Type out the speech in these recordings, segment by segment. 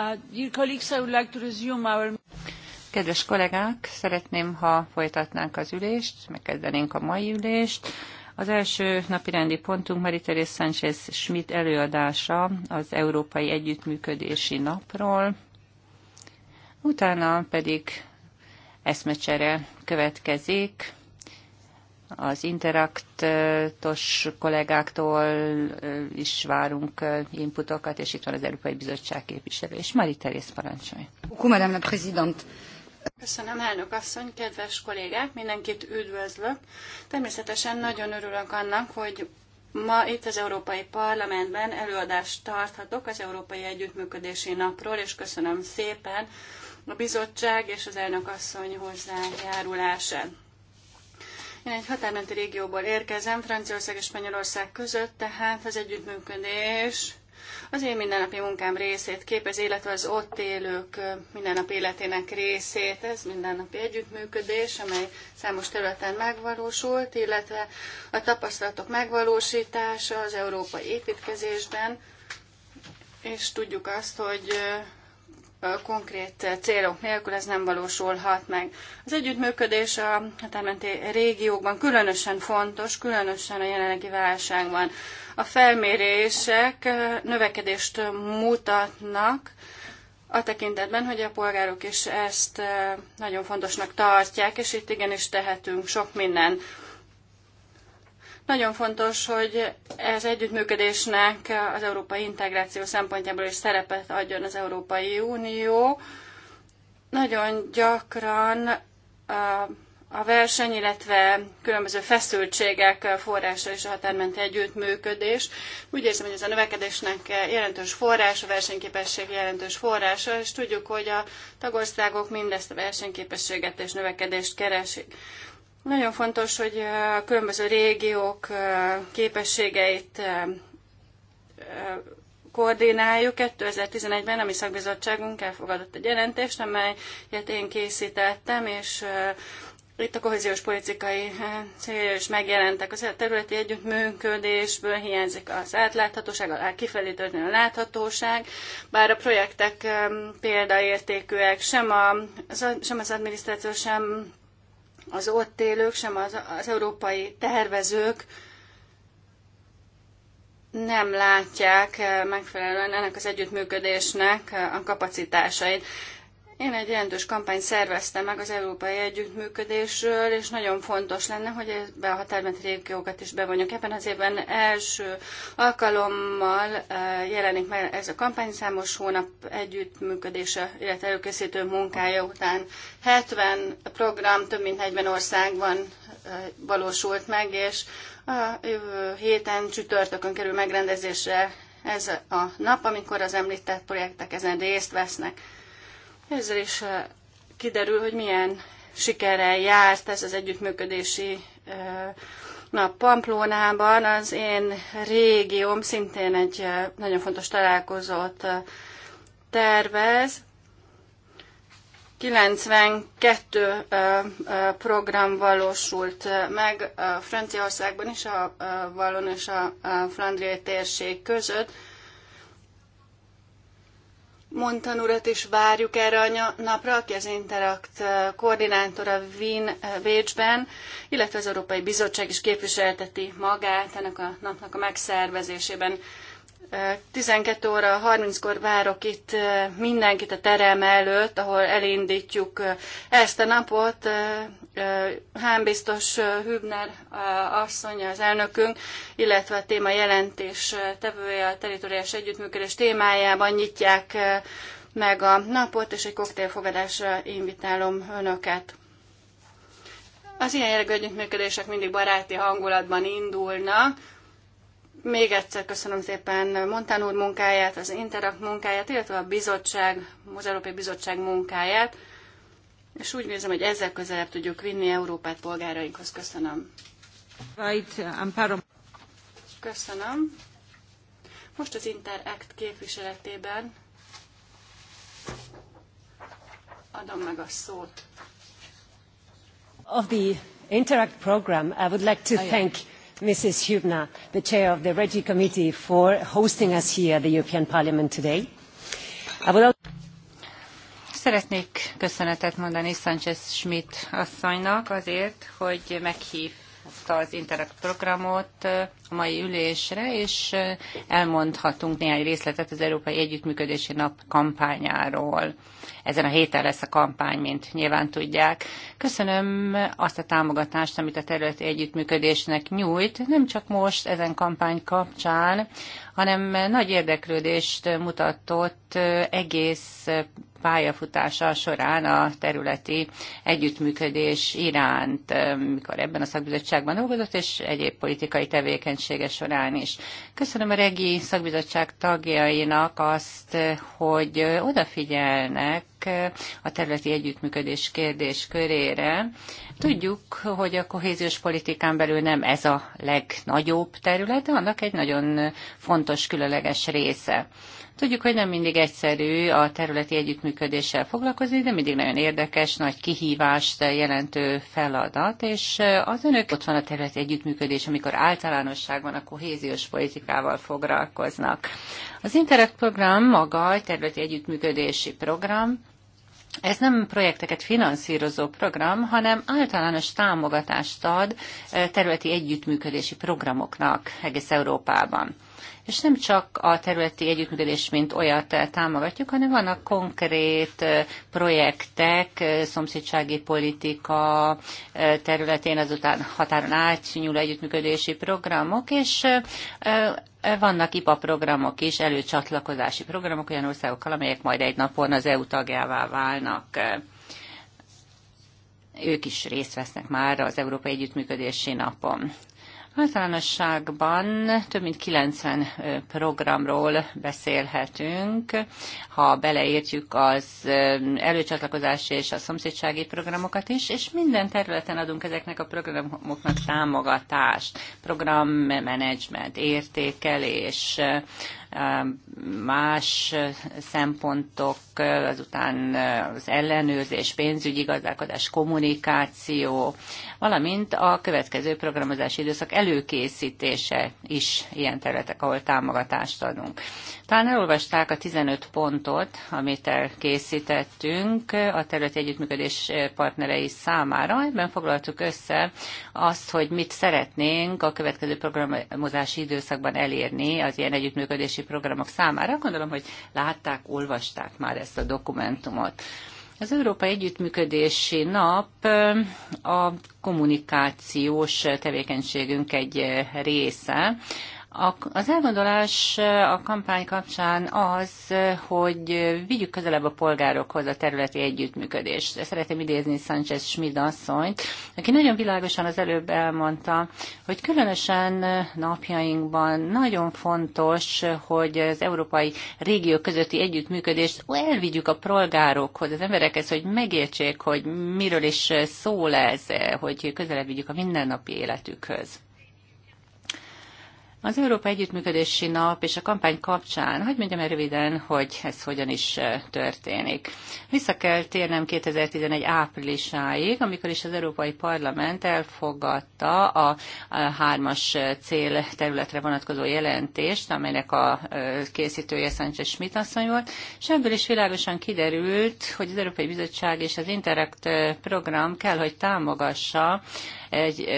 Uh, Kedves kollégák, szeretném, ha folytatnánk az ülést, megkezdenénk a mai ülést. Az első napirendi pontunk Marie-Thérèse Sánchez Schmidt előadása az Európai Együttműködési Napról. Utána pedig eszmecsere következik az interaktos kollégáktól is várunk inputokat, és itt van az Európai Bizottság képviselő. És Mari Terész parancsolj. Madame a Présidente. Köszönöm, elnök asszony, kedves kollégák, mindenkit üdvözlök. Természetesen nagyon örülök annak, hogy Ma itt az Európai Parlamentben előadást tarthatok az Európai Együttműködési Napról, és köszönöm szépen a bizottság és az elnök asszony hozzájárulását. Én egy határmenti régióból érkezem, Franciaország és Spanyolország között, tehát az együttműködés az én mindennapi munkám részét képez, illetve az ott élők mindennapi életének részét. Ez mindennapi együttműködés, amely számos területen megvalósult, illetve a tapasztalatok megvalósítása az európai építkezésben, és tudjuk azt, hogy konkrét célok nélkül ez nem valósulhat meg. Az együttműködés a határmenti régiókban különösen fontos, különösen a jelenlegi válságban. A felmérések növekedést mutatnak, a tekintetben, hogy a polgárok is ezt nagyon fontosnak tartják, és itt igenis tehetünk sok minden. Nagyon fontos, hogy ez együttműködésnek az európai integráció szempontjából is szerepet adjon az Európai Unió. Nagyon gyakran a verseny, illetve különböző feszültségek forrása és a határmenti együttműködés. Úgy érzem, hogy ez a növekedésnek jelentős forrása, a versenyképesség jelentős forrása, és tudjuk, hogy a tagországok mindezt a versenyképességet és növekedést keresik. Nagyon fontos, hogy a különböző régiók képességeit koordináljuk. 2011-ben a mi szakbizottságunk elfogadott egy jelentést, amelyet én készítettem, és itt a kohéziós politikai célja is megjelentek. Az a területi együttműködésből hiányzik az átláthatóság, a kifelé történő láthatóság, bár a projektek példaértékűek, sem, a, sem az adminisztráció, sem az ott élők, sem az, az európai tervezők nem látják eh, megfelelően ennek az együttműködésnek eh, a kapacitásait. Én egy jelentős kampányt szerveztem meg az európai együttműködésről, és nagyon fontos lenne, hogy ebbe a határmenti régiókat is bevonjuk. Ebben az évben első alkalommal eh, jelenik meg ez a kampány számos hónap együttműködése, illetve előkészítő munkája után. 70 program több mint 40 országban eh, valósult meg, és a jövő héten csütörtökön kerül megrendezésre ez a nap, amikor az említett projektek ezen részt vesznek. Ezzel is eh, kiderül, hogy milyen sikerrel járt ez az együttműködési eh, nap Pamplónában. Az én régióm szintén egy eh, nagyon fontos találkozót tervez. 92 program valósult meg Franciaországban is, a Vallon és a Flandriai térség között Montan urat is várjuk erre a napra, aki az Interact koordinátora Wien Bécsben, illetve az Európai Bizottság is képviselteti magát ennek a napnak a megszervezésében. 12 óra 30-kor várok itt mindenkit a terem előtt, ahol elindítjuk ezt a napot. Hán biztos Hübner asszony, az elnökünk, illetve a téma jelentés tevője a teritoriás együttműködés témájában nyitják meg a napot, és egy koktélfogadásra invitálom önöket. Az ilyen jellegű együttműködések mindig baráti hangulatban indulnak, még egyszer köszönöm szépen Montán úr munkáját, az Interak munkáját, illetve a bizottság, az Európai Bizottság munkáját, és úgy nézem, hogy ezzel közelebb tudjuk vinni Európát polgárainkhoz. Köszönöm. Köszönöm. Most az Interact képviseletében adom meg a szót. Of the Interact program, I would like to thank Mrs. Hübner, the chair of the Regi Committee, for hosting us here at the European Parliament today. I would Szeretnék köszönetet mondani Sanchez Schmidt asszonynak azért, hogy meghív az Interact programot a mai ülésre, és elmondhatunk néhány részletet az Európai Együttműködési Nap kampányáról. Ezen a héten lesz a kampány, mint nyilván tudják. Köszönöm azt a támogatást, amit a területi együttműködésnek nyújt, nem csak most ezen kampány kapcsán, hanem nagy érdeklődést mutatott egész pályafutása során a területi együttműködés iránt, mikor ebben a szakbizottságban dolgozott, és egyéb politikai tevékenysége során is. Köszönöm a regi szakbizottság tagjainak azt, hogy odafigyelnek a területi együttműködés kérdés körére. Tudjuk, hogy a kohéziós politikán belül nem ez a legnagyobb terület, de annak egy nagyon fontos, különleges része. Tudjuk, hogy nem mindig egyszerű a területi együttműködéssel foglalkozni, de mindig nagyon érdekes, nagy kihívást jelentő feladat, és eh, az önök ott van a területi együttműködés, amikor általánosságban a kohéziós politikával foglalkoznak. Az Interreg program maga egy területi együttműködési program, ez nem projekteket finanszírozó program, hanem általános támogatást ad területi együttműködési programoknak egész Európában. És nem csak a területi együttműködés mint olyat támogatjuk, hanem vannak konkrét projektek, szomszédsági politika területén, azután határon átnyúló együttműködési programok, és vannak IPA programok is, előcsatlakozási programok olyan országokkal, amelyek majd egy napon az EU tagjává válnak. Ők is részt vesznek már az Európai Együttműködési Napon. Általánosságban több mint 90 programról beszélhetünk, ha beleértjük az előcsatlakozási és a szomszédsági programokat is, és minden területen adunk ezeknek a programoknak támogatást, programmenedzsment, értékelés, más szempontok, azután az ellenőrzés, pénzügyi gazdálkodás, kommunikáció, valamint a következő programozási időszak előkészítése is ilyen területek, ahol támogatást adunk. Talán elolvasták a 15 pontot, amit elkészítettünk a területi együttműködés partnerei számára. Ebben foglaltuk össze azt, hogy mit szeretnénk a következő programozási időszakban elérni az ilyen együttműködési oktatási programok számára. Gondolom, hogy látták, olvasták már ezt a dokumentumot. Az Európa Együttműködési Nap a kommunikációs tevékenységünk egy része. Az elgondolás a kampány kapcsán az, hogy vigyük közelebb a polgárokhoz a területi együttműködést. Szeretném idézni Sanchez Schmid asszonyt, aki nagyon világosan az előbb elmondta, hogy különösen napjainkban nagyon fontos, hogy az európai régiók közötti együttműködést elvigyük a polgárokhoz, az emberekhez, hogy megértsék, hogy miről is szól ez, hogy közelebb vigyük a mindennapi életükhöz. Az Európa Együttműködési Nap és a kampány kapcsán, hogy mondjam el röviden, hogy ez hogyan is eh, történik. Vissza kell térnem 2011 áprilisáig, amikor is az Európai Parlament elfogadta a hármas eh, cél területre vonatkozó jelentést, amelynek a eh, készítője Sánchez Schmidt asszony volt, és ebből is világosan kiderült, hogy az Európai Bizottság és az Interact program kell, hogy támogassa egy,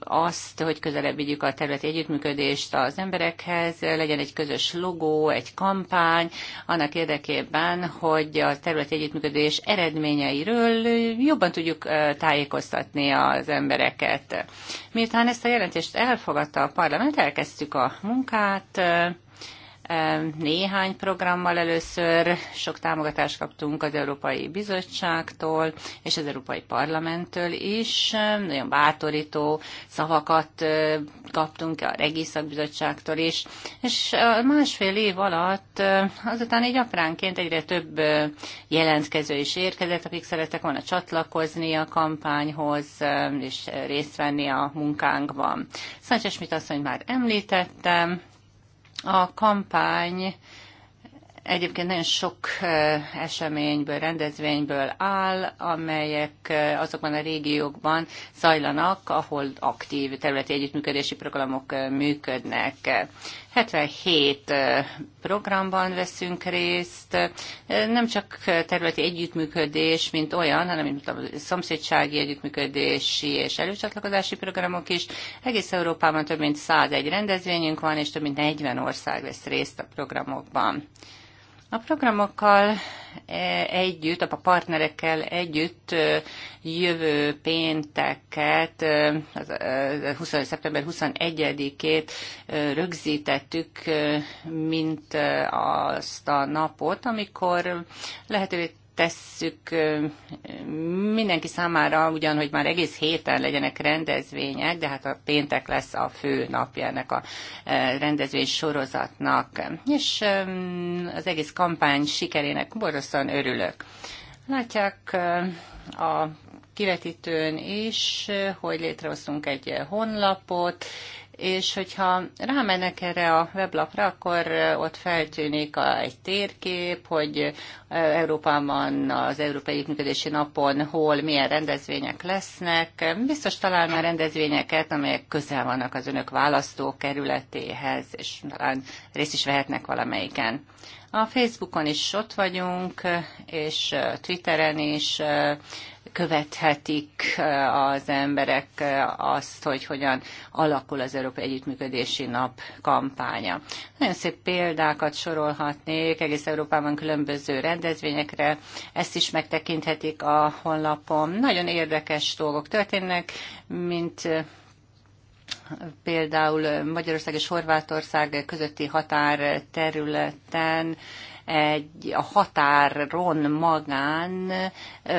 azt, hogy közelebb vigyük a területi együttműködést az emberekhez, legyen egy közös logó, egy kampány, annak érdekében, hogy a területi együttműködés eredményeiről jobban tudjuk tájékoztatni az embereket. Miután ezt a jelentést elfogadta a parlament, elkezdtük a munkát, néhány programmal először sok támogatást kaptunk az Európai Bizottságtól és az Európai Parlamenttől is. Nagyon bátorító szavakat kaptunk a Regiszak Bizottságtól is. És másfél év alatt azután egy apránként egyre több jelentkező is érkezett, akik szerettek volna csatlakozni a kampányhoz és részt venni a munkánkban. Sánchez mit azt, hogy már említettem, a kampány Egyébként nagyon sok eseményből, rendezvényből áll, amelyek azokban a régiókban zajlanak, ahol aktív területi együttműködési programok működnek. 77 programban veszünk részt, nem csak területi együttműködés, mint olyan, hanem mint a szomszédsági együttműködési és előcsatlakozási programok is. Egész Európában több mint 101 rendezvényünk van, és több mint 40 ország vesz részt a programokban. A programokkal e, együtt, a partnerekkel együtt e, jövő pénteket, 20. E, szeptember 21-ét rögzítettük, mint azt a napot, amikor lehetővé tesszük mindenki számára, ugyan, hogy már egész héten legyenek rendezvények, de hát a péntek lesz a fő napja ennek a rendezvény sorozatnak. És az egész kampány sikerének borosan örülök. Látják a kivetítőn is, hogy létrehoztunk egy honlapot, és hogyha rámennek erre a weblapra, akkor ott feltűnik egy térkép, hogy Európában az Európai Működési Napon hol milyen rendezvények lesznek. Biztos talál már rendezvényeket, amelyek közel vannak az önök választókerületéhez, és talán részt is vehetnek valamelyiken. A Facebookon is ott vagyunk, és Twitteren is követhetik az emberek azt, hogy hogyan alakul az Európai Együttműködési Nap kampánya. Nagyon szép példákat sorolhatnék egész Európában különböző rendezvényekre, ezt is megtekinthetik a honlapon. Nagyon érdekes dolgok történnek, mint például Magyarország és Horvátország közötti határterületen egy, a határon magán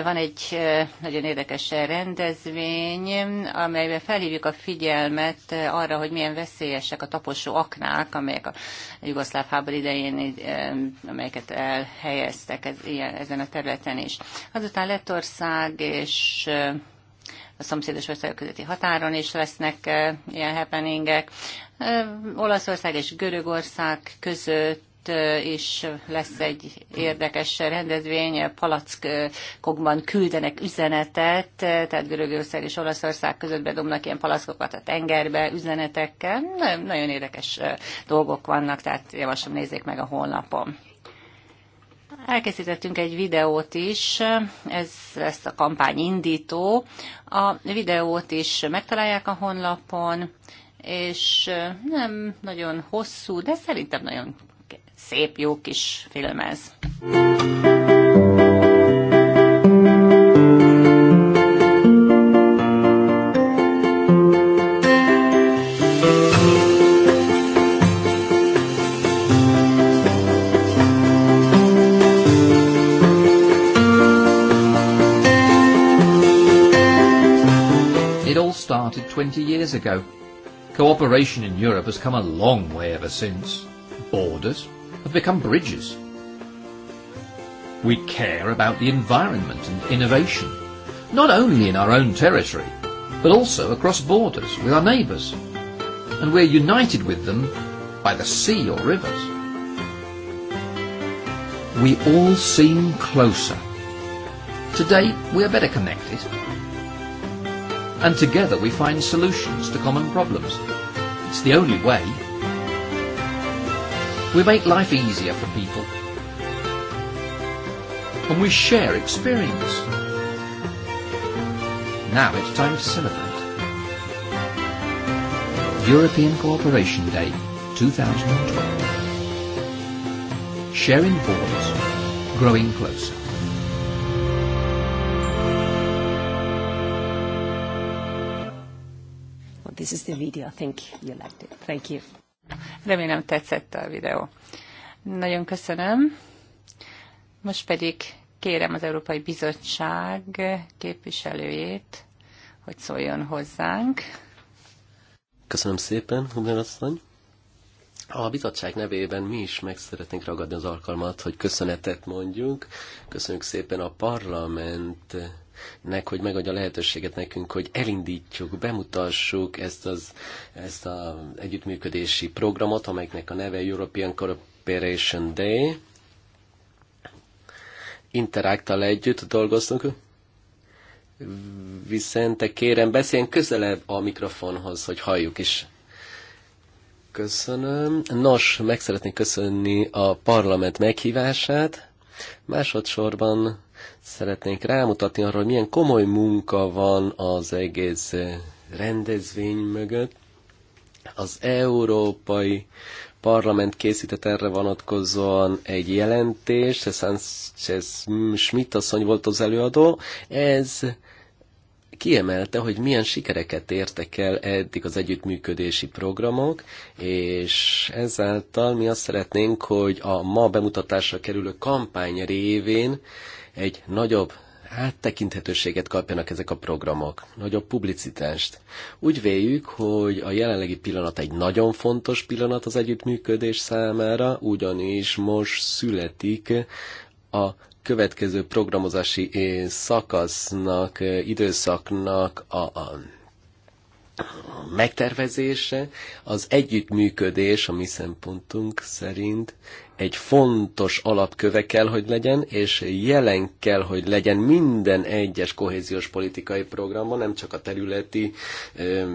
van egy nagyon érdekes rendezvény, amelyben felhívjuk a figyelmet arra, hogy milyen veszélyesek a taposó aknák, amelyek a jugoszláv háború idején, amelyeket elhelyeztek ez, ilyen, ezen a területen is. Azután Lettország és a szomszédos országok közötti határon is lesznek ilyen happeningek. Olaszország és Görögország között itt is lesz egy érdekes rendezvény, palackokban küldenek üzenetet, tehát Görögország és Olaszország között bedomnak ilyen palackokat a tengerbe üzenetekkel. Nagyon érdekes dolgok vannak, tehát javaslom nézzék meg a honlapon. Elkészítettünk egy videót is, ez lesz a kampány indító. A videót is megtalálják a honlapon, és nem nagyon hosszú, de szerintem nagyon szép, jó kis film ez. started 20 years ago. Cooperation in Europe has come a long way ever since. Borders, have become bridges. We care about the environment and innovation, not only in our own territory, but also across borders with our neighbours. And we're united with them by the sea or rivers. We all seem closer. Today, we are better connected. And together we find solutions to common problems. It's the only way We make life easier for people. And we share experience. Now it's time to celebrate. European Cooperation Day 2012. Sharing borders, growing closer. Well, this is the video. I think you liked it. Thank you. Remélem tetszett a videó. Nagyon köszönöm. Most pedig kérem az Európai Bizottság képviselőjét, hogy szóljon hozzánk. Köszönöm szépen, Hubner asszony. A bizottság nevében mi is meg szeretnénk ragadni az alkalmat, hogy köszönetet mondjunk. Köszönjük szépen a parlament nek, hogy megadja a lehetőséget nekünk, hogy elindítjuk, bemutassuk ezt az ezt a együttműködési programot, amelynek a neve European Cooperation Day. Interáktal együtt dolgoztunk. Viszente, kérem, beszéljen közelebb a mikrofonhoz, hogy halljuk is. Köszönöm. Nos, meg szeretnék köszönni a parlament meghívását. Másodszorban szeretnénk rámutatni arra, hogy milyen komoly munka van az egész rendezvény mögött. Az Európai Parlament készített erre vonatkozóan egy jelentést, Sánchez Schmidt asszony volt az előadó. Ez kiemelte, hogy milyen sikereket értek el eddig az együttműködési programok, és ezáltal mi azt szeretnénk, hogy a ma bemutatásra kerülő kampány révén egy nagyobb áttekinthetőséget kapjanak ezek a programok, nagyobb publicitást. Úgy véljük, hogy a jelenlegi pillanat egy nagyon fontos pillanat az együttműködés számára, ugyanis most születik a következő programozási eh, szakasznak, eh, időszaknak a, a megtervezése, az együttműködés a mi szempontunk szerint egy fontos alapköve kell, hogy legyen, és jelen kell, hogy legyen minden egyes kohéziós politikai programban, nem csak a területi ö,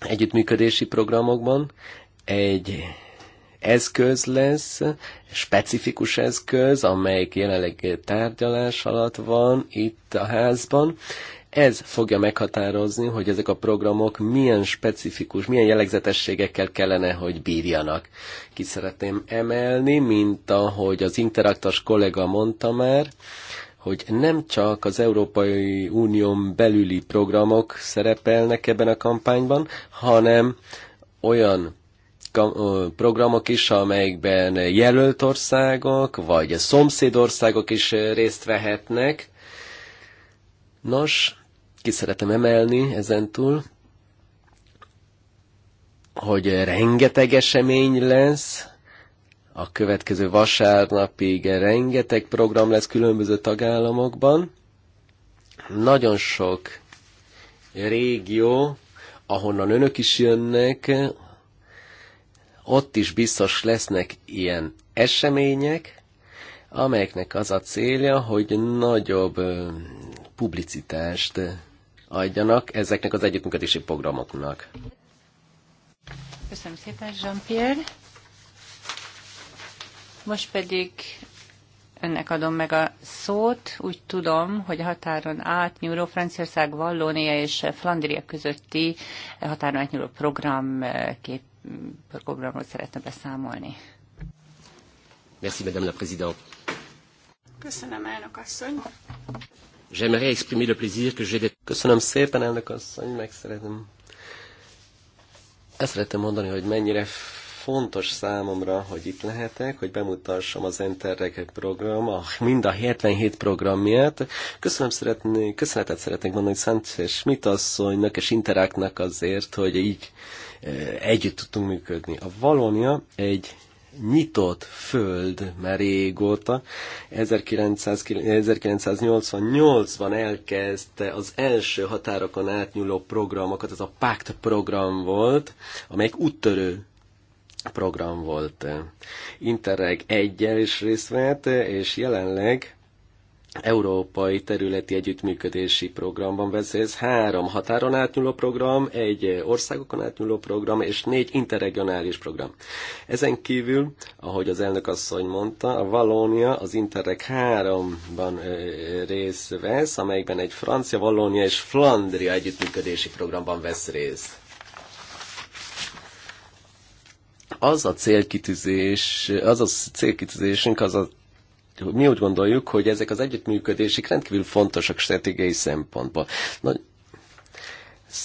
együttműködési programokban. Egy eszköz lesz, specifikus eszköz, amelyik jelenleg tárgyalás alatt van itt a házban, ez fogja meghatározni, hogy ezek a programok milyen specifikus, milyen jellegzetességekkel kellene, hogy bírjanak. Ki szeretném emelni, mint ahogy az interaktas kollega mondta már, hogy nem csak az Európai Unión belüli programok szerepelnek ebben a kampányban, hanem olyan programok is, amelyekben jelölt országok, vagy szomszédországok is részt vehetnek. Nos, ki szeretem emelni ezentúl, hogy rengeteg esemény lesz, a következő vasárnapig rengeteg program lesz különböző tagállamokban. Nagyon sok régió, ahonnan önök is jönnek, ott is biztos lesznek ilyen események, amelyeknek az a célja, hogy nagyobb publicitást adjanak ezeknek az együttműködési programoknak. Köszönöm szépen, Jean-Pierre. Most pedig önnek adom meg a szót. Úgy tudom, hogy a határon átnyúló Franciaország, Vallónia és Flandria közötti határon átnyúló program kép, programról szeretne beszámolni. Merci, Madame la Présidente. Köszönöm, elnök asszony. J'aimerais exprimer le plaisir que j'ai d'être. Köszönöm szépen, elnök asszony, meg szeretem. Ezt szeretem mondani, hogy mennyire fontos számomra, hogy itt lehetek, hogy bemutassam az Enterreg program, a, mind a 77 program miatt. Köszönöm szeretni, köszönetet szeretnék mondani Sánchez Schmidt asszonynak és Interáknak azért, hogy így eh, együtt tudtunk működni. A Valónia egy nyitott föld már régóta. 1988-ban elkezdte az első határokon átnyúló programokat, ez a PACT program volt, amelyik úttörő program volt. Interreg egyel is részt vett, és jelenleg európai területi együttműködési programban vesz ez három határon átnyúló program, egy országokon átnyúló program és négy interregionális program. Ezen kívül, ahogy az elnök asszony mondta, a Valónia az Interreg 3-ban részt vesz, amelyben egy francia, Valónia és Flandria együttműködési programban vesz részt az a célkitűzés, az a célkitűzésünk, az a mi úgy gondoljuk, hogy ezek az együttműködések rendkívül fontosak stratégiai szempontból. Nagy,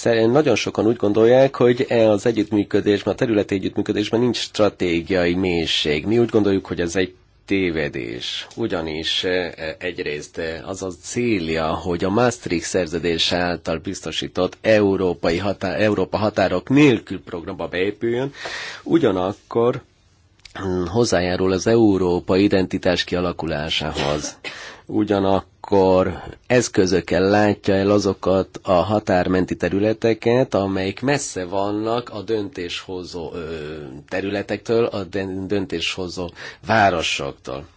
nagyon sokan úgy gondolják, hogy e az együttműködésben, a területi együttműködésben nincs stratégiai mélység. Mi úgy gondoljuk, hogy ez egy tévedés. Ugyanis e, e, egyrészt az a célja, hogy a Maastricht szerződés által biztosított európai határ, Európa határok nélkül programba beépüljön, ugyanakkor hozzájárul az európa identitás kialakulásához. Ugyanakkor eszközökkel látja el azokat a határmenti területeket, amelyek messze vannak a döntéshozó területektől, a döntéshozó városoktól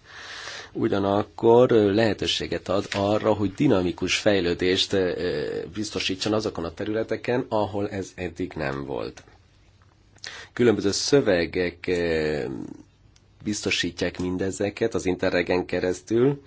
ugyanakkor lehetőséget ad arra, hogy dinamikus fejlődést biztosítson azokon a területeken, ahol ez eddig nem volt különböző szövegek eh, biztosítják mindezeket az interregen keresztül.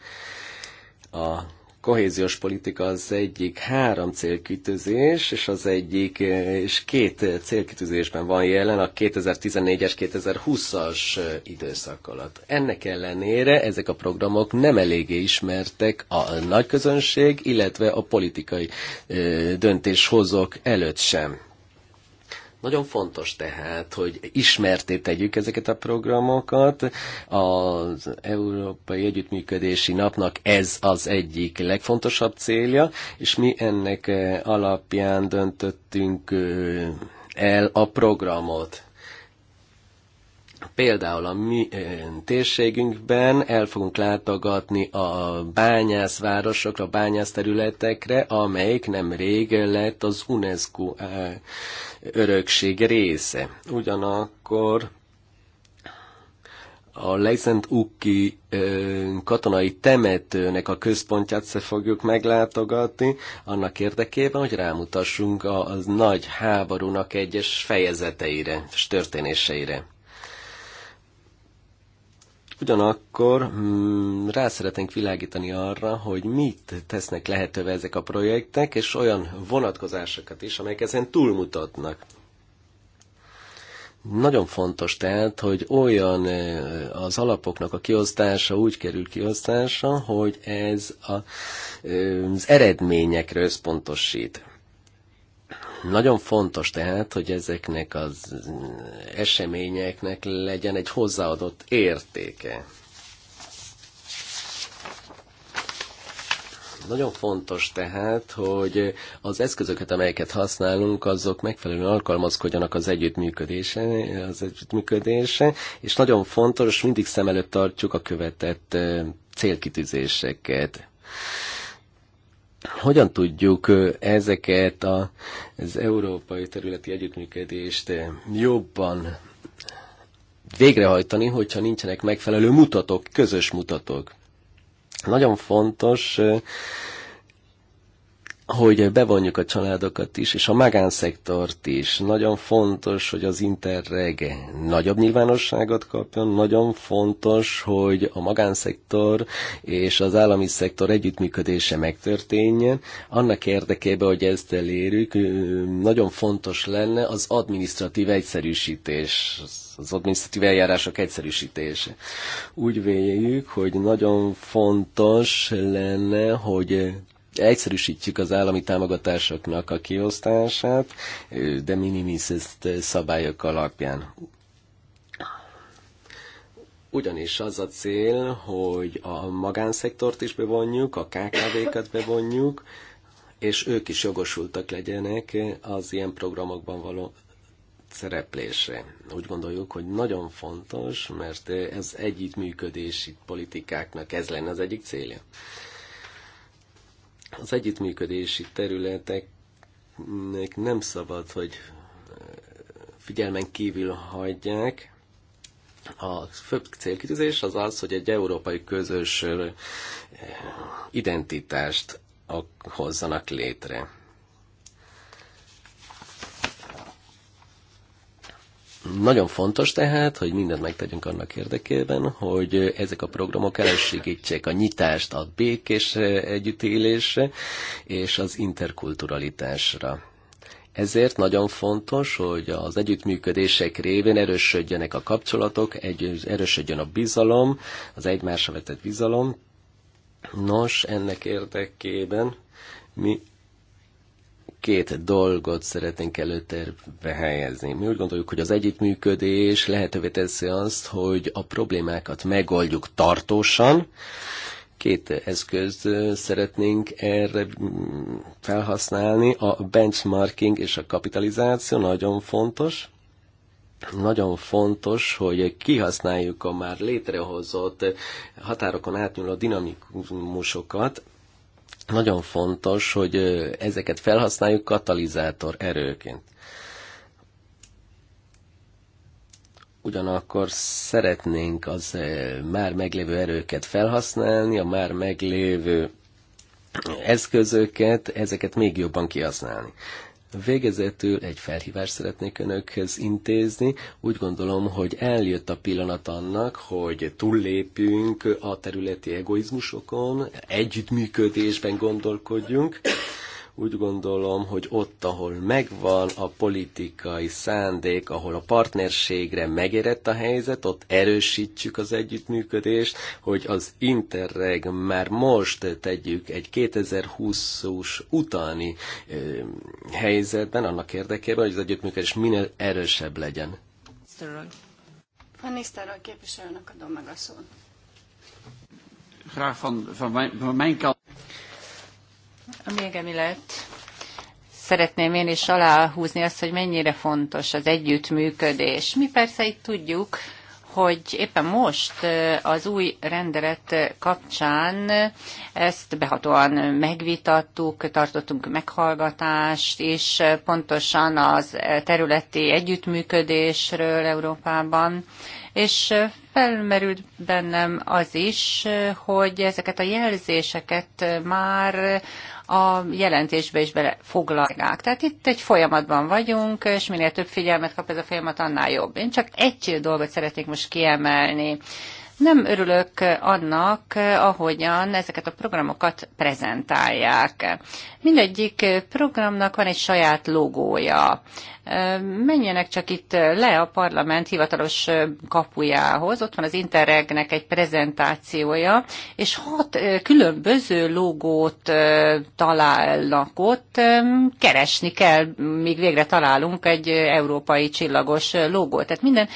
A kohéziós politika az egyik három célkütőzés, és az egyik, eh, és két célkütőzésben van jelen a 2014-es, 2020-as eh, időszak alatt. Ennek ellenére ezek a programok nem eléggé ismertek a nagy közönség, illetve a politikai döntéshozók előtt sem. Nagyon fontos tehát, hogy ismerté tegyük ezeket a programokat. Az Európai Együttműködési Napnak ez az egyik legfontosabb célja, és mi ennek eh, alapján döntöttünk eh, el a programot. Például a mi térségünkben el fogunk látogatni a bányászvárosokra, a bányászterületekre, amelyik nem rég lett az UNESCO örökség része. Ugyanakkor a Legzent Uki katonai temetőnek a központját se fogjuk meglátogatni, annak érdekében, hogy rámutassunk a, az nagy háborúnak egyes fejezeteire és történéseire. Ugyanakkor hmm, rá szeretnénk világítani arra, hogy mit tesznek lehetővé ezek a projektek, és olyan vonatkozásokat is, amelyek ezen túlmutatnak. Nagyon fontos tehát, hogy olyan eh, az alapoknak a kiosztása úgy kerül kiosztása, hogy ez a, eh, az eredményekre összpontosít. Nagyon fontos tehát, hogy ezeknek az eseményeknek legyen egy hozzáadott értéke. Nagyon fontos tehát, hogy az eszközöket, amelyeket használunk, azok megfelelően alkalmazkodjanak az együttműködése, az együttműködése, és nagyon fontos, mindig szem előtt tartjuk a követett célkitűzéseket hogyan tudjuk ezeket a, az európai területi együttműködést jobban végrehajtani, hogyha nincsenek megfelelő mutatók, közös mutatók. Nagyon fontos hogy bevonjuk a családokat is, és a magánszektort is. Nagyon fontos, hogy az Interreg nagyobb nyilvánosságot kapjon, nagyon fontos, hogy a magánszektor és az állami szektor együttműködése megtörténjen. Annak érdekében, hogy ezt elérjük, nagyon fontos lenne az adminisztratív egyszerűsítés, az adminisztratív eljárások egyszerűsítése. Úgy véljük, hogy nagyon fontos lenne, hogy egyszerűsítjük az állami támogatásoknak a kiosztását, de minimis eh, szabályok alapján. Ugyanis az a cél, hogy a magánszektort is bevonjuk, a KKV-kat bevonjuk, és ők is jogosultak legyenek az ilyen programokban való szereplésre. Úgy gondoljuk, hogy nagyon fontos, mert ez együttműködési politikáknak ez lenne az egyik célja. Az együttműködési területeknek nem szabad, hogy eh, figyelmen kívül hagyják. A főbb célkitűzés az az, hogy egy európai közös eh, identitást hozzanak létre Nagyon fontos tehát, hogy mindent megtegyünk annak érdekében, hogy ezek a programok elősegítsék a nyitást a békés e, együttélésre és az interkulturalitásra. Ezért nagyon fontos, hogy az együttműködések révén erősödjenek a kapcsolatok, egy, erősödjön a bizalom, az egymásra vetett bizalom. Nos, ennek érdekében mi két dolgot szeretnénk előterbe helyezni. Mi úgy gondoljuk, hogy az együttműködés lehetővé teszi azt, hogy a problémákat megoldjuk tartósan. Két eszközt szeretnénk erre felhasználni. A benchmarking és a kapitalizáció nagyon fontos nagyon fontos, hogy kihasználjuk a már létrehozott határokon átnyúló dinamikusokat, nagyon fontos, hogy ezeket felhasználjuk katalizátor erőként. ugyanakkor szeretnénk az már meglévő erőket felhasználni, a már meglévő eszközöket, ezeket még jobban kihasználni. Végezetül egy felhívást szeretnék önökhez intézni. Úgy gondolom, hogy eljött a pillanat annak, hogy túllépjünk a területi egoizmusokon, együttműködésben gondolkodjunk, úgy gondolom, hogy ott, ahol megvan a politikai szándék, ahol a partnerségre megérett a helyzet, ott erősítjük az együttműködést, hogy az Interreg már most tegyük egy 2020 os utáni helyzetben, annak érdekében, hogy az együttműködés minél erősebb legyen. Van képviselőnek adom meg a szót. Graag van, van, mijn, van mijn kant. Még engem illet, szeretném én is aláhúzni azt, hogy mennyire fontos az együttműködés. Mi persze itt tudjuk, hogy éppen most az új rendelet kapcsán ezt behatóan megvitattuk, tartottunk meghallgatást, és pontosan az területi együttműködésről Európában, és felmerült bennem az is, hogy ezeket a jelzéseket már a jelentésbe is bele Tehát itt egy folyamatban vagyunk, és minél több figyelmet kap ez a folyamat, annál jobb. Én csak egy dolgot szeretnék most kiemelni. Nem örülök annak, ahogyan ezeket a programokat prezentálják. Mindegyik programnak van egy saját logója menjenek csak itt le a parlament hivatalos kapujához, ott van az Interregnek egy prezentációja, és hat különböző logót találnak ott, keresni kell, míg végre találunk egy európai csillagos logót. Tehát minden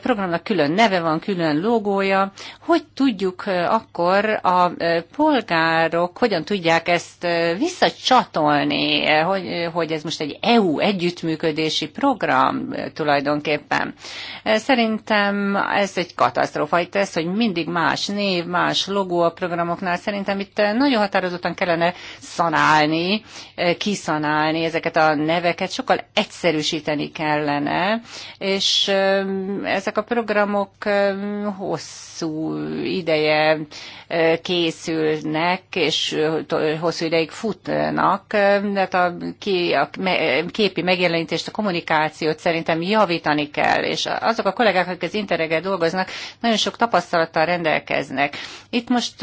programnak külön neve van, külön logója. Hogy tudjuk akkor a polgárok, hogyan tudják ezt visszacsatolni, hogy, hogy ez most egy EU együttműködés, fejlődési program tulajdonképpen. Szerintem ez egy katasztrófa, itt ez, hogy mindig más név, más logó a programoknál. Szerintem itt nagyon határozottan kellene szanálni, kiszanálni ezeket a neveket, sokkal egyszerűsíteni kellene, és ezek a programok hosszú ideje készülnek, és hosszú ideig futnak, de hát a, a képi megjelenítés a kommunikációt szerintem javítani kell, és azok a kollégák, akik az interreggel dolgoznak, nagyon sok tapasztalattal rendelkeznek. Itt most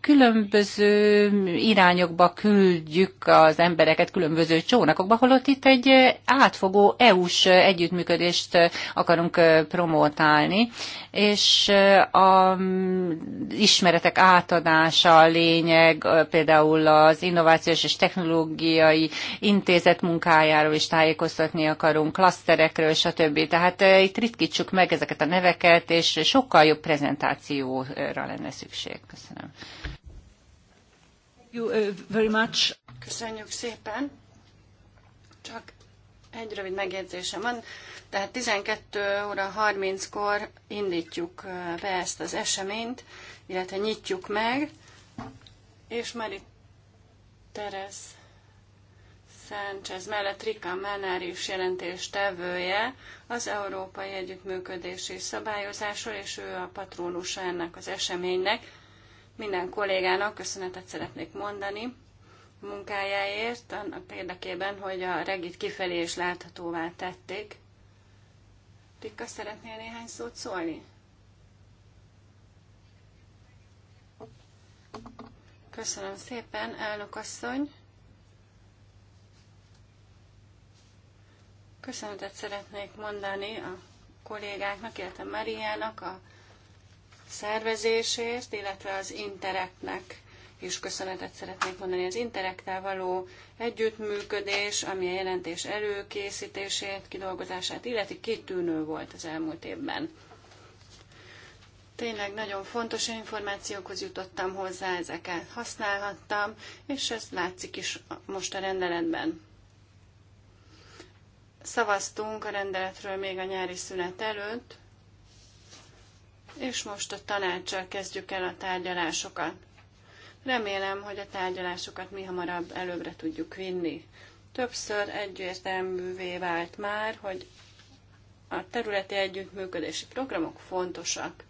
különböző irányokba küldjük az embereket különböző csónakokba, holott itt egy átfogó EU-s együttműködést akarunk promotálni, és a ismeretek átadása a lényeg, például az innovációs és technológiai intézet munkájáról is tájékoztatni hallgatni akarunk, klaszterekről, stb. Tehát eh, itt ritkítsuk meg ezeket a neveket, és sokkal jobb prezentációra lenne szükség. Köszönöm. You, uh, very much. Köszönjük szépen. Csak egy rövid megjegyzésem van. Tehát 12 óra 30-kor indítjuk eh, be ezt az eseményt, illetve nyitjuk meg, és már itt Teresz. Sánchez mellett Rika Manárius jelentéstevője az Európai Együttműködési Szabályozásról, és ő a patrónusa ennek az eseménynek. Minden kollégának köszönetet szeretnék mondani a munkájáért, annak érdekében, hogy a regit kifelé is láthatóvá tették. Rika, szeretnél néhány szót szólni? Köszönöm szépen, elnök asszony! Köszönetet szeretnék mondani a kollégáknak, illetve Mariának a szervezésért, illetve az intereknek is köszönetet szeretnék mondani. Az interektel való együttműködés, ami a jelentés előkészítését, kidolgozását illeti kitűnő volt az elmúlt évben. Tényleg nagyon fontos információkhoz jutottam hozzá, ezeket használhattam, és ez látszik is most a rendeletben. Szavaztunk a rendeletről még a nyári szünet előtt, és most a tanácssal kezdjük el a tárgyalásokat. Remélem, hogy a tárgyalásokat mi hamarabb előbbre tudjuk vinni. Többször egyértelművé vált már, hogy a területi együttműködési programok fontosak.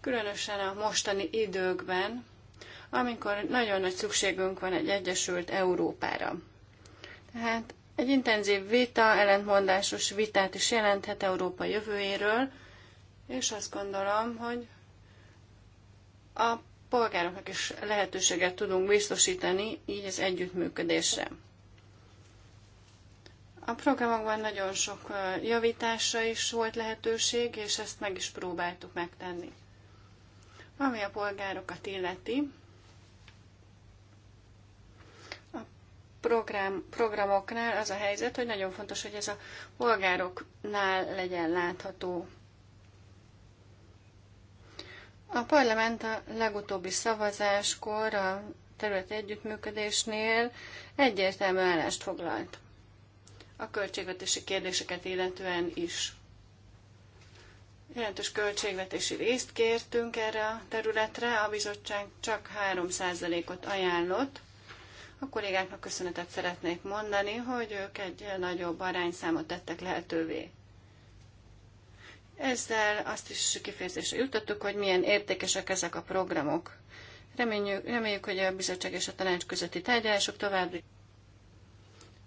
Különösen a mostani időkben, amikor nagyon nagy szükségünk van egy Egyesült Európára. Tehát egy intenzív vita, ellentmondásos vitát is jelenthet Európa jövőjéről, és azt gondolom, hogy a polgároknak is lehetőséget tudunk biztosítani így az együttműködésre. A programokban nagyon sok javításra is volt lehetőség, és ezt meg is próbáltuk megtenni. Ami a polgárokat illeti, program, programoknál az a helyzet, hogy nagyon fontos, hogy ez a polgároknál legyen látható. A parlament a legutóbbi szavazáskor a területi együttműködésnél egyértelmű állást foglalt. A költségvetési kérdéseket illetően is. Jelentős költségvetési részt kértünk erre a területre, a bizottság csak 3%-ot ajánlott, a kollégáknak köszönetet szeretnék mondani, hogy ők egy nagyobb arányszámot tettek lehetővé. Ezzel azt is kifejezésre jutottuk, hogy milyen értékesek ezek a programok. Reméljük, reméljük hogy a bizottság és a tanács közötti tárgyalások további.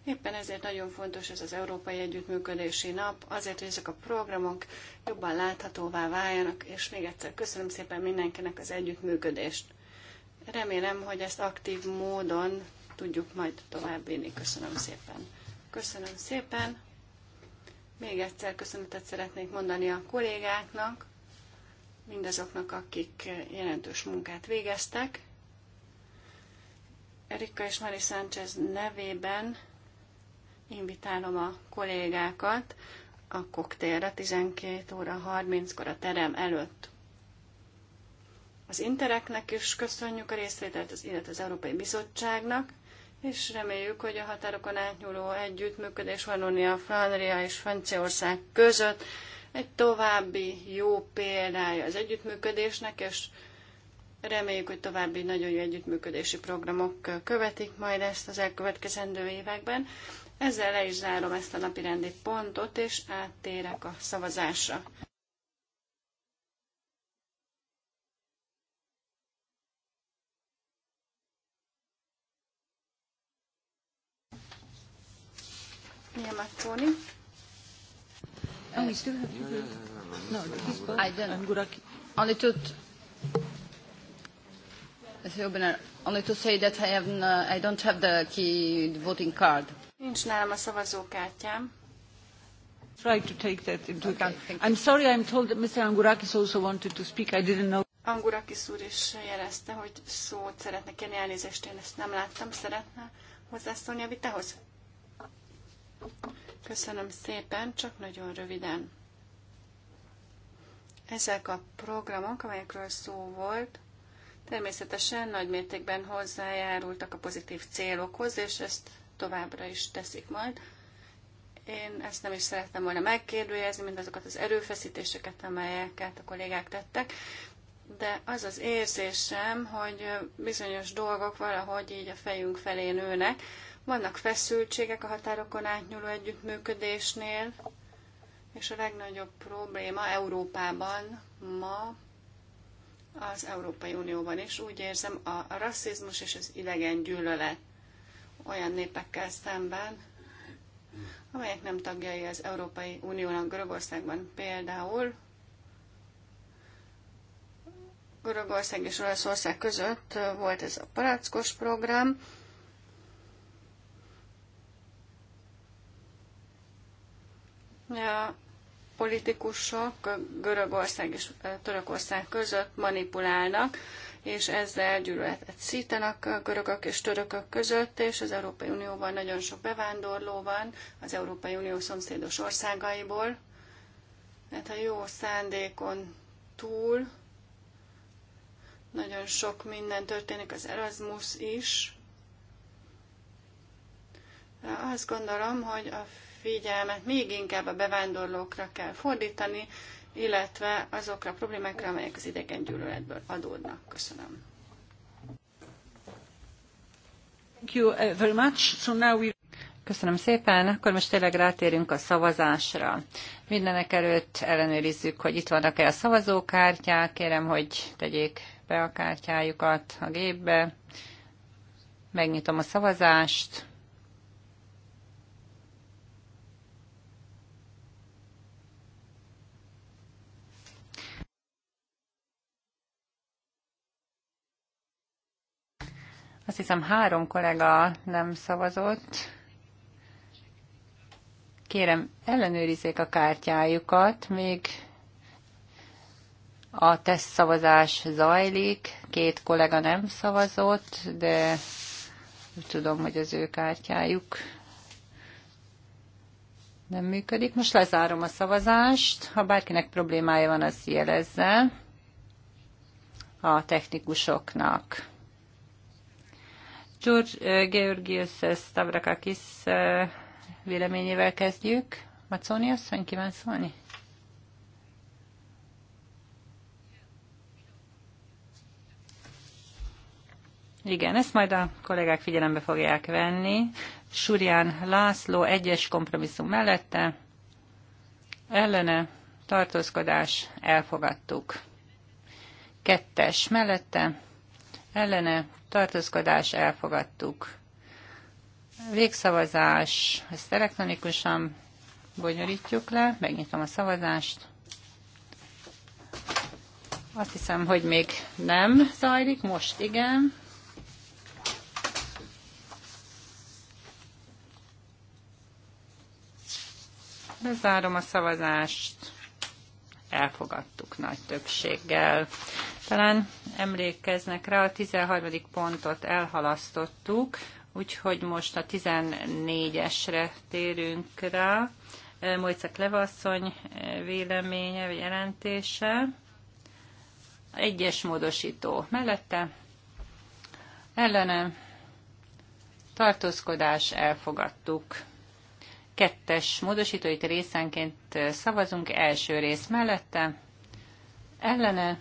Éppen ezért nagyon fontos ez az Európai Együttműködési Nap, azért, hogy ezek a programok jobban láthatóvá váljanak, és még egyszer köszönöm szépen mindenkinek az együttműködést. Remélem, hogy ezt aktív módon tudjuk majd továbbvinni. Köszönöm szépen. Köszönöm szépen. Még egyszer köszönetet szeretnék mondani a kollégáknak, mindazoknak, akik jelentős munkát végeztek. Erika és Mari Sánchez nevében invitálom a kollégákat a koktélre 12 óra 30-kor a terem előtt. Az intereknek is köszönjük a részvételt, illetve az Európai Bizottságnak és reméljük, hogy a határokon átnyúló együttműködés Valonia, Flandria és Franciaország között egy további jó példája az együttműködésnek, és reméljük, hogy további nagyon jó együttműködési programok követik majd ezt az elkövetkezendő években. Ezzel le is zárom ezt a napi rendi pontot, és áttérek a szavazásra. Niemakkoni. Oh, we still have to No, this I don't. Only to... only to say that I, have, uh, I don't have the key voting card. Nincs nálam a szavazókártyám. Try to take that into okay, account. I'm sorry, I'm told that Mr. Angurakis also wanted to speak. I didn't know. Angurakis úr is jelezte, hogy szót szeretne kérni elnézést, én ezt nem láttam, szeretne hozzászólni a vitához. Köszönöm szépen, csak nagyon röviden. Ezek a programok, amelyekről szó volt, természetesen nagy mértékben hozzájárultak a pozitív célokhoz, és ezt továbbra is teszik majd. Én ezt nem is szerettem volna megkérdőjezni, mindazokat az erőfeszítéseket, amelyeket a kollégák tettek, de az az érzésem, hogy bizonyos dolgok valahogy így a fejünk felé nőnek, vannak feszültségek a határokon átnyúló együttműködésnél, és a legnagyobb probléma Európában ma az Európai Unióban is. Úgy érzem, a, rasszizmus és az idegen gyűlölet olyan népekkel szemben, amelyek nem tagjai az Európai Uniónak Görögországban például. Görögország és Olaszország között volt ez a parackos program, A politikusok Görögország és Törökország között manipulálnak, és ezzel gyűlöletet szítenek a görögök és törökök között, és az Európai Unióban nagyon sok bevándorló van, az Európai Unió szomszédos országaiból. Tehát a jó szándékon túl nagyon sok minden történik, az Erasmus is. Azt gondolom, hogy a figyelmet még inkább a bevándorlókra kell fordítani, illetve azokra a problémákra, amelyek az idegen gyűlöletből adódnak. Köszönöm. Thank you eh, very much. So now we... Köszönöm szépen. Akkor most tényleg rátérünk a szavazásra. Mindenek előtt ellenőrizzük, hogy itt vannak-e a szavazókártyák. Kérem, hogy tegyék be a kártyájukat a gépbe. Megnyitom a szavazást. Azt hiszem három kollega nem szavazott. Kérem, ellenőrizzék a kártyájukat, még a teszt szavazás zajlik, két kollega nem szavazott, de úgy tudom, hogy az ő kártyájuk nem működik. Most lezárom a szavazást. Ha bárkinek problémája van, az jelezze a technikusoknak. George Georgios Stavrakakis véleményével kezdjük. Macóni asszony, kíván szólni? Igen, ezt majd a kollégák figyelembe fogják venni. Surján László egyes kompromisszum mellette, ellene tartózkodás elfogadtuk. Kettes mellette, ellene tartózkodás elfogadtuk. Végszavazás, ezt elektronikusan bonyolítjuk le, megnyitom a szavazást. Azt hiszem, hogy még nem zajlik, most igen. Bezárom a szavazást. Elfogadtuk nagy többséggel. Talán emlékeznek rá, a 13. pontot elhalasztottuk, úgyhogy most a 14-esre térünk rá. Mojca Klevasszony véleménye vagy jelentése. Egyes módosító mellette. Ellenem tartózkodás elfogadtuk. Kettes módosítóit részenként szavazunk első rész mellette. Ellene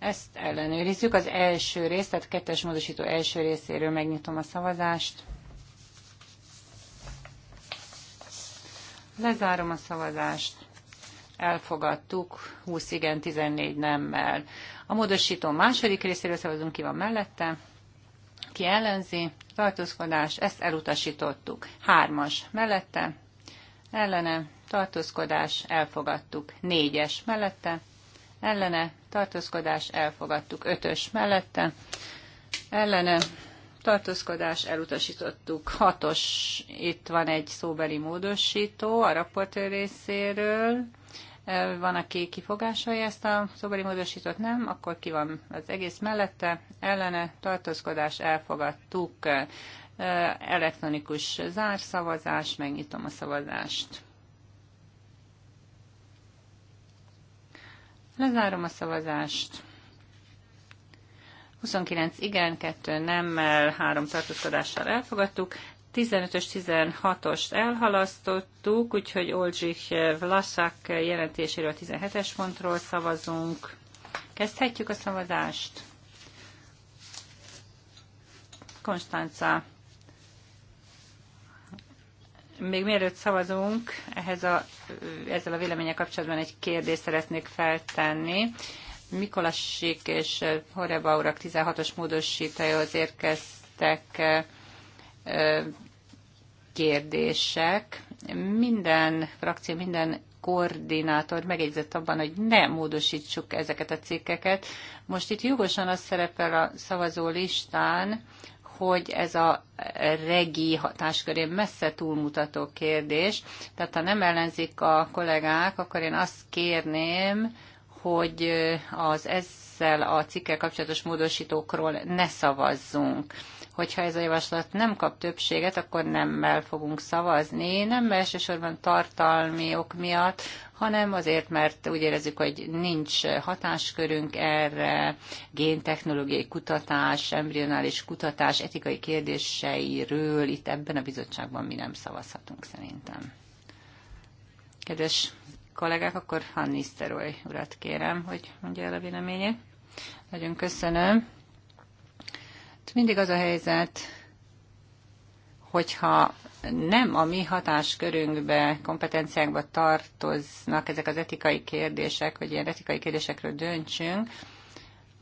ezt ellenőrizzük. Az első részt, tehát kettes módosító első részéről megnyitom a szavazást. Lezárom a szavazást. Elfogadtuk 20 igen, 14 nemmel. A módosító második részéről szavazunk, ki van mellette. Ki ellenzi, tartózkodás, ezt elutasítottuk. Hármas mellette, ellene, tartózkodás, elfogadtuk. Négyes mellette, ellene, tartózkodás elfogadtuk. Ötös mellette ellene tartózkodás elutasítottuk. Hatos, itt van egy szóbeli módosító a raportőr részéről. Van, aki kifogásolja ezt a szóbeli módosított, nem? Akkor ki van az egész mellette? Ellene tartózkodás elfogadtuk. Elektronikus zárszavazás, megnyitom a szavazást. Lezárom a szavazást. 29 igen, 2 nemmel, 3 tartózkodással elfogadtuk. 15-ös, 16-ost elhalasztottuk, úgyhogy Olzsik Vlaszak jelentéséről a 17-es pontról szavazunk. Kezdhetjük a szavazást. Konstanca még mielőtt szavazunk, ehhez a, ezzel a véleménye kapcsolatban egy kérdést szeretnék feltenni. Mikolassik és Horebaurak 16-os módosítájához érkeztek kérdések. Minden frakció, minden koordinátor megjegyzett abban, hogy ne módosítsuk ezeket a cikkeket. Most itt jogosan az szerepel a szavazó listán, hogy ez a regi hatáskörén messze túlmutató kérdés. Tehát ha nem ellenzik a kollégák, akkor én azt kérném, hogy az ezzel a cikkel kapcsolatos módosítókról ne szavazzunk hogyha ez a javaslat nem kap többséget, akkor nemmel fogunk szavazni. Nem elsősorban tartalmi ok miatt, hanem azért, mert úgy érezzük, hogy nincs hatáskörünk erre, géntechnológiai kutatás, embrionális kutatás, etikai kérdéseiről itt ebben a bizottságban mi nem szavazhatunk szerintem. Kedves kollégák, akkor Hanniszteroly urat kérem, hogy mondja el a véleményét. Nagyon köszönöm mindig az a helyzet, hogyha nem a mi hatáskörünkbe, kompetenciánkba tartoznak ezek az etikai kérdések, hogy ilyen etikai kérdésekről döntsünk,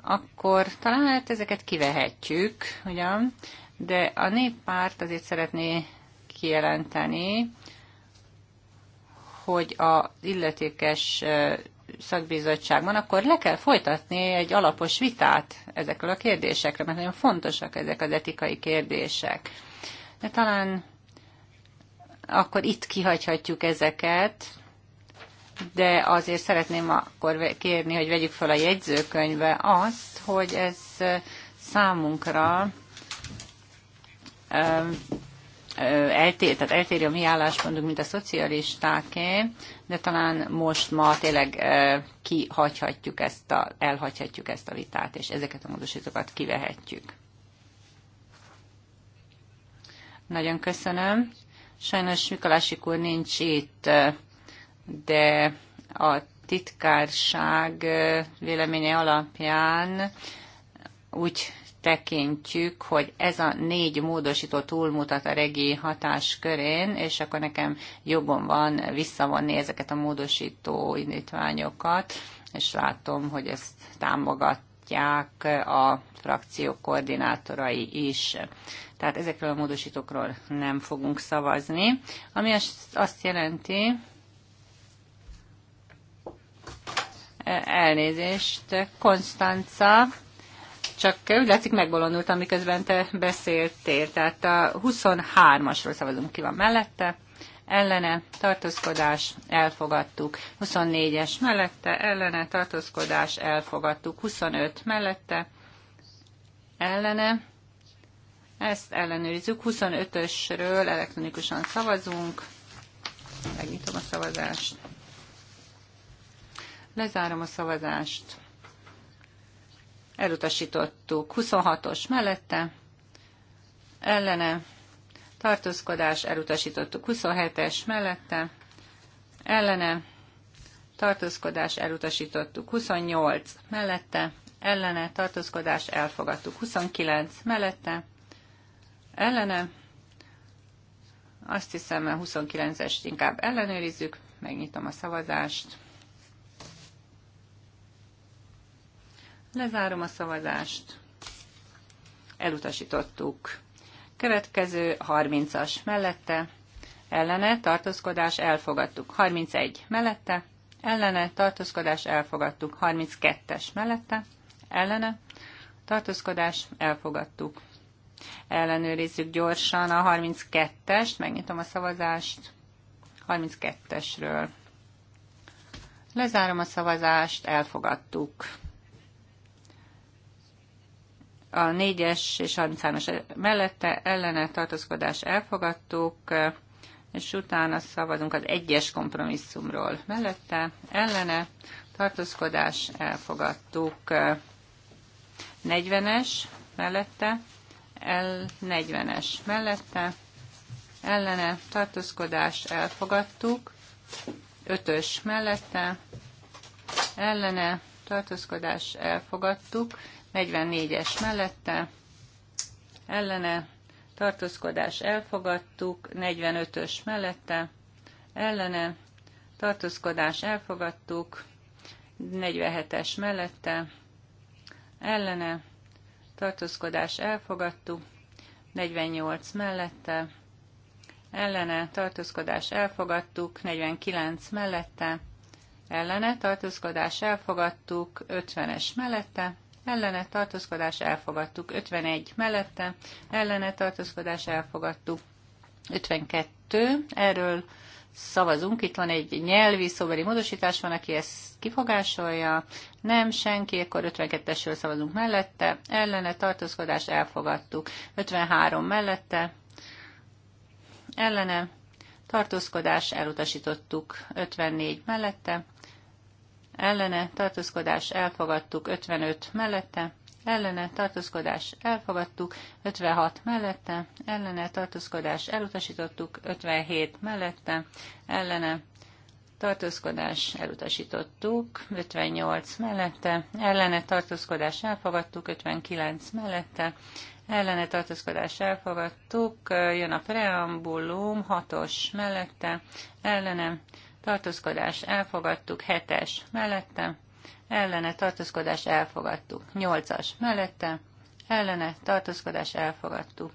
akkor talán hát ezeket kivehetjük, ugyan? De a néppárt azért szeretné kijelenteni, hogy az illetékes szakbizottságban, akkor le kell folytatni egy alapos vitát ezekről a kérdésekről, mert nagyon fontosak ezek az etikai kérdések. De talán akkor itt kihagyhatjuk ezeket, de azért szeretném akkor kérni, hogy vegyük fel a jegyzőkönyvbe azt, hogy ez számunkra eltér, tehát eltéri a mi álláspontunk, mint a szocialistáké, de talán most ma tényleg kihagyhatjuk ezt a, elhagyhatjuk ezt a vitát, és ezeket a módosítókat kivehetjük. Nagyon köszönöm. Sajnos Mikolásik úr nincs itt, de a titkárság véleménye alapján úgy tekintjük, hogy ez a négy módosító túlmutat a regi hatáskörén, és akkor nekem jogom van visszavonni ezeket a módosító indítványokat, és látom, hogy ezt támogatják a frakció koordinátorai is. Tehát ezekről a módosítókról nem fogunk szavazni, ami azt jelenti, elnézést, Konstanca, csak úgy látszik megbolondult, amiközben te beszéltél. Tehát a 23-asról szavazunk ki van mellette, ellene, tartózkodás, elfogadtuk. 24-es mellette, ellene, tartózkodás, elfogadtuk. 25 mellette, ellene, ezt ellenőrizzük. 25-ösről elektronikusan szavazunk. Megnyitom a szavazást. Lezárom a szavazást elutasítottuk. 26-os mellette, ellene, tartózkodás, elutasítottuk. 27-es mellette, ellene, tartózkodás, elutasítottuk. 28 mellette, ellene, tartózkodás, elfogadtuk. 29 mellette, ellene, azt hiszem, a 29-est inkább ellenőrizzük, megnyitom a szavazást. Lezárom a szavazást. Elutasítottuk. Következő 30-as mellette. Ellene tartózkodás elfogadtuk. 31 mellette. Ellene tartózkodás elfogadtuk. 32-es mellette. Ellene tartózkodás elfogadtuk. Ellenőrizzük gyorsan a 32-est. Megnyitom a szavazást. 32-esről. Lezárom a szavazást, elfogadtuk. A 4-es és 33-as mellette ellene tartózkodás elfogadtuk, és utána szavazunk az egyes kompromisszumról. Mellette ellene tartózkodás elfogadtuk. 40-es mellette, el 40-es mellette, ellene tartózkodás elfogadtuk. 5-ös mellette, ellene tartózkodás elfogadtuk. 44-es mellette, ellene, tartózkodás elfogadtuk, 45-ös mellette, ellene, tartózkodás elfogadtuk, 47-es mellette, ellene, tartózkodás elfogadtuk, 48 mellette, ellene, tartózkodás elfogadtuk, 49 mellette, ellene, tartózkodás elfogadtuk, 50-es mellette, ellene tartózkodás elfogadtuk. 51 mellette ellene tartózkodás elfogadtuk. 52, erről szavazunk. Itt van egy nyelvi szóbeli módosítás, van, aki ezt kifogásolja. Nem, senki, akkor 52-esről szavazunk mellette. Ellene tartózkodás elfogadtuk. 53 mellette. Ellene tartózkodás elutasítottuk. 54 mellette ellene tartózkodás elfogadtuk 55 mellette, ellene tartózkodás elfogadtuk 56 mellette, ellene tartózkodás elutasítottuk 57 mellette, ellene tartózkodás elutasítottuk 58 mellette, ellene tartózkodás elfogadtuk 59 mellette, ellene tartózkodás elfogadtuk, jön a preambulum 6-os mellette, ellene tartózkodás elfogadtuk, 7-es mellette, ellene tartózkodás elfogadtuk, 8-as mellette, ellene tartózkodás elfogadtuk,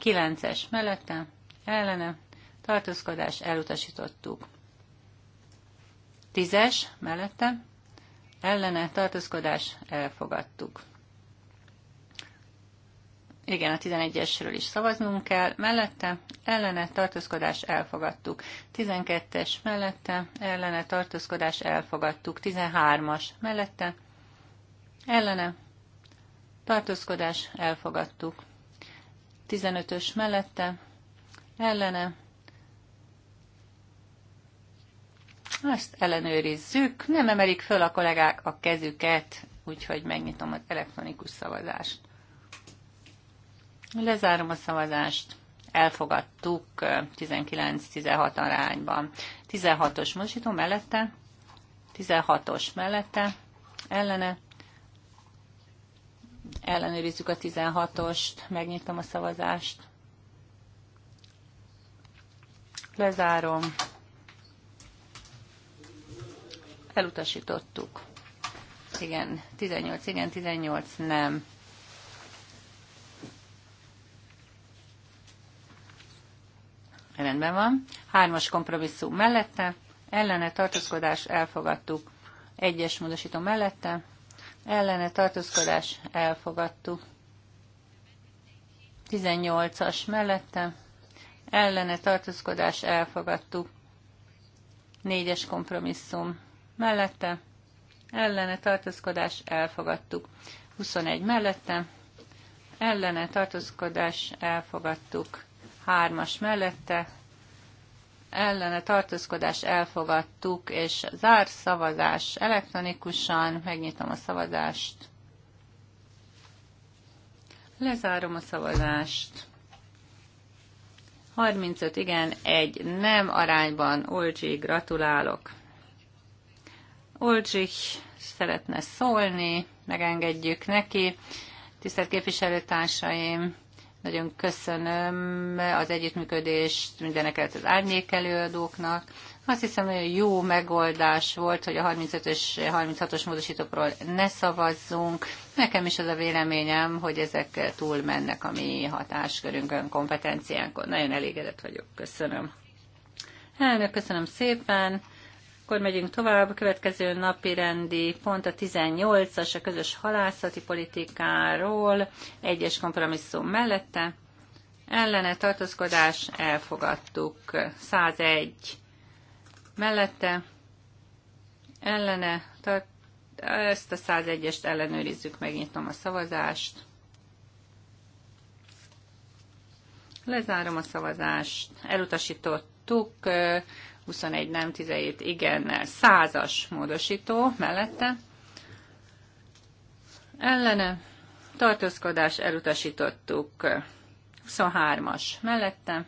9-es mellette, ellene tartózkodás elutasítottuk. 10-es mellette, ellene tartózkodás elfogadtuk. Igen, a 11-esről is szavaznunk kell. Mellette ellene tartózkodás elfogadtuk. 12-es mellette ellene tartózkodás elfogadtuk. 13-as mellette ellene tartózkodás elfogadtuk. 15-ös mellette ellene Azt ellenőrizzük. Nem emelik föl a kollégák a kezüket, úgyhogy megnyitom az elektronikus szavazást. Lezárom a szavazást. Elfogadtuk 19-16 arányban. 16-os mozsító mellette, 16-os mellette, ellene. Ellenőrizzük a 16-ost, megnyitom a szavazást. Lezárom. Elutasítottuk. Igen, 18, igen, 18 nem. Rendben van. Hármas kompromisszum mellette, ellene tartózkodás elfogadtuk. Egyes módosító mellette, ellene tartózkodás elfogadtuk. 18-as mellette, ellene tartózkodás elfogadtuk. Négyes kompromisszum mellette, ellene tartózkodás elfogadtuk. 21 mellette, ellene tartózkodás elfogadtuk hármas mellette ellene tartózkodás elfogadtuk, és zár szavazás elektronikusan, megnyitom a szavazást. Lezárom a szavazást. 35 igen, egy nem arányban. Olcsi, gratulálok. Olcsi szeretne szólni, megengedjük neki. Tisztelt képviselőtársaim, nagyon köszönöm az együttműködést mindeneket az árnyék előadóknak. Azt hiszem, hogy jó megoldás volt, hogy a 35-ös, 36-os módosítókról ne szavazzunk. Nekem is az a véleményem, hogy ezek túl mennek a mi hatáskörünkön, kompetenciánkon. Nagyon elégedett vagyok. Köszönöm. Elnök, köszönöm szépen. Akkor megyünk tovább. A következő napi rendi pont a 18-as, a közös halászati politikáról, egyes kompromisszum mellette. Ellene tartózkodás elfogadtuk. 101 mellette. Ellene tart ezt a 101-est ellenőrizzük, megnyitom a szavazást. Lezárom a szavazást. Elutasítottuk. 21 nem, 17 igennel, százas módosító mellette, ellene, tartózkodás elutasítottuk, 23-as mellette,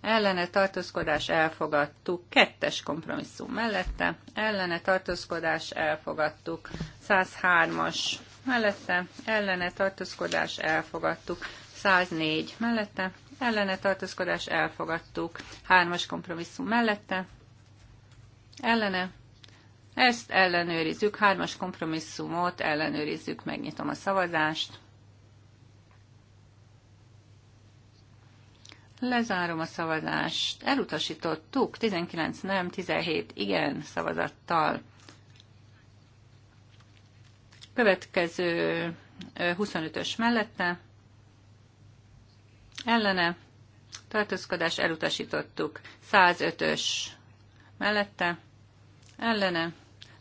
ellene tartózkodás elfogadtuk, kettes kompromisszum mellette, ellene tartózkodás elfogadtuk, 103-as mellette, ellene tartózkodás elfogadtuk, 104 mellette, ellene tartózkodás elfogadtuk. Hármas kompromisszum mellette, ellene, ezt ellenőrizzük, hármas kompromisszumot ellenőrizzük, megnyitom a szavazást. Lezárom a szavazást. Elutasítottuk 19 nem, 17 igen szavazattal. Következő 25-ös mellette ellene, tartózkodás elutasítottuk. 105-ös mellette, ellene,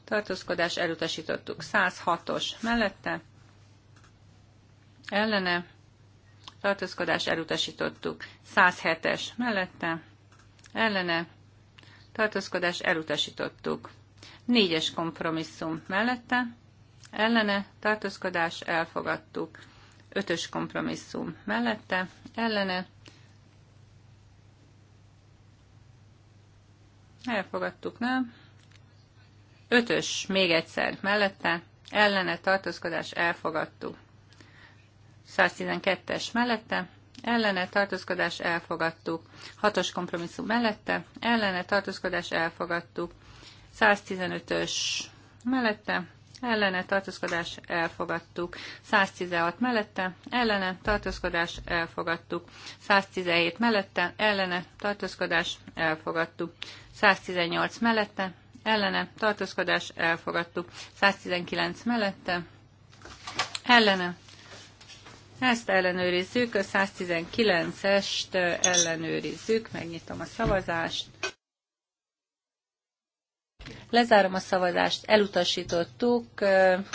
tartózkodás elutasítottuk. 106-os mellette, ellene, tartózkodás elutasítottuk. 107-es mellette, ellene, tartózkodás elutasítottuk. 4-es kompromisszum mellette, ellene, tartózkodás elfogadtuk. Ötös kompromisszum mellette, ellene. Elfogadtuk, nem? Ötös még egyszer mellette, ellene tartózkodás elfogadtuk. 112-es mellette, ellene tartózkodás elfogadtuk. 6-os kompromisszum mellette, ellene tartózkodás elfogadtuk. 115-ös mellette, ellene tartózkodás elfogadtuk. 116 mellette, ellene tartózkodás elfogadtuk. 117 mellette, ellene tartózkodás elfogadtuk. 118 mellette, ellene tartózkodás elfogadtuk. 119 mellette, ellene. Ezt ellenőrizzük, a 119-est ellenőrizzük, megnyitom a szavazást. Lezárom a szavazást, elutasítottuk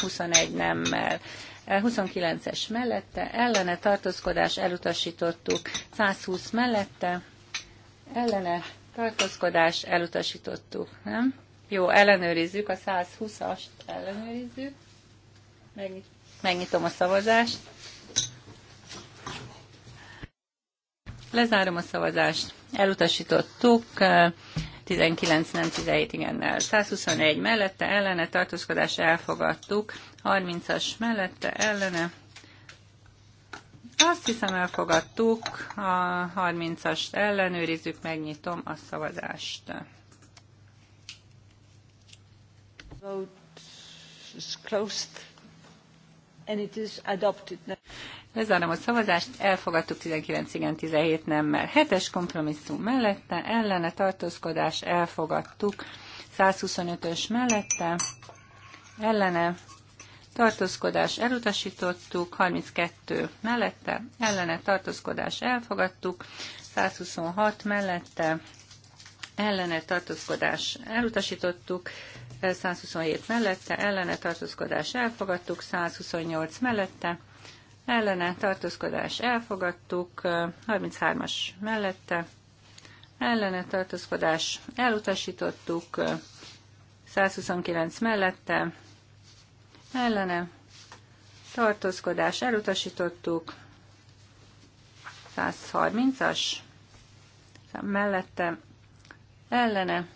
21 nemmel. 29-es mellette, ellene tartózkodás elutasítottuk, 120 mellette, ellene tartózkodás elutasítottuk, nem? Jó, ellenőrizzük, a 120-ast ellenőrizzük. megnyitom a szavazást. Lezárom a szavazást. Elutasítottuk 19 nem 17 igennel. 121 mellette ellene tartózkodás elfogadtuk. 30-as mellette ellene. Azt hiszem elfogadtuk. A 30-ast ellenőrizzük, megnyitom a szavazást. Vote is closed and it is adopted. Lezárom a szavazást, elfogadtuk 19 igen, 17 nemmel. Hetes kompromisszum mellette, ellene tartózkodás, elfogadtuk. 125-ös mellette, ellene tartózkodás elutasítottuk, 32 mellette, ellene tartózkodás elfogadtuk, 126 mellette, ellene tartózkodás elutasítottuk, 127 mellette, ellene tartózkodás elfogadtuk, 128 mellette, ellene tartózkodás elfogadtuk, 33-as mellette ellene tartózkodás elutasítottuk, 129 mellette ellene tartózkodás elutasítottuk, 130-as mellette ellene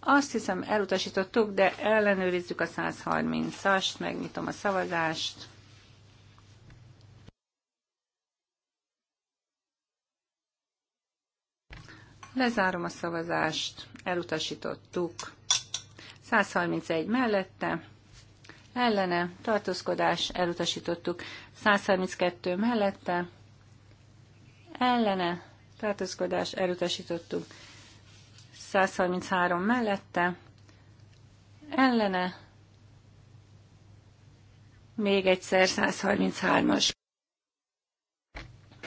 azt hiszem elutasítottuk, de ellenőrizzük a 130-ast, megnyitom a szavazást. Lezárom a szavazást, elutasítottuk. 131 mellette, ellene, tartózkodás, elutasítottuk. 132 mellette, ellene, tartózkodás, elutasítottuk. 133 mellette, ellene, még egyszer 133-as.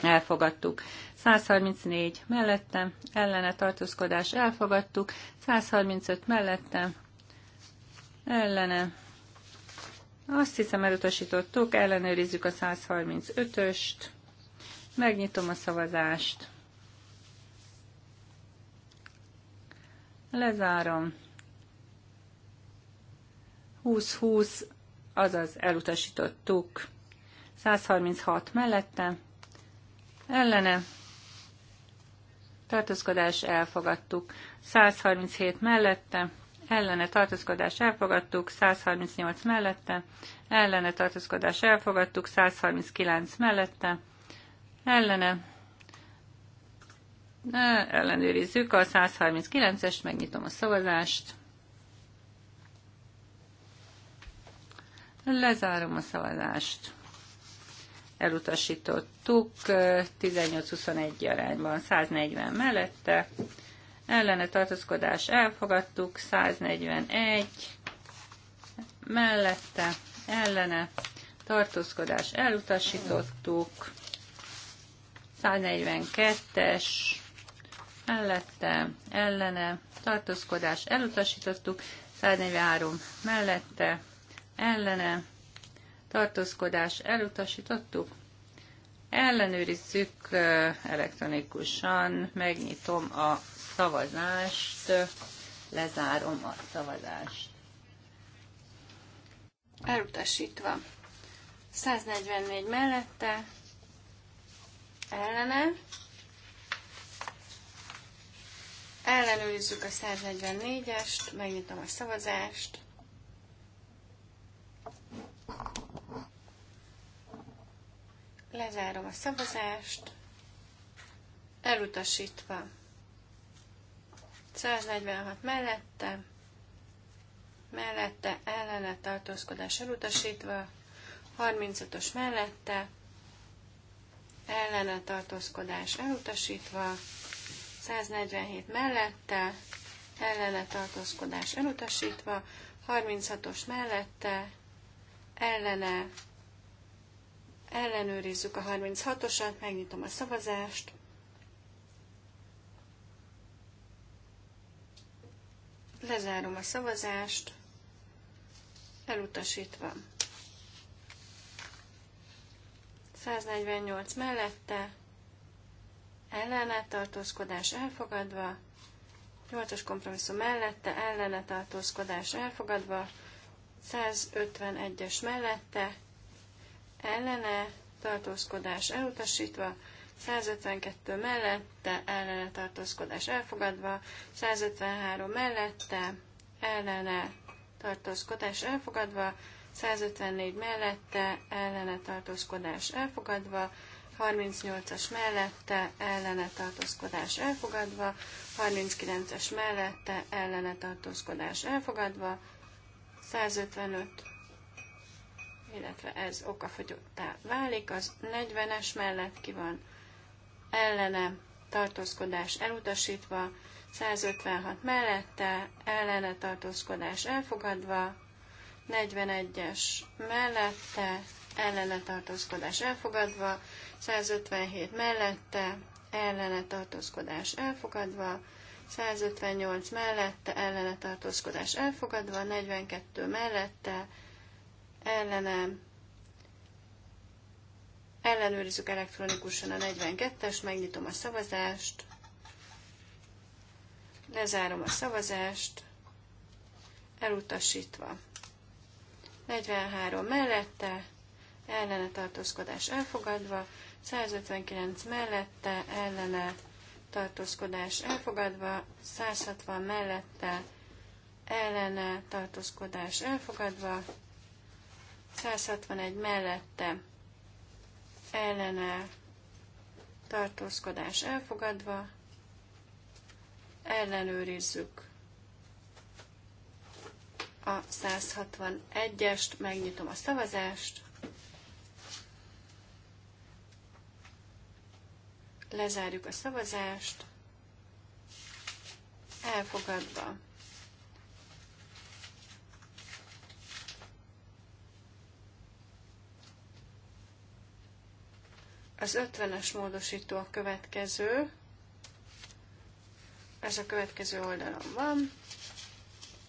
Elfogadtuk. 134 mellette, ellene tartózkodás elfogadtuk, 135 mellette, ellene. Azt hiszem elutasítottuk, ellenőrizzük a 135-öst, megnyitom a szavazást. Lezárom. 20-20, azaz elutasítottuk. 136 mellette, ellene tartózkodás elfogadtuk. 137 mellette, ellene tartózkodás elfogadtuk, 138 mellette, ellene tartózkodás elfogadtuk, 139 mellette, ellene ellenőrizzük a 139-est, megnyitom a szavazást. Lezárom a szavazást elutasítottuk 18-21 arányban, 140 mellette, ellene tartózkodás elfogadtuk, 141 mellette, ellene tartózkodás elutasítottuk, 142-es mellette, ellene tartózkodás elutasítottuk, 143 mellette, ellene tartózkodás elutasítottuk. Ellenőrizzük elektronikusan, megnyitom a szavazást, lezárom a szavazást. Elutasítva. 144 mellette, ellene. Ellenőrizzük a 144-est, megnyitom a szavazást. Lezárom a szavazást. Elutasítva. 146 mellette, mellette ellene tartózkodás elutasítva, 35-ös mellette, ellene tartózkodás elutasítva, 147 mellette, ellene tartózkodás elutasítva, 36-os mellette, ellene Ellenőrizzük a 36-osat, megnyitom a szavazást. Lezárom a szavazást. Elutasítva. 148 mellette, ellene tartózkodás elfogadva, 8-as kompromisszum mellette, ellene tartózkodás elfogadva, 151-es mellette, ellene tartózkodás elutasítva, 152 mellette ellene tartózkodás elfogadva, 153 mellette ellene tartózkodás elfogadva, 154 mellette ellene tartózkodás elfogadva, 38-as mellette ellene tartózkodás elfogadva, 39-es mellette ellene tartózkodás elfogadva, 155 illetve ez okafogyottá válik, az 40-es mellett ki van ellene tartózkodás elutasítva, 156 mellette ellene tartózkodás elfogadva, 41-es mellette ellene tartózkodás elfogadva, 157 mellette ellene tartózkodás elfogadva, 158 mellette ellene tartózkodás elfogadva, 42 mellette ellenem. Ellenőrizzük elektronikusan a 42-est, megnyitom a szavazást, lezárom a szavazást, elutasítva. 43 mellette, ellene tartózkodás elfogadva, 159 mellette, ellene tartózkodás elfogadva, 160 mellette, ellene tartózkodás elfogadva, 161 mellette ellene tartózkodás elfogadva, ellenőrizzük a 161-est, megnyitom a szavazást, lezárjuk a szavazást, elfogadva. Az 50-es módosító a következő. Ez a következő oldalon van.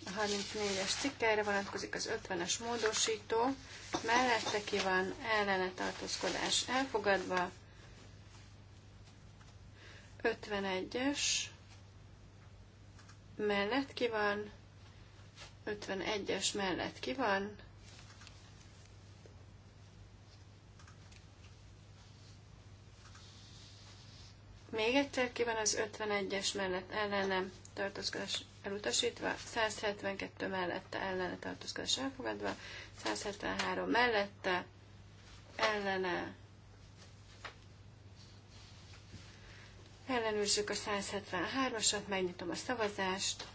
A 34-es cikkeire vonatkozik az 50-es módosító. Mellette ki van ellene tartózkodás elfogadva. 51-es mellett ki van, 51-es mellett ki van, Még egyszer ki van az 51-es mellett ellenem tartózkodás elutasítva, 172 mellette ellene tartózkodás elfogadva, 173 mellette ellene ellenőrzzük a 173-asat, megnyitom a szavazást,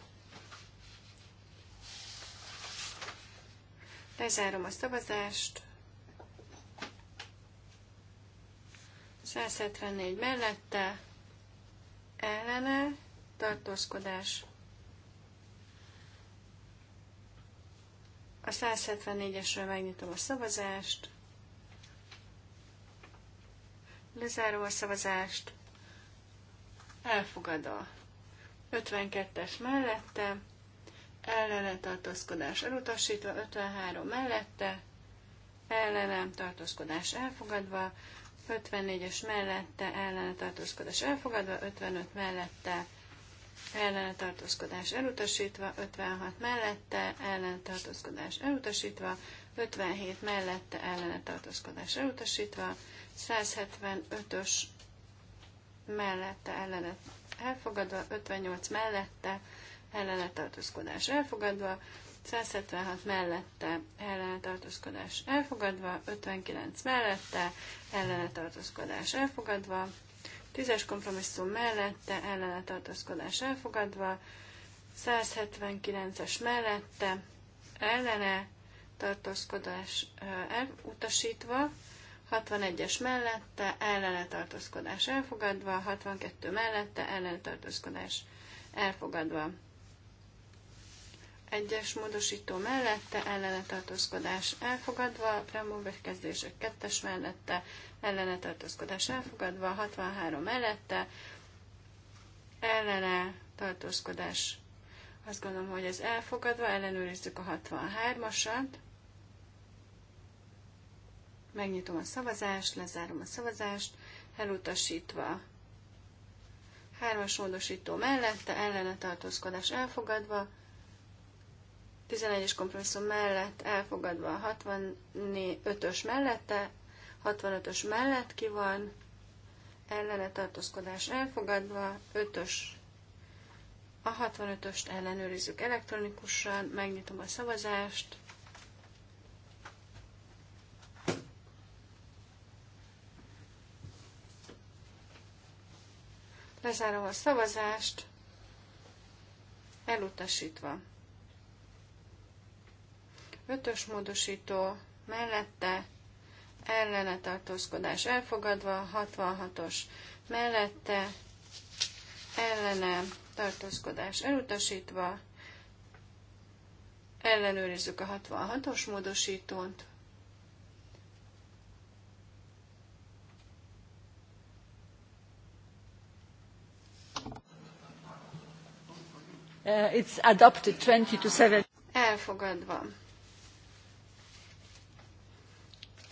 lezárom a szavazást, 174 mellette, ellene, tartózkodás. A 174-esről megnyitom a szavazást. Lezáró a szavazást. a 52-es mellette, ellene tartózkodás elutasítva, 53 mellette, ellenem tartózkodás elfogadva, 54-es mellette ellene tartózkodás elfogadva, 55 mellette ellene tartózkodás elutasítva, 56 mellette ellene tartózkodás elutasítva, 57 mellette ellene tartózkodás elutasítva, 175-ös mellette ellene elfogadva, 58 mellette ellene tartózkodás elfogadva, 176 mellette ellene tartózkodás elfogadva, 59 mellette ellene tartózkodás elfogadva, 10-es kompromisszum mellette ellene tartózkodás elfogadva, 179-es mellette ellene tartózkodás elutasítva, 61-es mellette ellene tartózkodás elfogadva, 62 mellette ellene tartózkodás elfogadva egyes módosító mellette, ellenetartózkodás elfogadva, elfogadva, preambul bekezdések kettes mellette, ellenetartózkodás elfogadva, 63 mellette, ellene tartózkodás. Azt gondolom, hogy ez elfogadva, ellenőrizzük a 63-asat. Megnyitom a szavazást, lezárom a szavazást, elutasítva hármas módosító mellette, ellene tartózkodás elfogadva, 11-es kompromisszum mellett elfogadva 65-ös mellette, 65-ös mellett ki van, ellene tartózkodás elfogadva, 5-ös a 65-öst ellenőrizzük elektronikusan, megnyitom a szavazást. Lezárom a szavazást, elutasítva. Ötös módosító mellette ellene tartózkodás elfogadva, 66-os mellette ellene tartózkodás elutasítva, ellenőrizzük a 66-os módosítót, Uh, It's adopted 20 to 7. Elfogadva.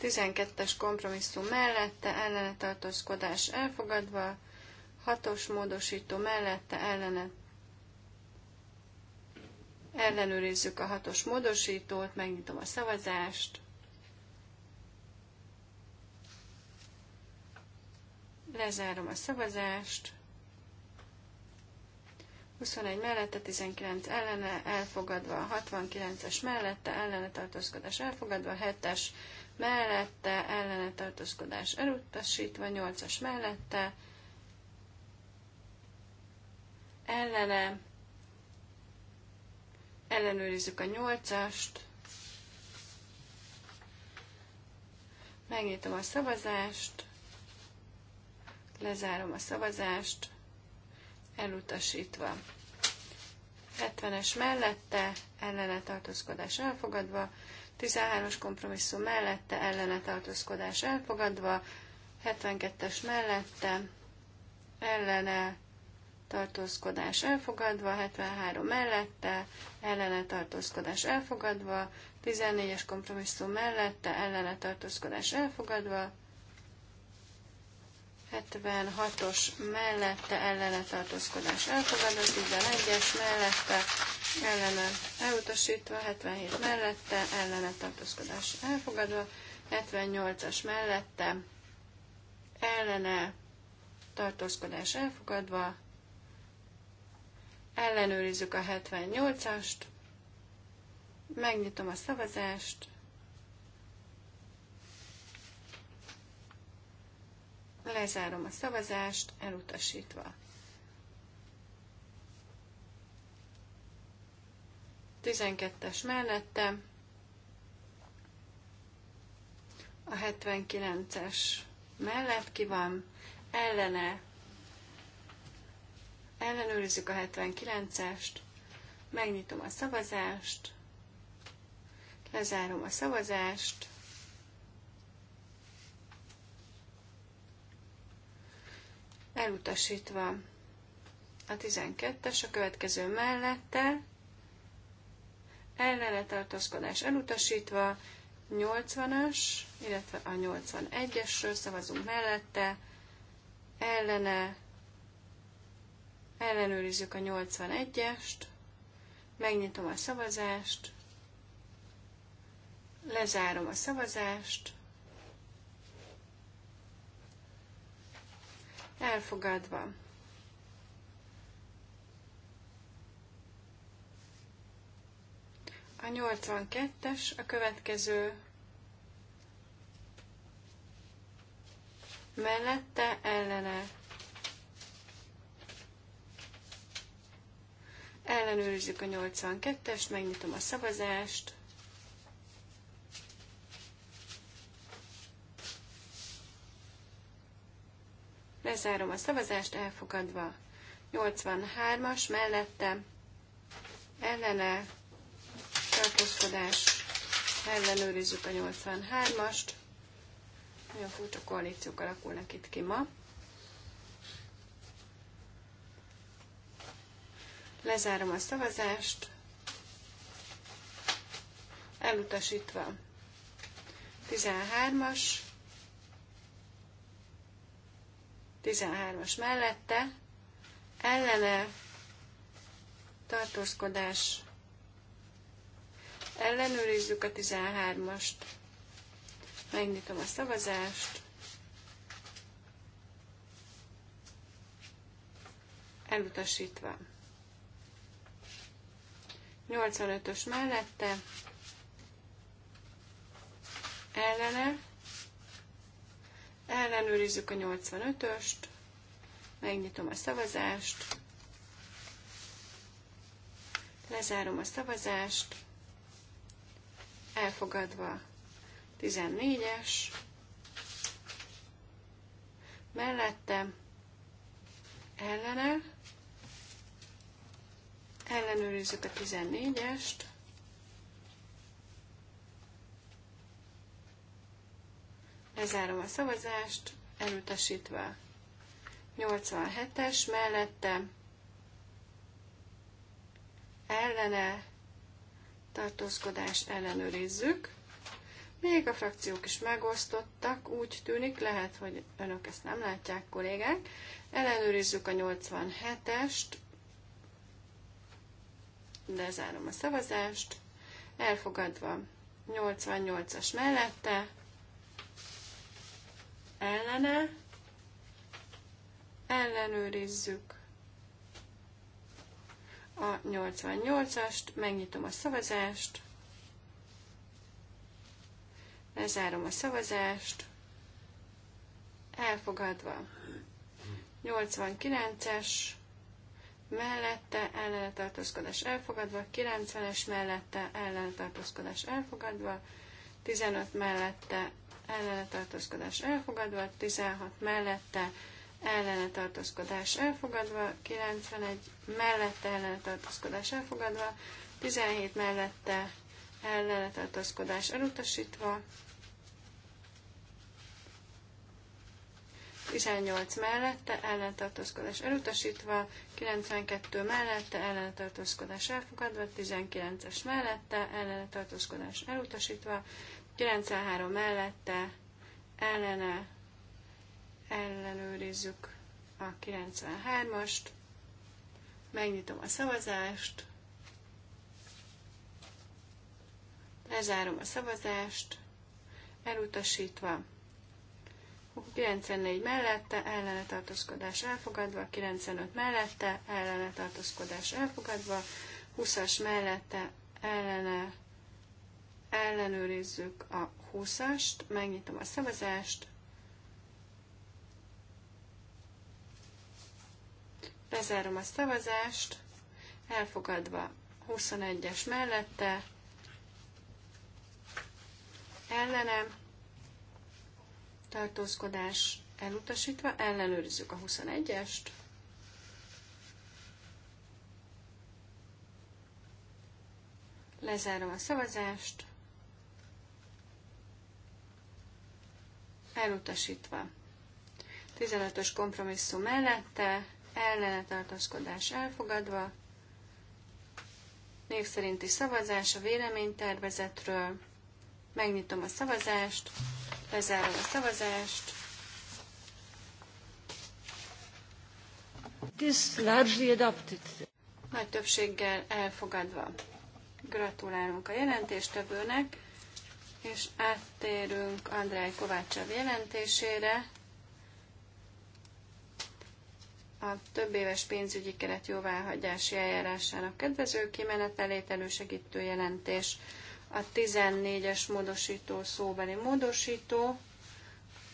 12-es kompromisszum mellette ellene tartózkodás elfogadva, 6-os módosító mellette ellene ellenőrizzük a 6-os módosítót, megnyitom a szavazást, lezárom a szavazást, 21 mellette, 19 ellene, elfogadva, 69-es mellette, ellene tartózkodás elfogadva, 7-es mellette, ellene tartózkodás elutasítva, 8-as mellette, ellene, ellenőrizzük a 8-ast, megnyitom a szavazást, lezárom a szavazást, elutasítva. 70-es mellette, ellene tartózkodás elfogadva, 13-as kompromisszum mellette, ellene tartózkodás elfogadva, 72-es mellette, ellene tartózkodás elfogadva, 73 mellette, ellene tartózkodás elfogadva, 14-es kompromisszum mellette, ellene tartózkodás elfogadva, 76-os mellette ellene tartózkodás elfogadott, 11-es mellette ellene elutasítva, 77 mellette ellene tartózkodás elfogadva, 78-as mellette ellene tartózkodás elfogadva, ellenőrizzük a 78-ast, megnyitom a szavazást, Lezárom a szavazást, elutasítva. 12-es mellette a 79-es mellett ki van, ellene ellenőrizzük a 79-est, megnyitom a szavazást, lezárom a szavazást, elutasítva. A 12-es a következő mellette, ellene tartózkodás elutasítva, 80-as, illetve a 81-esről szavazunk mellette, ellene, ellenőrizzük a 81-est, megnyitom a szavazást, lezárom a szavazást, Elfogadva. A 82-es a következő mellette ellene. Ellenőrizzük a 82-est, megnyitom a szavazást. Lezárom a szavazást, elfogadva. 83-as mellette ellene tartózkodás, ellenőrizzük a 83-ast. Nagyon furcsa koalíciók alakulnak itt ki ma. Lezárom a szavazást. Elutasítva. 13-as 13-as mellette, ellene tartózkodás, ellenőrizzük a 13-ast, megnyitom a szavazást, elutasítva. 85-ös mellette, ellene, Ellenőrizzük a 85-öst. Megnyitom a szavazást. Lezárom a szavazást. Elfogadva 14-es. Mellette ellene. Ellenőrizzük a 14-est. Lezárom a szavazást, elutasítva. 87-es mellette ellene tartózkodást ellenőrizzük. Még a frakciók is megosztottak, úgy tűnik, lehet, hogy önök ezt nem látják, kollégák. Ellenőrizzük a 87-est, lezárom a szavazást, elfogadva 88-as mellette, ellene, ellenőrizzük a 88-ast, megnyitom a szavazást, lezárom a szavazást, elfogadva. 89-es mellette ellenetartózkodás elfogadva, 90-es mellette ellenetartózkodás elfogadva, 15 mellette ellene tartózkodás elfogadva, 16 mellette ellene tartózkodás elfogadva, 91 mellette ellene tartózkodás elfogadva, 17 mellette ellene tartózkodás elutasítva, 18 mellette ellentartózkodás elutasítva, 92 mellette ellentartózkodás elfogadva, 19-es mellette ellentartózkodás elutasítva, 93 mellette ellene ellenőrizzük a 93-ast, megnyitom a szavazást, lezárom a szavazást, elutasítva. 94 mellette, ellene tartózkodás elfogadva, 95 mellette, ellene tartózkodás elfogadva, 20-as mellette, ellene ellenőrizzük a húszást, megnyitom a szavazást, bezárom a szavazást, elfogadva 21-es mellette, ellenem, tartózkodás elutasítva, ellenőrizzük a 21-est, lezárom a szavazást, elutasítva. 15-ös kompromisszum mellette, ellenetartaszkodás elfogadva, név szerinti szavazás a véleménytervezetről, megnyitom a szavazást, lezárom a szavazást, This largely adopted. Nagy többséggel elfogadva. Gratulálunk a jelentéstevőnek és áttérünk Andrály Kovácsav jelentésére. A több éves pénzügyi keret jóváhagyási eljárásának kedvező kimenetelét elősegítő jelentés, a 14-es módosító szóbeli módosító.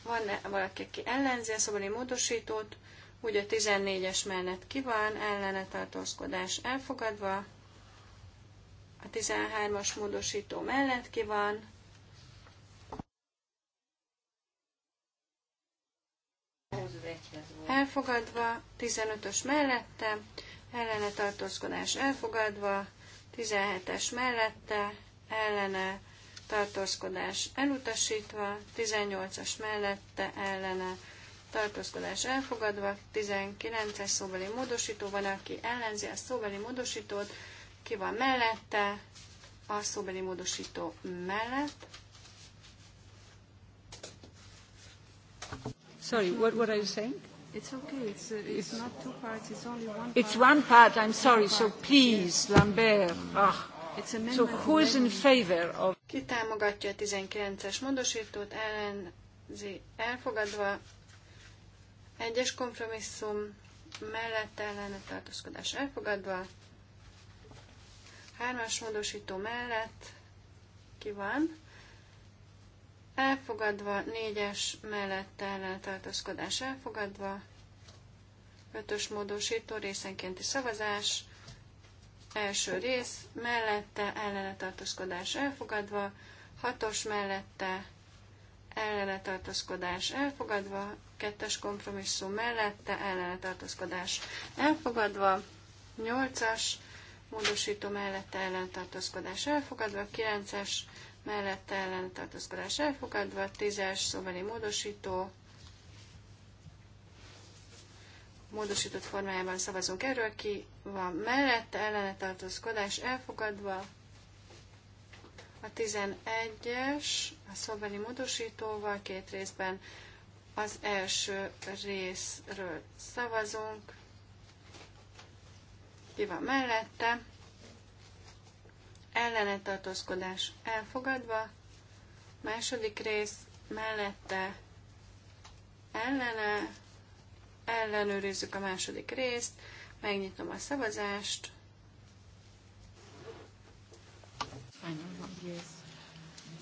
Van -e valaki, aki ellenzi a szóbeli módosítót? Úgy a 14-es mellett ki van, ellene tartózkodás elfogadva, a 13-as módosító mellett ki van, elfogadva, 15-ös mellette, ellene tartózkodás elfogadva, 17-es mellette, ellene tartózkodás elutasítva, 18-as mellette, ellene tartózkodás elfogadva, 19-es szóbeli módosító van, aki ellenzi a szóbeli módosítót, ki van mellette, a szóbeli módosító mellett, Sorry, what, what are you saying? It's okay. It's, uh, it's, it's not two parts. It's only one. Part. It's one part. I'm sorry. So please, Lambert. Ah. It's so who is in favor of? Ki támogatja a 19-es módosítót ellenzi elfogadva egyes kompromisszum mellett ellene tartózkodás elfogadva hármas módosító mellett ki van elfogadva, négyes mellette ellentartózkodás elfogadva, ötös módosító részenkénti szavazás, első rész mellette ellenetartózkodás elfogadva, hatos mellette ellenetartózkodás elfogadva, kettes kompromisszum mellette ellenetartózkodás elfogadva, nyolcas módosító mellette ellentartózkodás elfogadva, kilences mellette ellen tartózkodás elfogadva, tízes szóbeli módosító, módosított formájában szavazunk erről, ki van mellette ellene tartózkodás elfogadva, a 11-es a szóbeli módosítóval két részben az első részről szavazunk, ki van mellette, ellene tartózkodás elfogadva, második rész mellette ellene, ellenőrizzük a második részt, megnyitom a szavazást.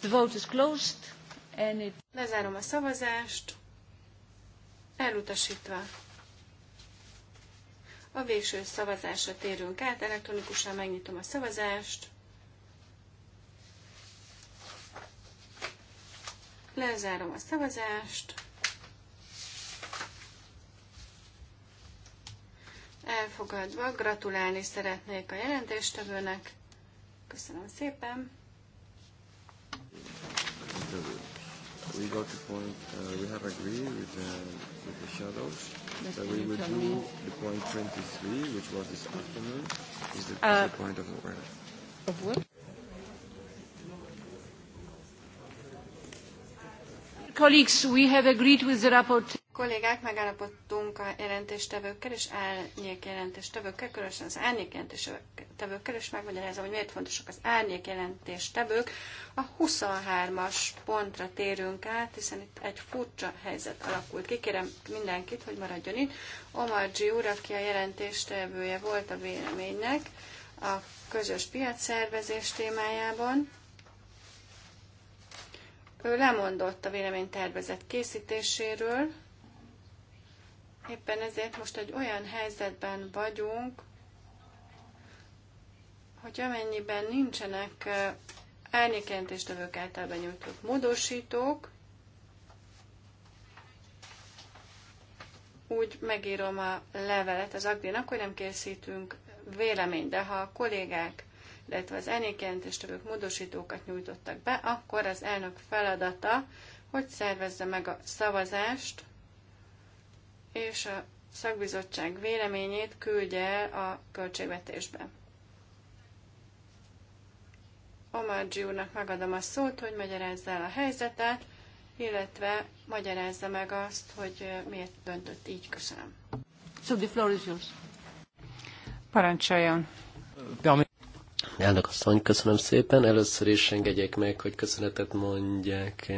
The vote is closed. And it... Lezárom a szavazást, elutasítva. A végső szavazásra térünk át, elektronikusan megnyitom a szavazást. Lezárom a szavazást. Elfogadva, gratulálni szeretnék a jelentéstevőnek. Köszönöm szépen. We got the point, uh, we have agreed with uh, with the shadows that we will do the point 23, which was this afternoon, is the, uh, is the point of the word. Of what? Colleagues, we have agreed with the Kollégák, megállapodtunk a jelentéstevőkkel és árnyék jelentéstevőkkel, különösen az árnyék jelentéstevőkkel, és megmagyarázom, hogy miért fontosak az árnyék jelentéstevők. A 23-as pontra térünk át, hiszen itt egy furcsa helyzet alakult ki. Kérem mindenkit, hogy maradjon itt. Omar G. úr, aki a jelentéstevője volt a véleménynek, a közös piacszervezés témájában ő lemondott a véleménytervezet készítéséről, éppen ezért most egy olyan helyzetben vagyunk, hogy amennyiben nincsenek árnyékjelentéstevők által benyújtott módosítók, úgy megírom a levelet az Agdénak, hogy nem készítünk véleményt, de ha a kollégák illetve az enékjelentéstevők módosítókat nyújtottak be, akkor az elnök feladata, hogy szervezze meg a szavazást, és a szakbizottság véleményét küldje el a költségvetésbe. Omar úrnak megadom a szót, hogy magyarázza el a helyzetet, illetve magyarázza meg azt, hogy miért döntött így. Köszönöm. So the floor is yours. Parancsoljon. Elnök asszony, köszönöm szépen. Először is engedjék meg, hogy köszönetet mondják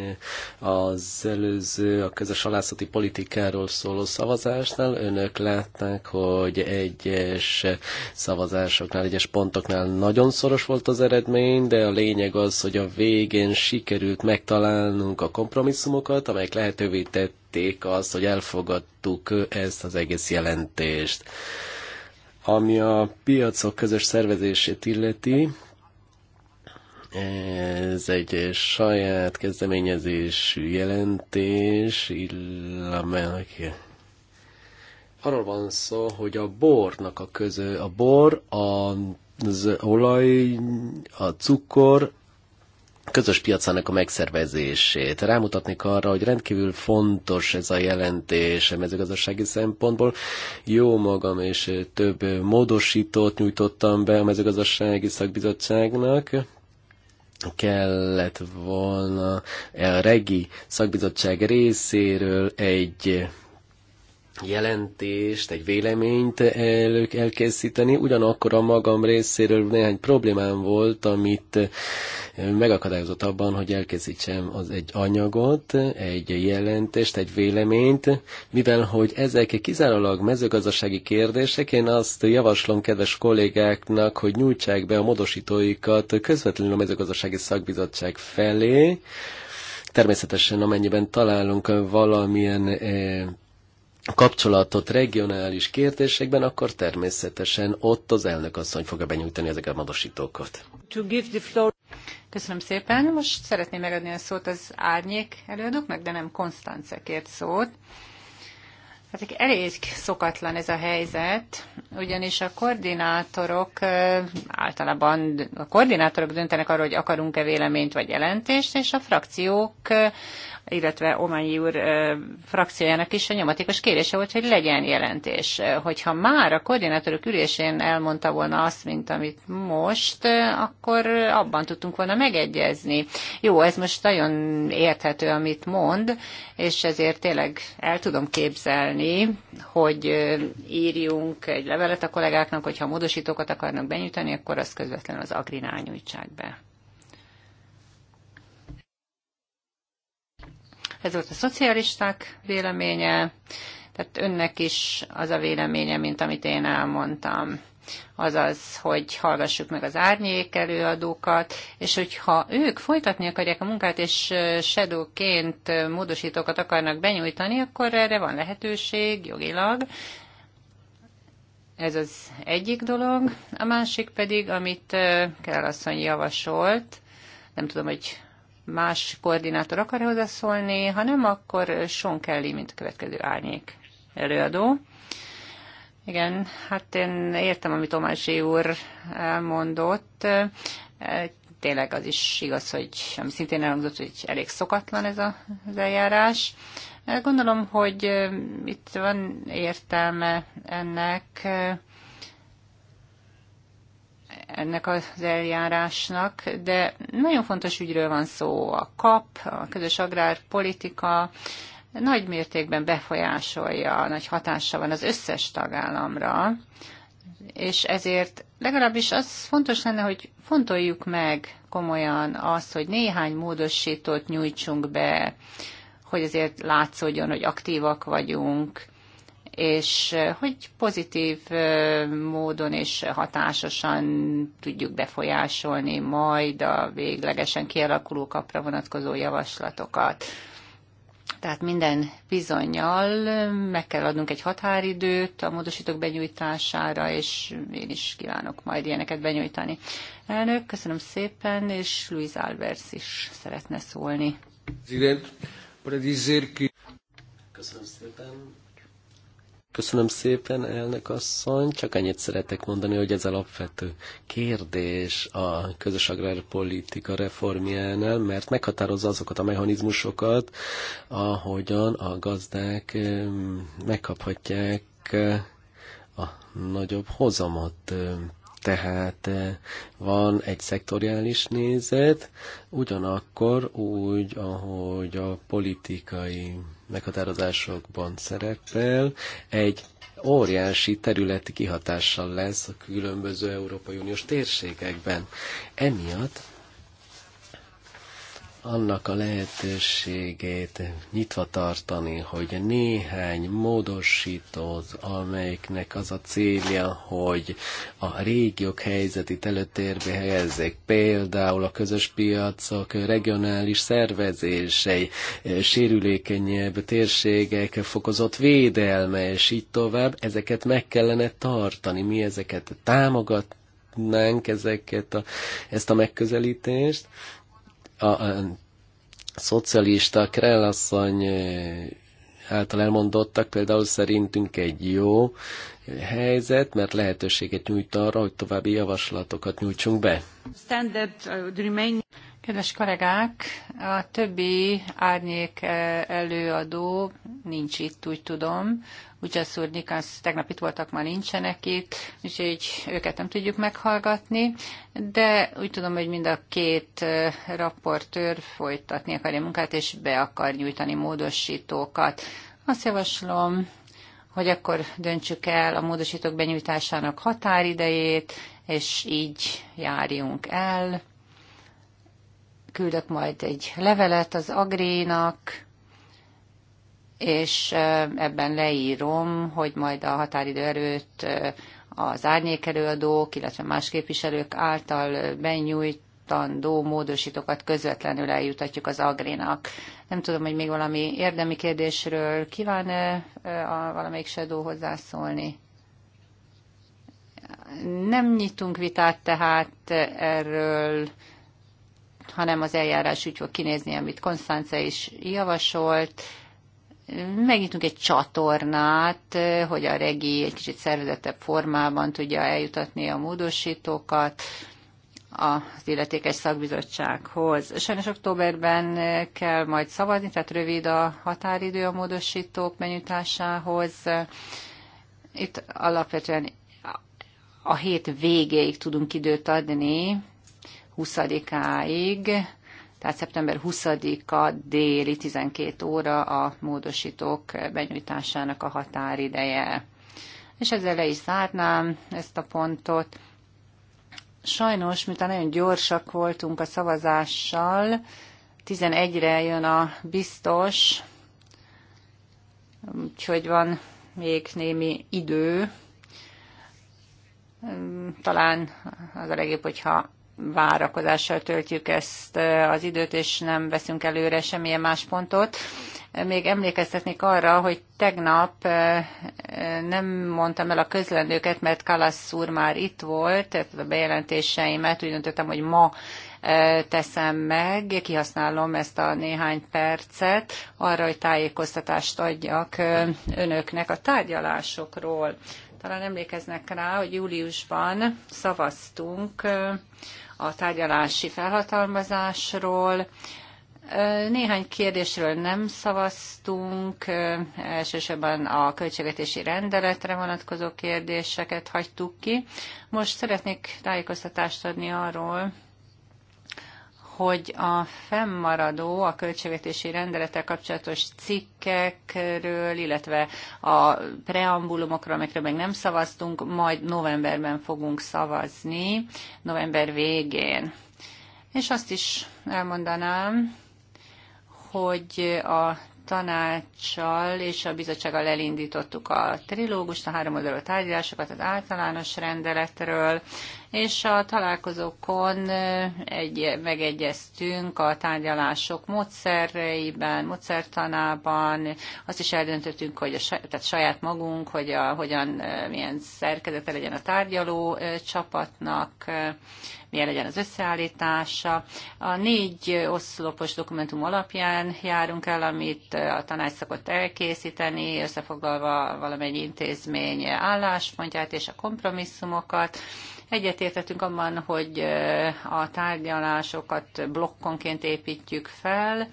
az előző, a közös alászati politikáról szóló szavazásnál. Önök látták, hogy egyes szavazásoknál, egyes pontoknál nagyon szoros volt az eredmény, de a lényeg az, hogy a végén sikerült megtalálnunk a kompromisszumokat, amelyek lehetővé tették azt, hogy elfogadtuk ezt az egész jelentést. Ami a piacok közös szervezését illeti, ez egy saját kezdeményezésű jelentés, illamelyek. Arról van szó, hogy a bornak a közö, a bor, az olaj, a cukor közös piacának a megszervezését. Rámutatnék arra, hogy rendkívül fontos ez a jelentés a mezőgazdasági szempontból. Jó magam és több módosítót nyújtottam be a mezőgazdasági szakbizottságnak, kellett volna a regi szakbizottság részéről egy jelentést, egy véleményt el, elkészíteni, ugyanakkor a magam részéről néhány problémám volt, amit megakadályozott abban, hogy elkészítsem az egy anyagot, egy jelentést, egy véleményt, mivel hogy ezek kizárólag mezőgazdasági kérdések, én azt javaslom kedves kollégáknak, hogy nyújtsák be a modosítóikat közvetlenül a mezőgazdasági szakbizottság felé, Természetesen amennyiben találunk valamilyen eh, kapcsolatot regionális kérdésekben, akkor természetesen ott az elnök asszony fogja benyújtani ezeket a módosítókat. Köszönöm szépen. Most szeretném megadni a szót az árnyék előadóknak, de nem Konstance kért szót. Hát elég szokatlan ez a helyzet, ugyanis a koordinátorok általában a koordinátorok döntenek arról, hogy akarunk-e véleményt vagy jelentést, és a frakciók illetve Omanyi úr frakciójának is a nyomatékos kérése volt, hogy legyen jelentés. Hogyha már a koordinátorok ülésén elmondta volna azt, mint amit most, akkor abban tudtunk volna megegyezni. Jó, ez most nagyon érthető, amit mond, és ezért tényleg el tudom képzelni, hogy írjunk egy levelet a kollégáknak, hogyha módosítókat akarnak benyújtani, akkor az közvetlenül az Agrinál nyújtsák be. Ez volt a szocialisták véleménye, tehát önnek is az a véleménye, mint amit én elmondtam azaz, hogy hallgassuk meg az árnyék előadókat, és hogyha ők folytatni akarják a munkát, és shadowként módosítókat akarnak benyújtani, akkor erre van lehetőség jogilag. Ez az egyik dolog. A másik pedig, amit Kell asszony javasolt, nem tudom, hogy más koordinátor akar hozzászólni, ha nem, akkor Sean Kelly, mint a következő árnyék előadó. Igen, hát én értem, amit Tomási úr elmondott. E, tényleg az is igaz, hogy ami szintén elhangzott, hogy elég szokatlan ez a, az eljárás. E, gondolom, hogy e, itt van értelme ennek, ennek az eljárásnak, de nagyon fontos ügyről van szó. A KAP, a közös agrárpolitika nagy mértékben befolyásolja, nagy hatása van az összes tagállamra, és ezért legalábbis az fontos lenne, hogy fontoljuk meg komolyan azt, hogy néhány módosítót nyújtsunk be, hogy azért látszódjon, hogy aktívak vagyunk, és hogy pozitív módon és hatásosan tudjuk befolyásolni majd a véglegesen kialakuló kapra vonatkozó javaslatokat. Tehát minden bizonyal meg kell adnunk egy határidőt a módosítók benyújtására, és én is kívánok majd ilyeneket benyújtani. Elnök, köszönöm szépen, és Luis Albers is szeretne szólni. Köszönöm szépen. Köszönöm szépen, elnök asszony. Csak annyit szeretek mondani, hogy ez alapvető kérdés a közös agrárpolitika reformjánál, mert meghatározza azokat a mechanizmusokat, ahogyan a gazdák eh, megkaphatják eh, a nagyobb hozamot. Eh, tehát eh, van egy szektoriális nézet, ugyanakkor úgy, ahogy a politikai meghatározásokban szerepel, egy óriási területi kihatással lesz a különböző Európai Uniós térségekben. Emiatt annak a lehetőségét nyitva tartani, hogy néhány módosítót, amelyiknek az a célja, hogy a régiók helyzetét előtérbe helyezzék, például a közös piacok regionális szervezései, sérülékenyebb térségek fokozott védelme, és így tovább, ezeket meg kellene tartani. Mi ezeket támogatnánk, ezeket a, ezt a megközelítést, a, a szocialista Krellasszony által elmondottak például szerintünk egy jó helyzet, mert lehetőséget nyújt arra, hogy további javaslatokat nyújtsunk be. Kedves kollégák, a többi árnyék eh, előadó nincs itt, úgy tudom. úgyhogy úr, Nikansz tegnap itt voltak, ma nincsenek itt, úgyhogy őket nem tudjuk meghallgatni, de úgy tudom, hogy mind a két eh, raportőr folytatni akarja munkát, és be akar nyújtani módosítókat. Azt javaslom, hogy akkor döntsük el a módosítók benyújtásának határidejét, és így járjunk el küldök majd egy levelet az Agrénak, és ebben leírom, hogy majd a határidő erőt az árnyékelőadók, illetve más képviselők által benyújtandó módosítókat közvetlenül eljutatjuk az Agrénak. Nem tudom, hogy még valami érdemi kérdésről kíván-e valamelyik Shadow hozzászólni? Nem nyitunk vitát tehát erről hanem az eljárás úgy fog kinézni, amit Konstance is javasolt. Megnyitunk egy csatornát, hogy a regi egy kicsit szervezettebb formában tudja eljutatni a módosítókat az illetékes szakbizottsághoz. Sajnos októberben kell majd szavazni, tehát rövid a határidő a módosítók benyújtásához. Itt alapvetően a hét végéig tudunk időt adni, 20-áig, tehát szeptember 20-a déli 12 óra a módosítók benyújtásának a határideje. És ezzel le is zárnám ezt a pontot. Sajnos, miután nagyon gyorsak voltunk a szavazással, 11-re jön a biztos, úgyhogy van még némi idő. Talán az a legjobb, hogyha várakozással töltjük ezt e, az időt, és nem veszünk előre semmilyen más pontot. E, még emlékeztetnék arra, hogy tegnap e, nem mondtam el a közlendőket, mert Kalasz úr már itt volt, tehát a bejelentéseimet úgy döntöttem, hogy ma teszem meg, kihasználom ezt a néhány percet arra, hogy tájékoztatást adjak önöknek a tárgyalásokról. Talán emlékeznek rá, hogy júliusban szavaztunk a tárgyalási felhatalmazásról. Néhány kérdésről nem szavaztunk, elsősorban a költségvetési rendeletre vonatkozó kérdéseket hagytuk ki. Most szeretnék tájékoztatást adni arról, hogy a fennmaradó, a költségvetési rendelete kapcsolatos cikkekről, illetve a preambulumokról, amikről még nem szavaztunk, majd novemberben fogunk szavazni, november végén. És azt is elmondanám, hogy a tanácssal és a bizottsággal elindítottuk a trilógust, a oldalú tárgyalásokat az általános rendeletről, és a találkozókon egy, megegyeztünk a tárgyalások módszereiben, módszertanában, azt is eldöntöttünk, hogy a, tehát saját magunk, hogy a, hogyan, milyen szerkezete legyen a tárgyaló csapatnak, milyen legyen az összeállítása. A négy oszlopos dokumentum alapján járunk el, amit a tanács szokott elkészíteni, összefoglalva valamennyi intézmény álláspontját és a kompromisszumokat. Egyetértettünk abban, hogy a tárgyalásokat blokkonként építjük fel,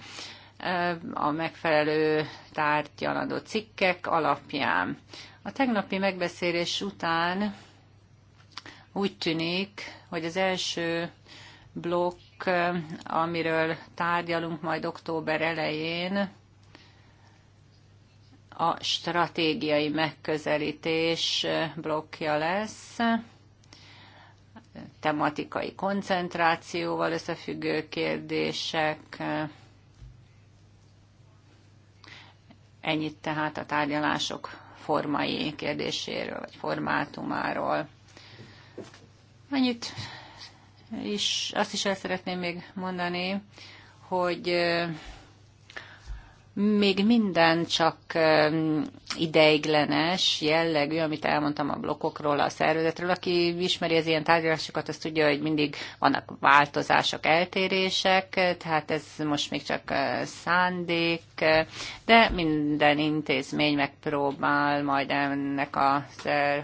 a megfelelő tárgyalandó cikkek alapján. A tegnapi megbeszélés után úgy tűnik, hogy az első blokk, amiről tárgyalunk majd október elején, a stratégiai megközelítés blokkja lesz tematikai koncentrációval összefüggő kérdések. Ennyit tehát a tárgyalások formai kérdéséről, vagy formátumáról. Ennyit is, azt is el szeretném még mondani, hogy még minden csak ideiglenes jellegű, amit elmondtam a blokkokról, a szervezetről. Aki ismeri az ilyen tárgyalásokat, az tudja, hogy mindig vannak változások, eltérések, tehát ez most még csak eh, szándék, de minden intézmény megpróbál majd ennek a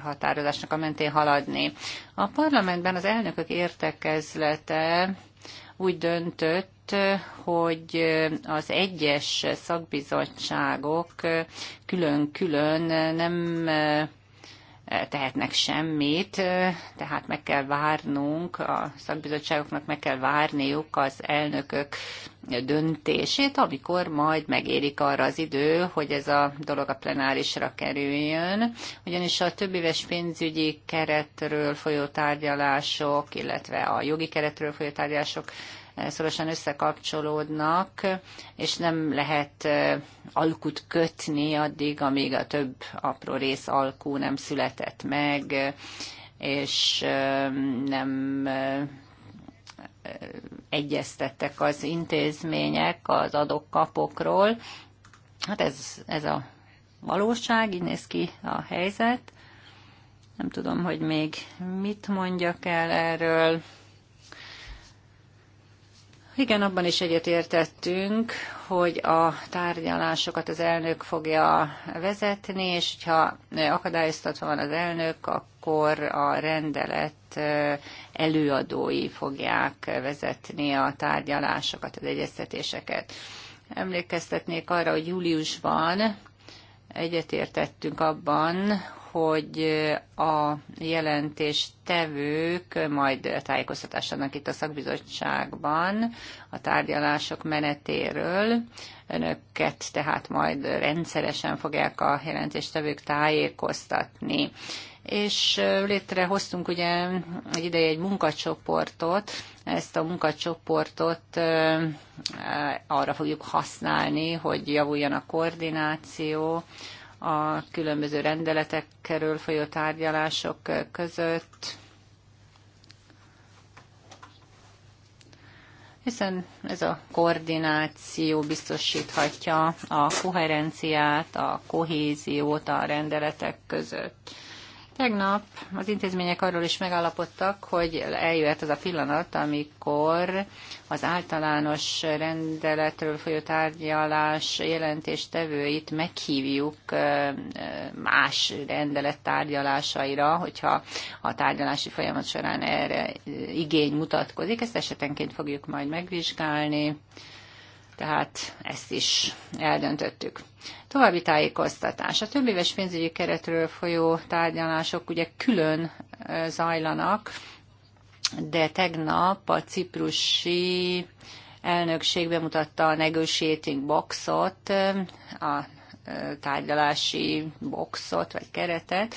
határozásnak a mentén haladni. A parlamentben az elnökök értekezlete úgy döntött, hogy az egyes szakbizottságok külön-külön nem tehetnek semmit, tehát meg kell várnunk, a szakbizottságoknak meg kell várniuk az elnökök döntését, amikor majd megérik arra az idő, hogy ez a dolog a plenárisra kerüljön, ugyanis a többéves pénzügyi keretről folyó tárgyalások, illetve a jogi keretről folyó tárgyalások szorosan összekapcsolódnak, és nem lehet alkut kötni addig, amíg a több apró rész alkú nem született meg, és nem egyeztettek az intézmények az adokkapokról. Hát ez, ez a valóság, így néz ki a helyzet. Nem tudom, hogy még mit mondjak el erről. Igen, abban is egyetértettünk, hogy a tárgyalásokat az elnök fogja vezetni, és ha akadályoztatva van az elnök, akkor a rendelet előadói fogják vezetni a tárgyalásokat, az egyeztetéseket. Emlékeztetnék arra, hogy júliusban egyetértettünk abban, hogy a jelentés tevők majd tájékoztatásának itt a szakbizottságban a tárgyalások menetéről. Önöket tehát majd rendszeresen fogják a jelentéstevők tájékoztatni és létrehoztunk ugye egy ideje egy munkacsoportot, ezt a munkacsoportot arra fogjuk használni, hogy javuljon a koordináció a különböző rendeletekről folyó tárgyalások között. hiszen ez a koordináció biztosíthatja a koherenciát, a kohéziót a rendeletek között. Tegnap az intézmények arról is megállapodtak, hogy eljöhet az a pillanat, amikor az általános rendeletről folyó tárgyalás jelentéstevőit meghívjuk más rendelet tárgyalásaira, hogyha a tárgyalási folyamat során erre igény mutatkozik. Ezt esetenként fogjuk majd megvizsgálni tehát ezt is eldöntöttük. További tájékoztatás. A több éves pénzügyi keretről folyó tárgyalások ugye külön zajlanak, de tegnap a ciprusi elnökség bemutatta a negotiating boxot, a tárgyalási boxot vagy keretet,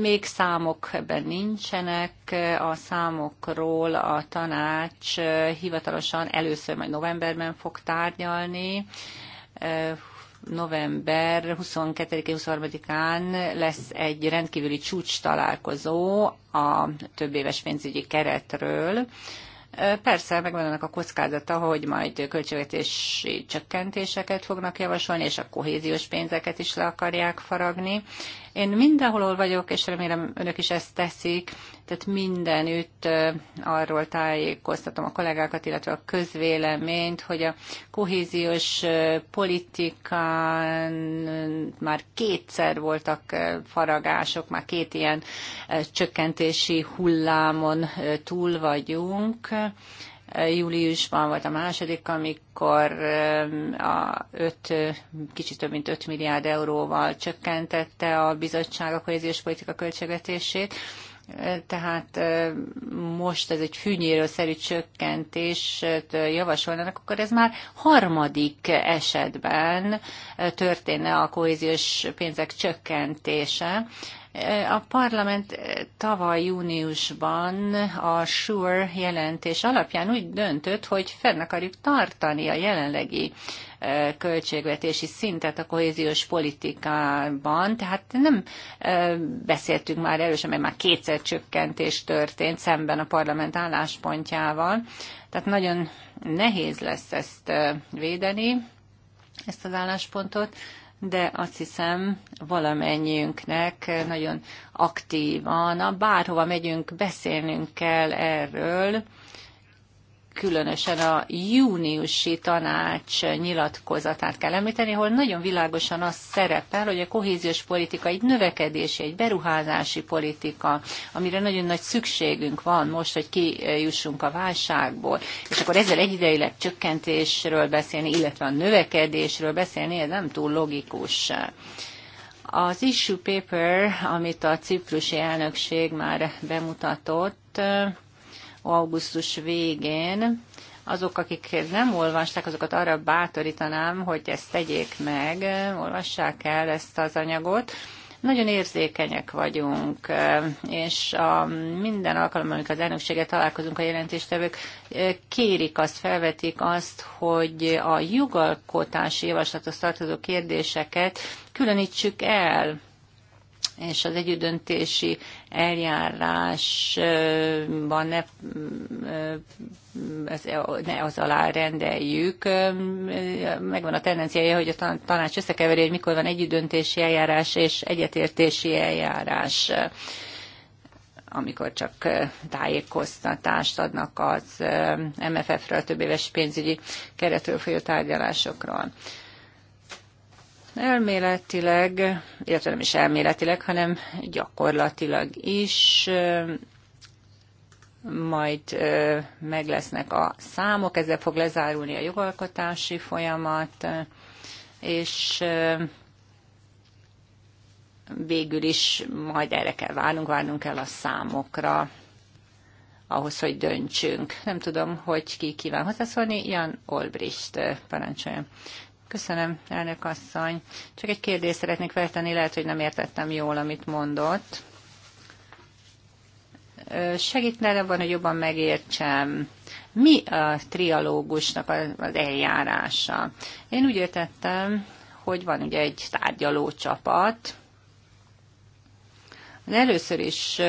még számok ebben nincsenek, a számokról a tanács hivatalosan először majd novemberben fog tárgyalni, november 22-23-án lesz egy rendkívüli csúcs találkozó a több éves pénzügyi keretről. Persze megvan annak a kockázata, hogy majd költségvetési csökkentéseket fognak javasolni, és a kohéziós pénzeket is le akarják faragni, én mindenhol vagyok, és remélem önök is ezt teszik, tehát mindenütt arról tájékoztatom a kollégákat, illetve a közvéleményt, hogy a kohéziós politikán már kétszer voltak faragások, már két ilyen csökkentési hullámon túl vagyunk, júliusban volt a második, amikor a öt, kicsit több mint 5 milliárd euróval csökkentette a bizottság a kohéziós politika költségvetését. Tehát most ez egy fűnyírószerű csökkentést javasolnának, akkor ez már harmadik esetben történne a kohéziós pénzek csökkentése a parlament tavaly júniusban a SURE jelentés alapján úgy döntött, hogy fenn akarjuk tartani a jelenlegi e, költségvetési szintet a kohéziós politikában, tehát nem e, beszéltünk már erősen, mert már kétszer csökkentés történt szemben a parlament álláspontjával, tehát nagyon nehéz lesz ezt e, védeni, ezt az álláspontot de azt hiszem valamennyiünknek nagyon aktívan, bárhova megyünk, beszélnünk kell erről, különösen a júniusi tanács nyilatkozatát kell említeni, ahol nagyon világosan az szerepel, hogy a kohéziós politika egy növekedési, egy beruházási politika, amire nagyon nagy szükségünk van most, hogy kijussunk a válságból, és akkor ezzel egyidejileg csökkentésről beszélni, illetve a növekedésről beszélni, ez nem túl logikus. Az issue paper, amit a ciprusi elnökség már bemutatott, augusztus végén. Azok, akik nem olvasták, azokat arra bátorítanám, hogy ezt tegyék meg, olvassák el ezt az anyagot nagyon érzékenyek vagyunk, és a minden alkalommal, amikor az elnökséget találkozunk a jelentéstevők, kérik azt, felvetik azt, hogy a jogalkotási javaslathoz tartozó kérdéseket különítsük el, és az együttdöntési eljárásban ne, ne az alá rendeljük. Megvan a tendenciája, hogy a tanács összekeveri, hogy mikor van együttdöntési eljárás és egyetértési eljárás amikor csak tájékoztatást adnak az MFF-ről, több éves pénzügyi keretről folyó tárgyalásokról. Elméletileg, illetve nem is elméletileg, hanem gyakorlatilag is majd meg lesznek a számok, ezzel fog lezárulni a jogalkotási folyamat, és végül is majd erre kell várnunk, várnunk kell a számokra, ahhoz, hogy döntsünk. Nem tudom, hogy ki kíván hozzászólni. Jan Olbricht parancsoljon. Köszönöm, elnök asszony. Csak egy kérdést szeretnék feltenni, lehet, hogy nem értettem jól, amit mondott. Segítne abban, hogy jobban megértsem, mi a trialógusnak az eljárása? Én úgy értettem, hogy van ugye egy tárgyaló csapat, de először is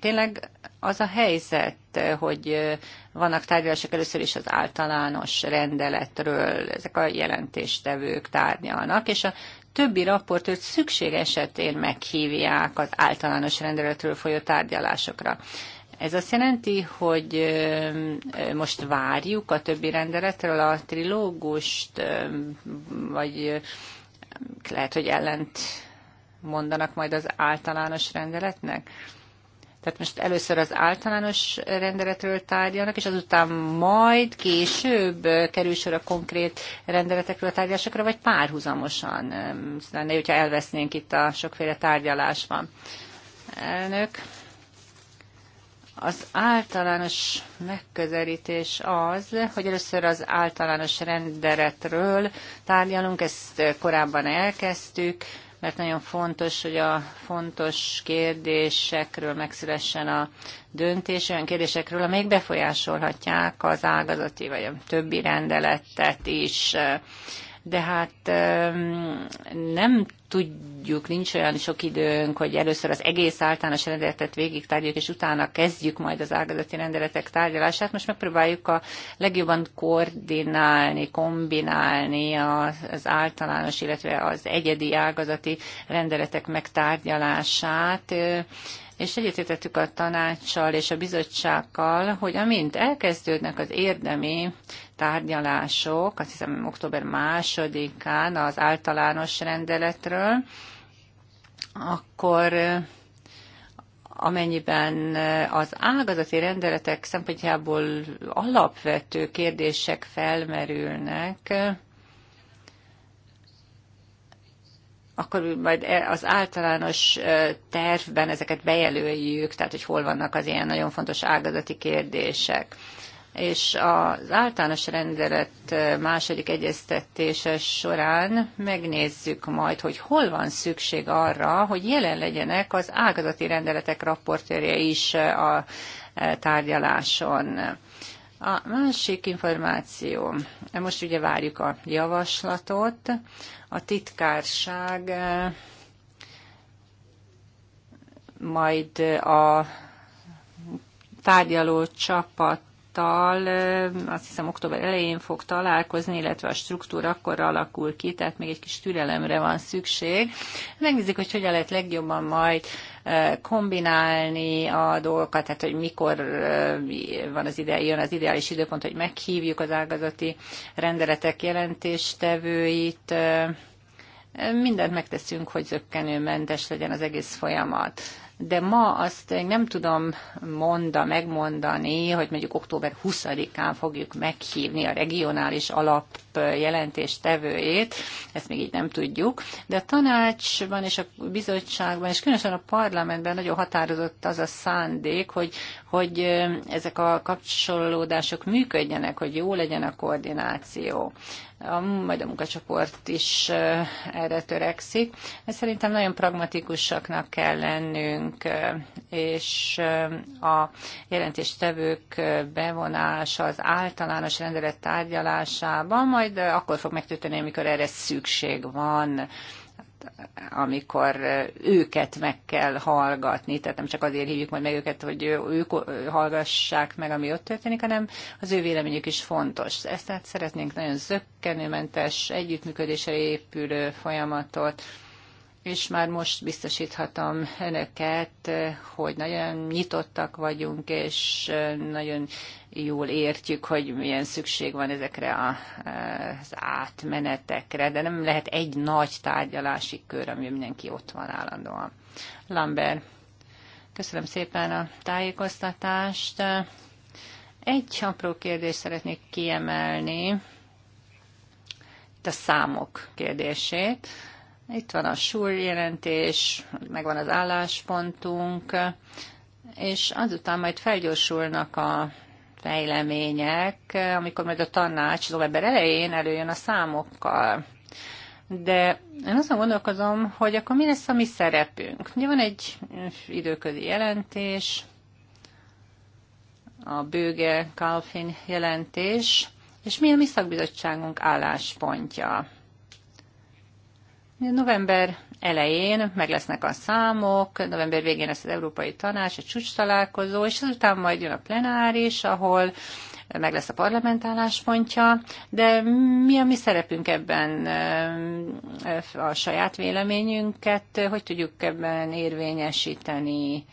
tényleg az a helyzet, hogy vannak tárgyalások először is az általános rendeletről, ezek a jelentéstevők tárgyalnak, és a többi raportőrt szükség esetén meghívják az általános rendeletről folyó tárgyalásokra. Ez azt jelenti, hogy most várjuk a többi rendeletről a trilógust, vagy lehet, hogy ellent mondanak majd az általános rendeletnek? Tehát most először az általános rendeletről tárgyalnak, és azután majd később kerül sor a konkrét rendeletekről a tárgyalásokra, vagy párhuzamosan. Lenne, hogyha elvesznénk itt a sokféle tárgyalásban. Elnök, az általános megközelítés az, hogy először az általános rendeletről tárgyalunk, ezt korábban elkezdtük, mert nagyon fontos, hogy a fontos kérdésekről megszülessen a döntés, olyan kérdésekről, amelyek befolyásolhatják az ágazati vagy a többi rendeletet is de hát nem tudjuk, nincs olyan sok időnk, hogy először az egész általános rendeletet végig tárgyaljuk, és utána kezdjük majd az ágazati rendeletek tárgyalását. Most megpróbáljuk a legjobban koordinálni, kombinálni az általános, illetve az egyedi ágazati rendeletek megtárgyalását és egyetértettük a tanácssal és a bizottsággal, hogy amint elkezdődnek az érdemi tárgyalások, azt hiszem október másodikán az általános rendeletről, akkor amennyiben az ágazati rendeletek szempontjából alapvető kérdések felmerülnek, akkor majd e, az általános tervben ezeket bejelöljük, tehát hogy hol vannak az ilyen nagyon fontos ágazati kérdések és az általános rendelet második egyeztetése során megnézzük majd, hogy hol van szükség arra, hogy jelen legyenek az ágazati rendeletek raportőrje is a tárgyaláson. A másik információ, most ugye várjuk a javaslatot, a titkárság majd a tárgyaló csapat tal, azt hiszem október elején fog találkozni, illetve a struktúra akkor alakul ki, tehát még egy kis türelemre van szükség. Megnézzük, hogy hogyan lehet legjobban majd kombinálni a dolgokat, tehát hogy mikor van az ide, jön az ideális időpont, hogy meghívjuk az ágazati rendeletek jelentéstevőit, mindent megteszünk, hogy zöggenőmentes legyen az egész folyamat de ma azt nem tudom monda, megmondani, hogy mondjuk október 20-án fogjuk meghívni a regionális alap jelentéstevőjét, ezt még így nem tudjuk, de a tanácsban és a bizottságban, és különösen a parlamentben nagyon határozott az a szándék, hogy, hogy ezek a kapcsolódások működjenek, hogy jó legyen a koordináció a, majd a munkacsoport is erre törekszik. De szerintem nagyon pragmatikusaknak kell lennünk, és a jelentéstevők bevonása az általános rendelet tárgyalásában majd akkor fog megtörténni, amikor erre szükség van amikor őket meg kell hallgatni, tehát nem csak azért hívjuk majd meg őket, hogy ők hallgassák meg, ami ott történik, hanem az ő véleményük is fontos. Ezt tehát szeretnénk nagyon zöggenőmentes, együttműködésre épülő folyamatot, és már most biztosíthatom önöket, hogy nagyon nyitottak vagyunk, és nagyon jól értjük, hogy milyen szükség van ezekre a, az átmenetekre, de nem lehet egy nagy tárgyalási kör, ami mindenki ott van állandóan. Lamber, köszönöm szépen a tájékoztatást. Egy apró kérdést szeretnék kiemelni, itt a számok kérdését. Itt van a súlyjelentés, jelentés, megvan az álláspontunk, és azután majd felgyorsulnak a fejlemények, amikor majd a tanács november elején előjön a számokkal. De én azon gondolkozom, hogy akkor mi lesz a mi szerepünk. Ugye van egy időközi jelentés, a bőge Kalfin jelentés, és mi a mi szakbizottságunk álláspontja. November elején meg lesznek a számok, november végén lesz az Európai Tanács, egy csúcs találkozó, és azután majd jön a plenáris, ahol meg lesz a parlament álláspontja, de mi a mi szerepünk ebben eh, a saját véleményünket, hogy tudjuk ebben érvényesíteni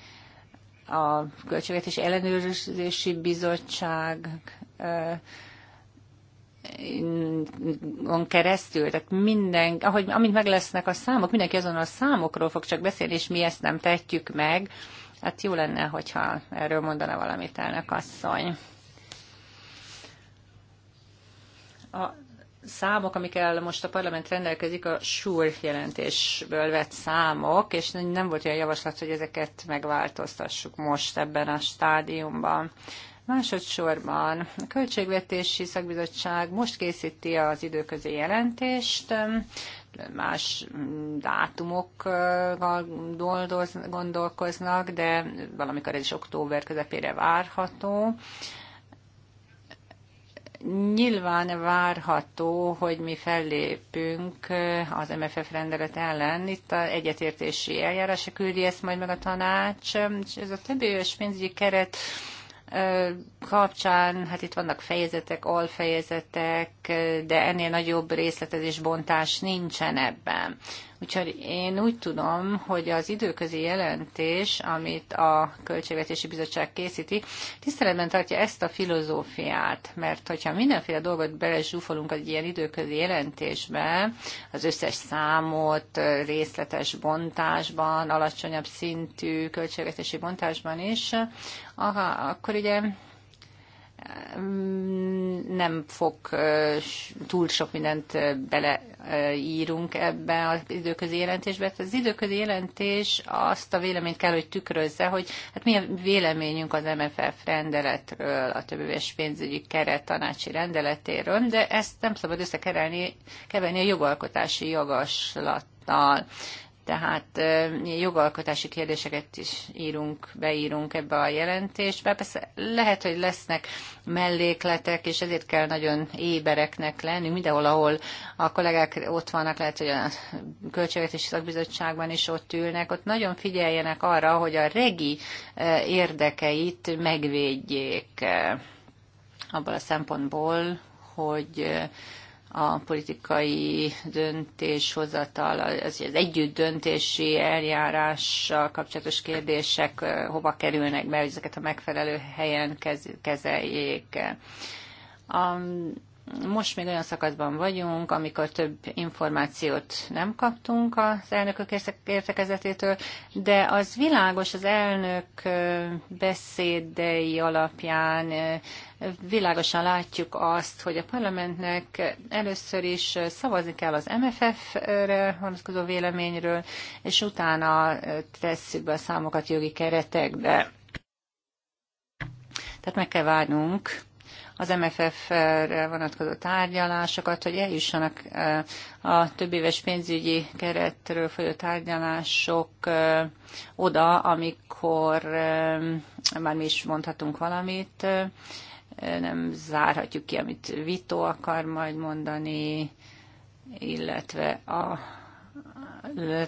a Költségvetési Ellenőrzési Bizottság eh, keresztül, tehát minden, ahogy, amint meg lesznek a számok, mindenki azon a számokról fog csak beszélni, és mi ezt nem tetjük meg. Hát jó lenne, hogyha erről mondana valamit elnök asszony. A számok, amikkel most a parlament rendelkezik, a SUR jelentésből vett számok, és nem volt olyan javaslat, hogy ezeket megváltoztassuk most ebben a stádiumban. Másodszorban a Költségvetési Szakbizottság most készíti az időközi jelentést, más dátumokkal gondolkoznak, de valamikor ez is október közepére várható nyilván várható, hogy mi fellépünk az MFF rendelet ellen. Itt a egyetértési eljárása küldi ezt majd meg a tanács, és ez a többi éves pénzügyi keret kapcsán, hát itt vannak fejezetek, alfejezetek, de ennél nagyobb részletezés, bontás nincsen ebben. Úgyhogy én úgy tudom, hogy az időközi jelentés, amit a Költségvetési Bizottság készíti, tiszteletben tartja ezt a filozófiát, mert hogyha mindenféle dolgot belezsúfolunk egy ilyen időközi jelentésbe, az összes számot részletes bontásban, alacsonyabb szintű költségvetési bontásban is, aha, akkor ugye nem fog túl sok mindent beleírunk ebbe az időközi jelentésbe. Hát az időközi jelentés azt a véleményt kell, hogy tükrözze, hogy hát mi a véleményünk az MFF rendeletről, a többéves pénzügyi keret tanácsi rendeletéről, de ezt nem szabad összekeverni a jogalkotási jogoslattal. Tehát jogalkotási kérdéseket is írunk, beírunk ebbe a jelentésbe. Persze lehet, hogy lesznek mellékletek, és ezért kell nagyon ébereknek lenni. Mindenhol, ahol a kollégák ott vannak, lehet, hogy a Költségvetési Szakbizottságban is ott ülnek, ott nagyon figyeljenek arra, hogy a regi érdekeit megvédjék abból a szempontból, hogy a politikai döntéshozatal, az, az együtt döntési eljárással kapcsolatos kérdések hova kerülnek be, hogy ezeket a megfelelő helyen kezeljék. A most még olyan szakaszban vagyunk, amikor több információt nem kaptunk az elnökök értekezetétől, de az világos az elnök beszédei alapján világosan látjuk azt, hogy a parlamentnek először is szavazni kell az MFF-re vonatkozó véleményről, és utána tesszük be a számokat jogi keretekbe. Tehát meg kell várnunk az MFF-re vonatkozó tárgyalásokat, hogy eljussanak eh, a többéves pénzügyi keretről folyó tárgyalások eh, oda, amikor eh, már mi is mondhatunk valamit, nem zárhatjuk ki, amit Vito akar majd mondani, illetve a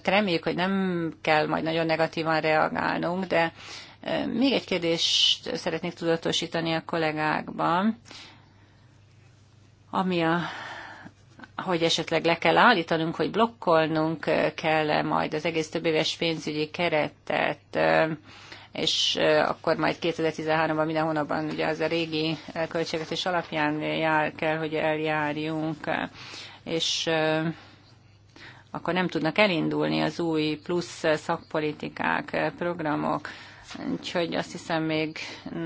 reméljük, hogy nem kell majd nagyon negatívan reagálnunk, de még egy kérdést szeretnék tudatosítani a kollégákban, ami a hogy esetleg le kell állítanunk, hogy blokkolnunk kell majd az egész több éves pénzügyi keretet, és akkor majd 2013-ban minden hónapban ugye az a régi költségvetés alapján jár, kell, hogy eljárjunk, és akkor nem tudnak elindulni az új plusz szakpolitikák, programok. Úgyhogy azt hiszem még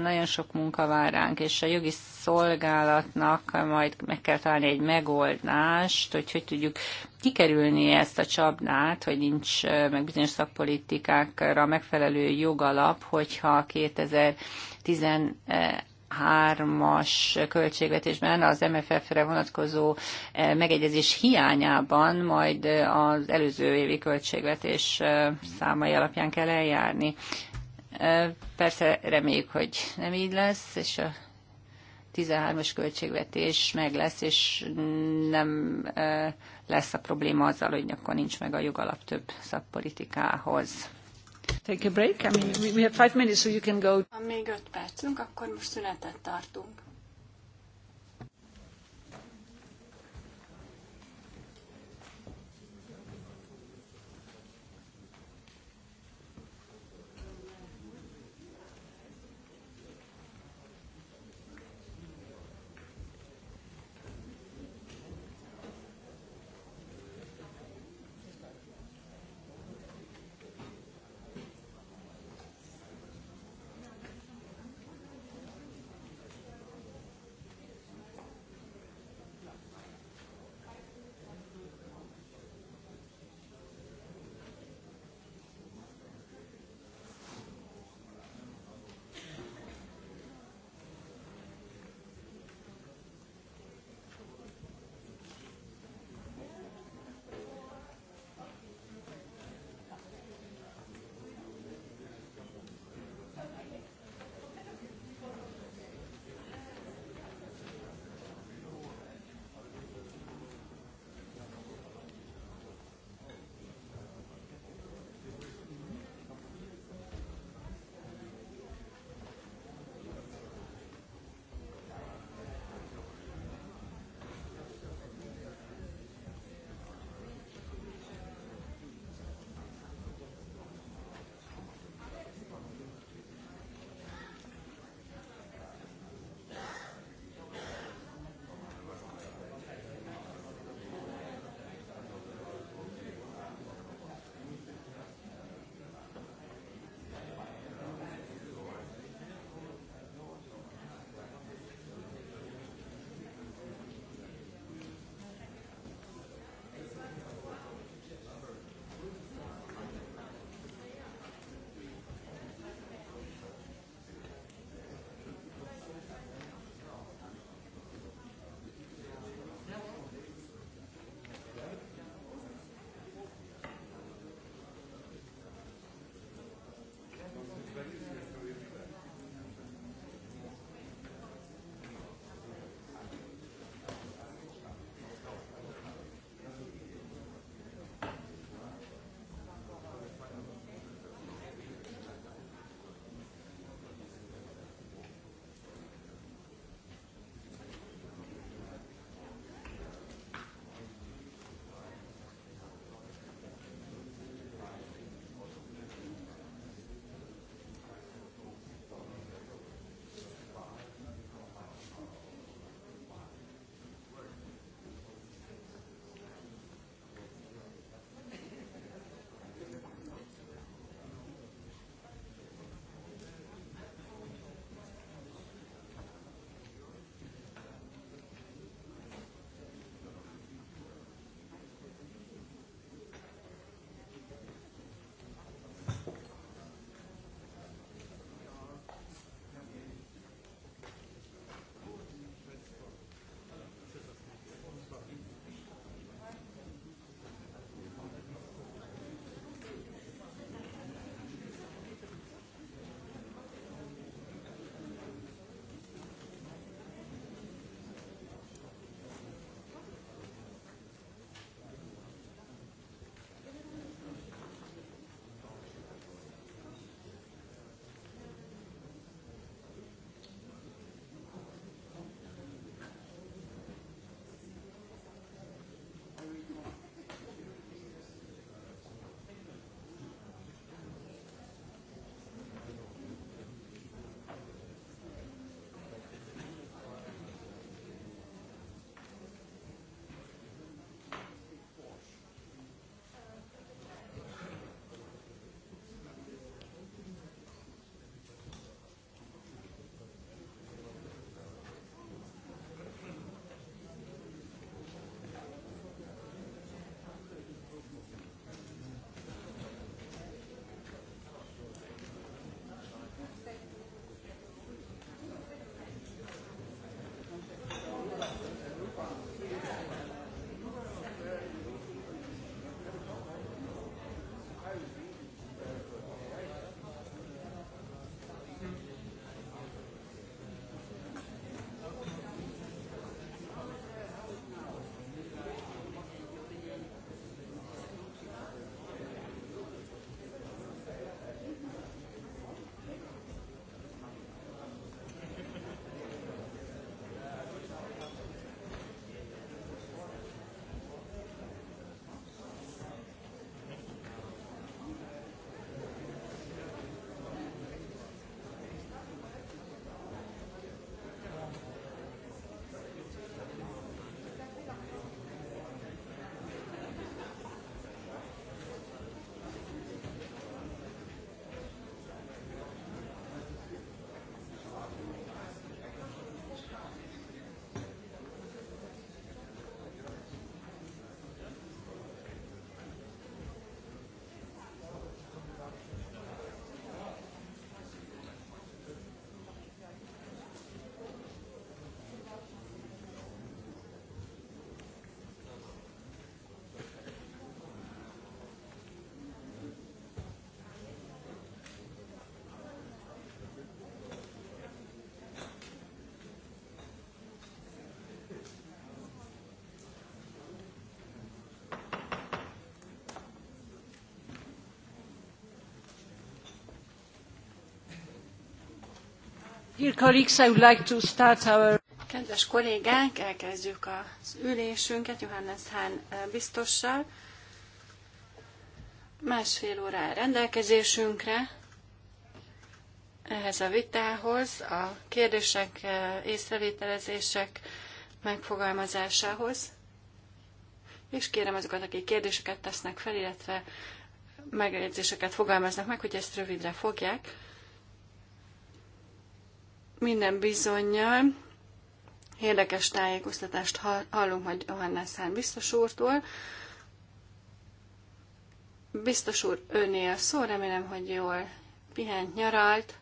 nagyon sok munka vár ránk, és a jogi szolgálatnak majd meg kell találni egy megoldást, hogy hogy tudjuk kikerülni ezt a csapdát, hogy nincs meg bizonyos szakpolitikákra megfelelő jogalap, hogyha 2010 hármas költségvetésben az MFF-re vonatkozó megegyezés hiányában majd az előző évi költségvetés számai alapján kell eljárni. Persze reméljük, hogy nem így lesz, és a 13-as költségvetés meg lesz, és nem lesz a probléma azzal, hogy akkor nincs meg a jogalap több szakpolitikához. Take a break. I mean, we have five minutes, so you can go. Ha még öt percünk, akkor most szünetet tartunk. Kedves kollégák, elkezdjük az ülésünket Johannes Hán eh, biztossal. Másfél órá rendelkezésünkre ehhez a vitához, a kérdések, eh, észrevételezések megfogalmazásához. És kérem azokat, akik kérdéseket tesznek fel, illetve megjegyzéseket fogalmaznak meg, hogy ezt rövidre fogják minden bizonyal érdekes tájékoztatást hallunk majd Johannes Hán biztos úrtól. Biztos úr önél szó, remélem, hogy jól pihent, nyaralt,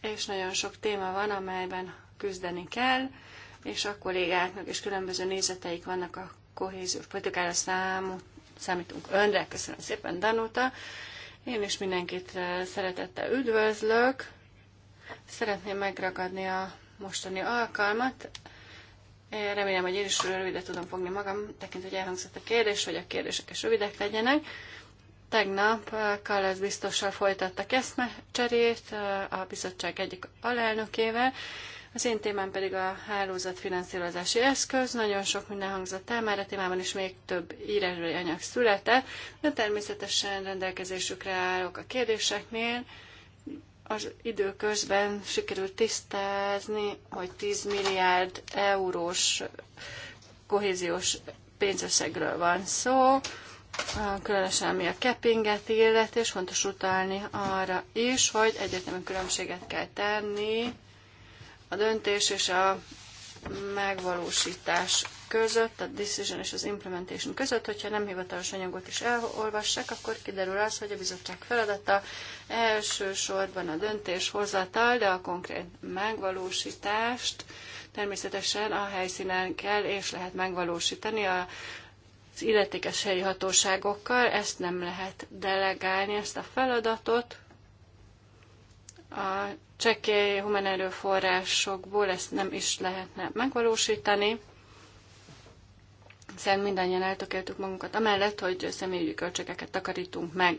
és nagyon sok téma van, amelyben küzdeni kell, és a kollégáknak és különböző nézeteik vannak a kohéziós politikára számot, számítunk önre. Köszönöm szépen, Danuta. Én is mindenkit eh, szeretettel üdvözlök. Szeretném megragadni a mostani alkalmat. Én remélem, hogy én is rövide tudom fogni magam, tekintve, hogy elhangzott a kérdés, hogy a kérdések is rövidek legyenek. Tegnap eh, Kallasz biztossal folytattak eszmecserét eh, a bizottság egyik alelnökével, az én témám pedig a hálózat finanszírozási eszköz. Nagyon sok minden hangzott el, már a témában is még több írásbeli anyag született, de természetesen rendelkezésükre állok a kérdéseknél az időközben sikerült tisztázni, hogy 10 milliárd eurós kohéziós pénzösszegről van szó, különösen ami a keppinget illet, és fontos utalni arra is, hogy egyértelmű különbséget kell tenni a döntés és a megvalósítás között, a decision és az implementation között, hogyha nem hivatalos anyagot is elolvassák, akkor kiderül az, hogy a bizottság feladata elsősorban a döntéshozatal, de a konkrét megvalósítást természetesen a helyszínen kell és lehet megvalósítani a az illetékes helyi hatóságokkal, ezt nem lehet delegálni, ezt a feladatot a csekély human erőforrásokból ezt nem is lehetne megvalósítani, hiszen mindannyian eltökéltük magunkat amellett, hogy személyi költségeket takarítunk meg.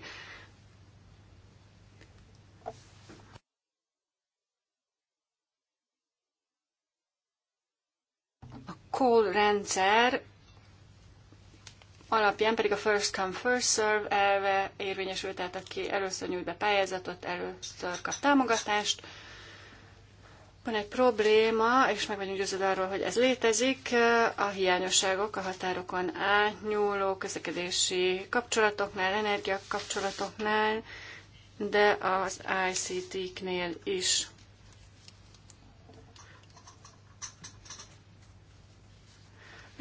A call rendszer alapján pedig a first come, first serve elve érvényesült, tehát aki először nyújt be pályázatot, először kap támogatást. Van egy probléma, és meg vagyunk győződve arról, hogy ez létezik, a hiányosságok a határokon átnyúló közlekedési kapcsolatoknál, energiakapcsolatoknál, de az ICT-knél is.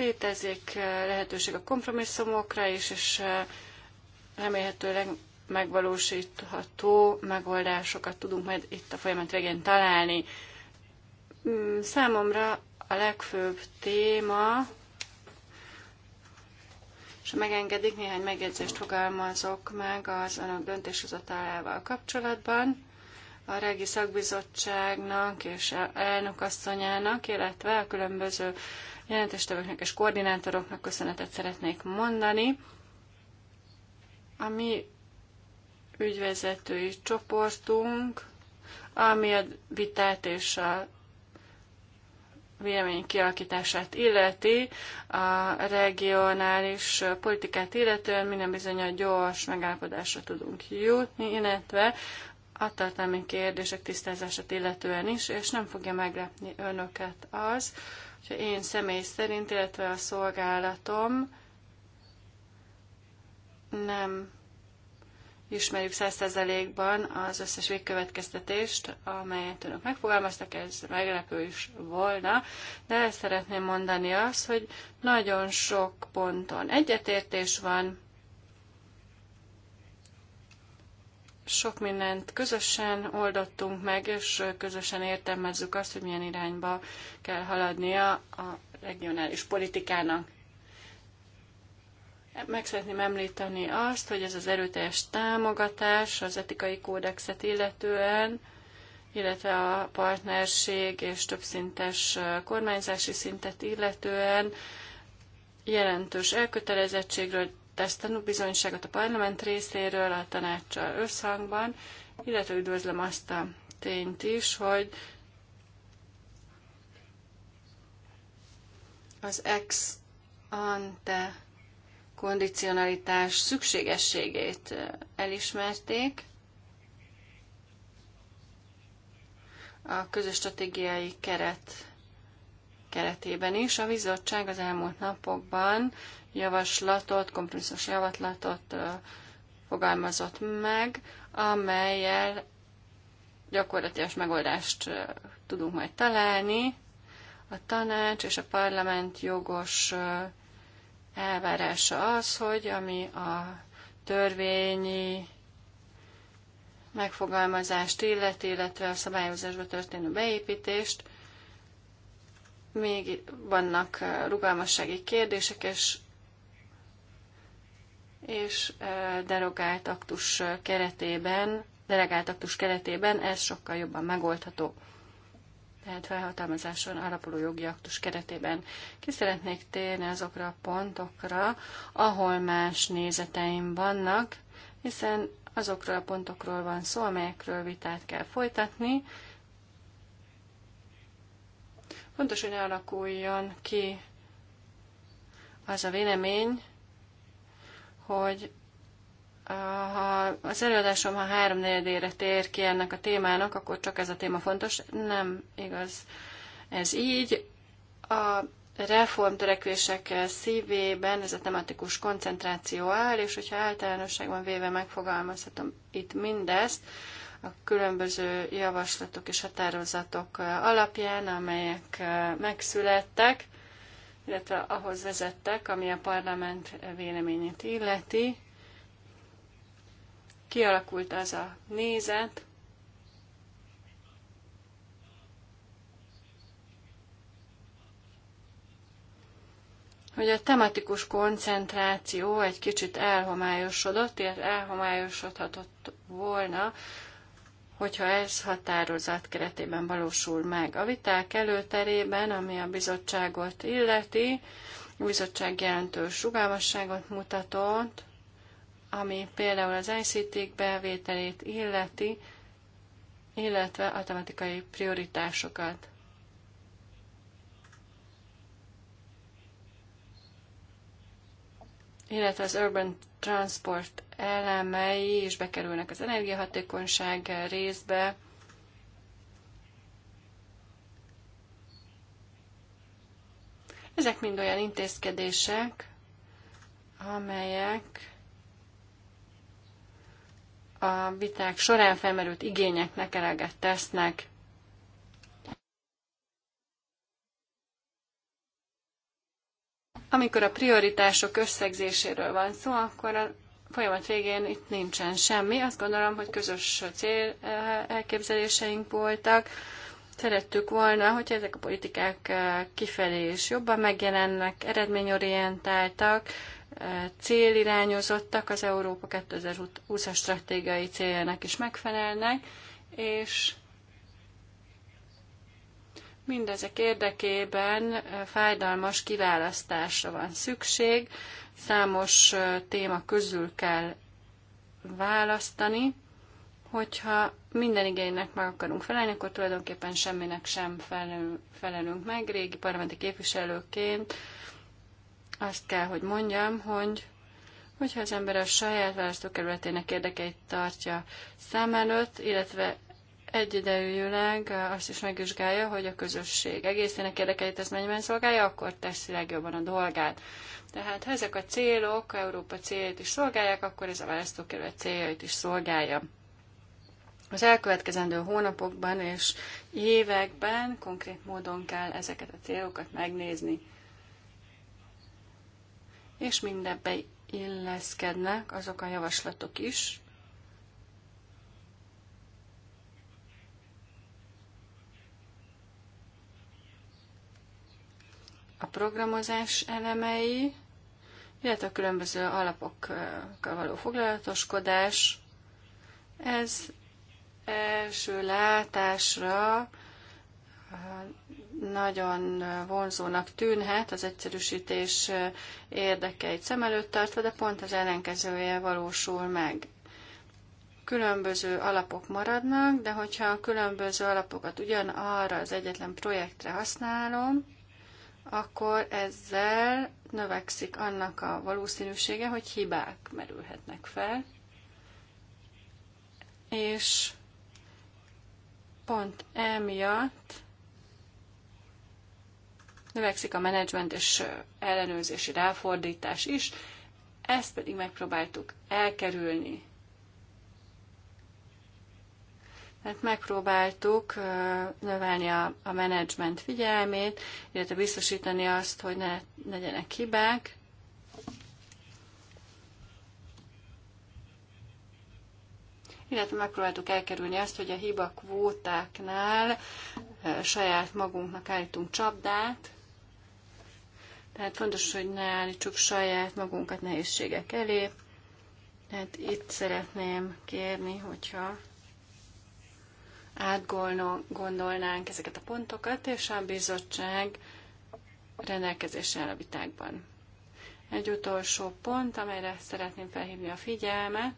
Létezik eh, lehetőség a kompromisszumokra is, és eh, remélhetőleg megvalósítható megoldásokat tudunk majd itt a folyamat végén találni. Mm, számomra a legfőbb téma, és ha megengedik, néhány megjegyzést fogalmazok meg az önök döntéshozatalával kapcsolatban. A Regi Szakbizottságnak és elnökasszonyának, illetve a különböző jelentéstevőknek és koordinátoroknak köszönetet szeretnék mondani. A mi ügyvezetői csoportunk, ami a vitát és a vélemény kialakítását illeti, a regionális politikát illetően minden bizony a gyors megállapodásra tudunk jutni, illetve a tartalmi kérdések tisztázását illetően is, és nem fogja meglepni önöket az, és én személy szerint, illetve a szolgálatom nem ismerjük százszerzelékban az összes végkövetkeztetést, amelyet önök megfogalmaztak, ez meglepő is volna, de szeretném mondani azt, hogy nagyon sok ponton egyetértés van, sok mindent közösen oldottunk meg, és közösen értelmezzük azt, hogy milyen irányba kell haladnia a regionális politikának. Meg szeretném említeni azt, hogy ez az erőteljes támogatás az etikai kódexet illetően, illetve a partnerség és többszintes kormányzási szintet illetően jelentős elkötelezettségről, tesz tanúbizonyságot a parlament részéről a tanácssal összhangban, illetve üdvözlöm azt a tényt is, hogy az ex ante kondicionalitás szükségességét elismerték, a közös stratégiai keret keretében is. A bizottság az elmúlt napokban javaslatot, kompromisszos javaslatot fogalmazott meg, amelyel gyakorlatilag megoldást tudunk majd találni. A tanács és a parlament jogos elvárása az, hogy ami a törvényi megfogalmazást illeti, illetve a szabályozásba történő beépítést, még vannak rugalmassági kérdések, és és derogált aktus keretében, delegált aktus keretében ez sokkal jobban megoldható. Tehát felhatalmazáson alapuló jogi aktus keretében. Ki szeretnék térni azokra a pontokra, ahol más nézeteim vannak, hiszen azokról a pontokról van szó, amelyekről vitát kell folytatni. Fontos, hogy alakuljon ki az a vélemény, hogy ha az előadásom ha három negyedére tér ki ennek a témának, akkor csak ez a téma fontos. Nem igaz ez így. A reformtörekvések szívében ez a tematikus koncentráció áll, és hogyha általánosságban véve megfogalmazhatom itt mindezt, a különböző javaslatok és határozatok alapján, amelyek megszülettek, illetve ahhoz vezettek, ami a parlament véleményét illeti. Kialakult az a nézet, hogy a tematikus koncentráció egy kicsit elhomályosodott, illetve elhomályosodhatott volna hogyha ez határozat keretében valósul meg. A viták előterében, ami a bizottságot illeti, a bizottság jelentős rugalmasságot mutatott, ami például az ICT-k bevételét illeti, illetve a tematikai prioritásokat. illetve az urban transport elemei is bekerülnek az energiahatékonyság részbe. Ezek mind olyan intézkedések, amelyek a viták során felmerült igényeknek eleget tesznek. Amikor a prioritások összegzéséről van szó, akkor a folyamat végén itt nincsen semmi. Azt gondolom, hogy közös cél eh, elképzeléseink voltak. Szerettük volna, hogy ezek a politikák eh, kifelé is jobban megjelennek, eredményorientáltak, eh, célirányozottak, az Európa 2020-as stratégiai céljának is megfelelnek, és Mindezek érdekében fájdalmas kiválasztásra van szükség, számos téma közül kell választani, hogyha minden igénynek meg akarunk felelni, akkor tulajdonképpen semminek sem felelünk meg. Régi parlamenti képviselőként azt kell, hogy mondjam, hogy hogyha az ember a saját választókerületének érdekeit tartja szem előtt, illetve egyidejűleg azt is megvizsgálja, hogy a közösség egészének érdekeit ez mennyiben szolgálja, akkor teszi legjobban a dolgát. Tehát ha ezek a célok Európa céljait is szolgálják, akkor ez a választókerület céljait is szolgálja. Az elkövetkezendő hónapokban és években konkrét módon kell ezeket a célokat megnézni. És mindebbe illeszkednek azok a javaslatok is, a programozás elemei, illetve a különböző alapokkal való foglalatoskodás. Ez első látásra eh, nagyon vonzónak tűnhet az egyszerűsítés eh, érdekeit szem előtt tartva, de pont az ellenkezője valósul meg. Különböző alapok maradnak, de hogyha a különböző alapokat ugyanarra az egyetlen projektre használom, akkor ezzel növekszik annak a valószínűsége, hogy hibák merülhetnek fel, és pont emiatt növekszik a menedzsment és ellenőrzési ráfordítás is, ezt pedig megpróbáltuk elkerülni. Hát megpróbáltuk növelni a, a menedzsment figyelmét, illetve biztosítani azt, hogy ne legyenek hibák. Illetve megpróbáltuk elkerülni azt, hogy a hiba kvótáknál saját magunknak állítunk csapdát, tehát fontos, hogy ne állítsuk saját magunkat nehézségek elé. Tehát itt szeretném kérni, hogyha átgondolnánk ezeket a pontokat, és a bizottság rendelkezésre áll a vitákban. Egy utolsó pont, amelyre szeretném felhívni a figyelmet,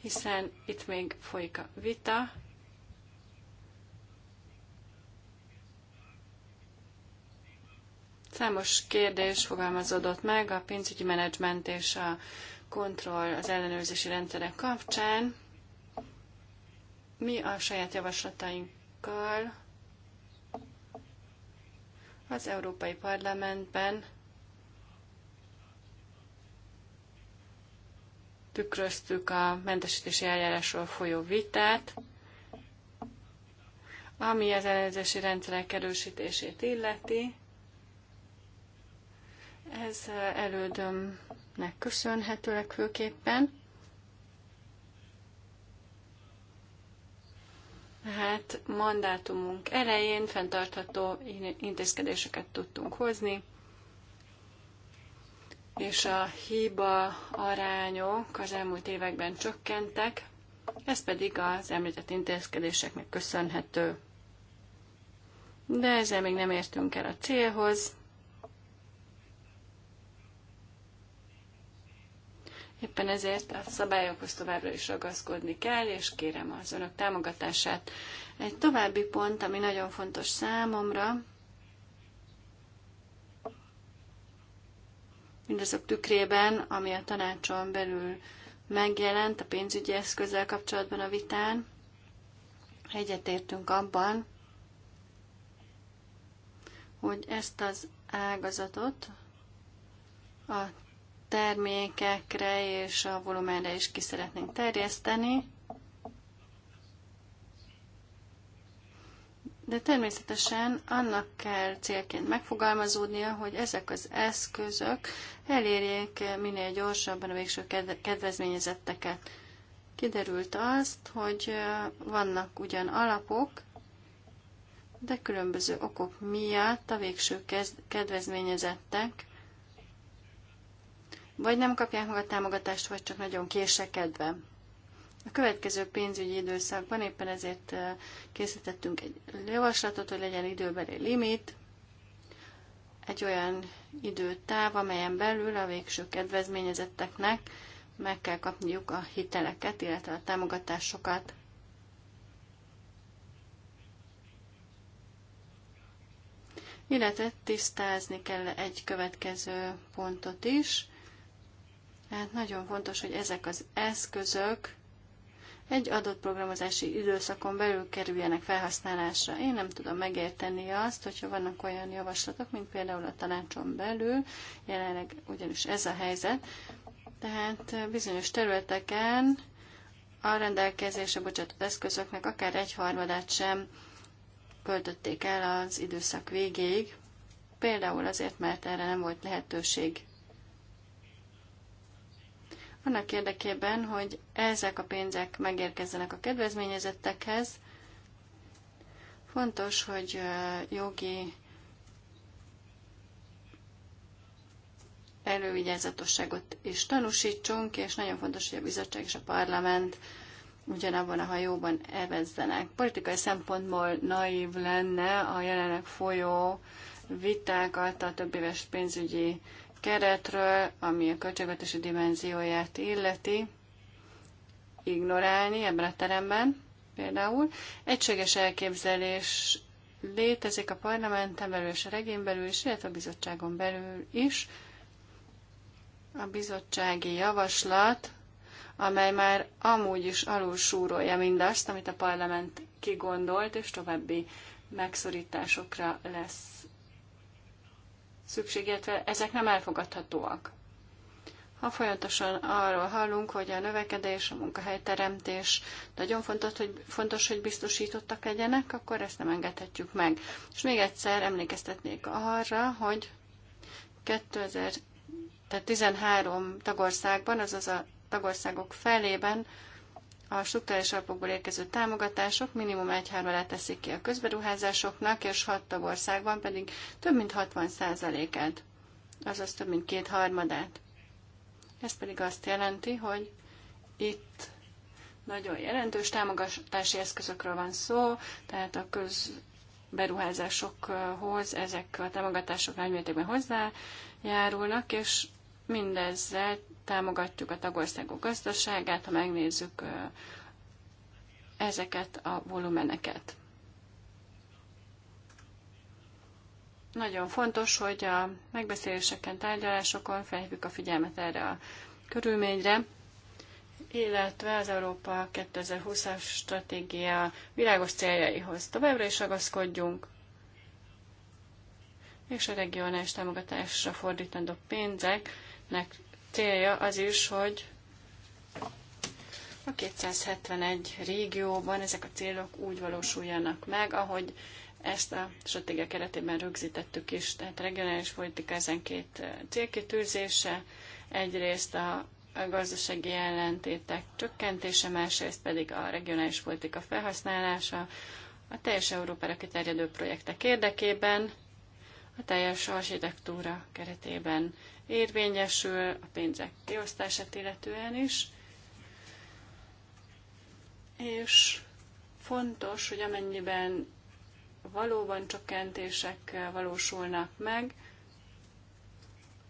hiszen itt még folyik a vita. Számos kérdés fogalmazódott meg a pénzügyi menedzsment és a kontroll az ellenőrzési rendszerek kapcsán. Mi a saját javaslatainkkal az Európai Parlamentben tükröztük a mentesítési eljárásról folyó vitát, ami az ellenőrzési rendszerek erősítését illeti. Ez elődömnek köszönhetőleg főképpen. Hát mandátumunk elején fenntartható intézkedéseket tudtunk hozni, és a hiba arányok az elmúlt években csökkentek, ez pedig az említett intézkedéseknek köszönhető. De ezzel még nem értünk el a célhoz, Éppen ezért a szabályokhoz továbbra is ragaszkodni kell, és kérem az önök támogatását. Egy további pont, ami nagyon fontos számomra, mindazok tükrében, ami a tanácson belül megjelent a pénzügyi eszközzel kapcsolatban a vitán, egyetértünk abban, hogy ezt az ágazatot a termékekre és a volumenre is ki szeretnénk terjeszteni. De természetesen annak kell célként megfogalmazódnia, hogy ezek az eszközök elérjék minél gyorsabban a végső kedvezményezetteket. Kiderült azt, hogy vannak ugyan alapok, de különböző okok miatt a végső kedvezményezettek vagy nem kapják meg a támogatást, vagy csak nagyon késekedve. A következő pénzügyi időszakban éppen ezért készítettünk egy javaslatot, hogy legyen időbeli limit, egy olyan időtáv, amelyen belül a végső kedvezményezetteknek meg kell kapniuk a hiteleket, illetve a támogatásokat. Illetve tisztázni kell egy következő pontot is, tehát nagyon fontos, hogy ezek az eszközök egy adott programozási időszakon belül kerüljenek felhasználásra. Én nem tudom megérteni azt, hogyha vannak olyan javaslatok, mint például a tanácson belül, jelenleg ugyanis ez a helyzet, tehát eh, bizonyos területeken a rendelkezésre bocsátott eszközöknek akár egyharmadát sem költötték el az időszak végéig, például azért, mert erre nem volt lehetőség annak érdekében, hogy ezek a pénzek megérkezzenek a kedvezményezettekhez, fontos, hogy jogi elővigyázatosságot is tanúsítsunk, és nagyon fontos, hogy a bizottság és a parlament ugyanabban a hajóban evezzenek. Politikai szempontból naív lenne a jelenleg folyó vitákat a több éves pénzügyi keretről, ami a költségvetési dimenzióját illeti, ignorálni ebben a teremben például. Egységes elképzelés létezik a parlamenten belül és a regény belül is, illetve a bizottságon belül is. A bizottsági javaslat, amely már amúgy is alul súrolja mindazt, amit a parlament kigondolt, és további megszorításokra lesz szükség, illetve ezek nem elfogadhatóak. Ha folyamatosan arról hallunk, hogy a növekedés, a munkahelyteremtés nagyon fontos hogy, fontos, hogy biztosítottak legyenek, akkor ezt nem engedhetjük meg. És még egyszer emlékeztetnék arra, hogy 2000, tehát 13 tagországban, azaz a tagországok felében a struktúrális alapokból érkező támogatások minimum egyhármalát teszik ki a közberuházásoknak, és hat tagországban pedig több mint 60%-át, azaz több mint harmadát. Ez pedig azt jelenti, hogy itt nagyon jelentős támogatási eszközökről van szó, tehát a közberuházásokhoz ezek a támogatások nagymértékben hozzájárulnak, és mindezzel támogatjuk a tagországok gazdaságát, ha megnézzük ezeket a volumeneket. Nagyon fontos, hogy a megbeszéléseken, tárgyalásokon felhívjuk a figyelmet erre a körülményre, illetve az Európa 2020-as stratégia világos céljaihoz továbbra is ragaszkodjunk, és a regionális támogatásra fordítandó pénzeknek célja az is, hogy a 271 régióban ezek a célok úgy valósuljanak meg, ahogy ezt a stratégia keretében rögzítettük is. Tehát regionális politika ezen két eh, célkitűzése, egyrészt a gazdasági ellentétek csökkentése, másrészt pedig a regionális politika felhasználása a teljes Európára kiterjedő projektek érdekében, a teljes architektúra keretében érvényesül a pénzek kiosztását illetően is, és fontos, hogy amennyiben valóban csökkentések valósulnak meg,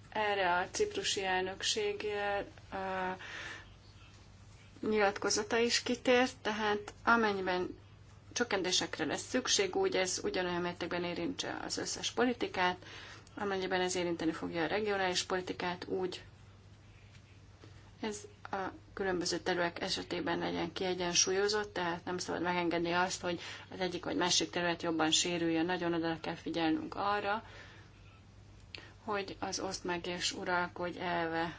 erre a ciprusi elnökség nyilatkozata is kitért, tehát amennyiben csökkentésekre lesz szükség, úgy ez ugyanolyan mértékben érintse az összes politikát, amennyiben ez érinteni fogja a regionális politikát úgy, ez a különböző terület esetében legyen kiegyensúlyozott, tehát nem szabad megengedni azt, hogy az egyik vagy másik terület jobban sérüljön. Nagyon oda kell figyelnünk arra, hogy az oszt meg és uralkodj elve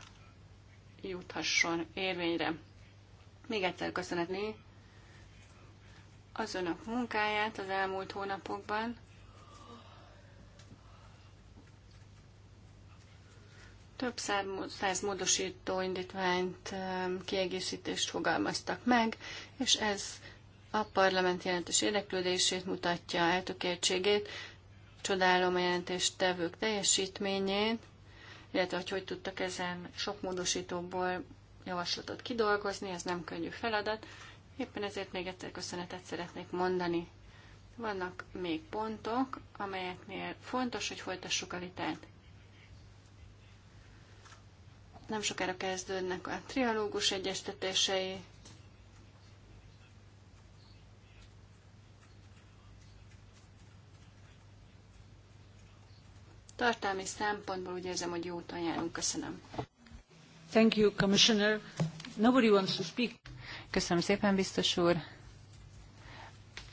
juthasson érvényre. Még egyszer köszönetni az önök munkáját az elmúlt hónapokban. Több száz módosító indítványt, kiegészítést fogalmaztak meg, és ez a parlament jelentős érdeklődését mutatja, eltökéltségét. Csodálom a tevők teljesítményét, illetve hogy hogy tudtak ezen sok módosítóból javaslatot kidolgozni, ez nem könnyű feladat. Éppen ezért még egyszer köszönetet szeretnék mondani. Vannak még pontok, amelyeknél fontos, hogy folytassuk a vitát. Nem sokára kezdődnek a trialógus egyeztetései. Tartalmi szempontból úgy érzem, hogy jót ajánlunk. Köszönöm. Thank you, Commissioner. Nobody wants to speak. Köszönöm szépen, biztos úr.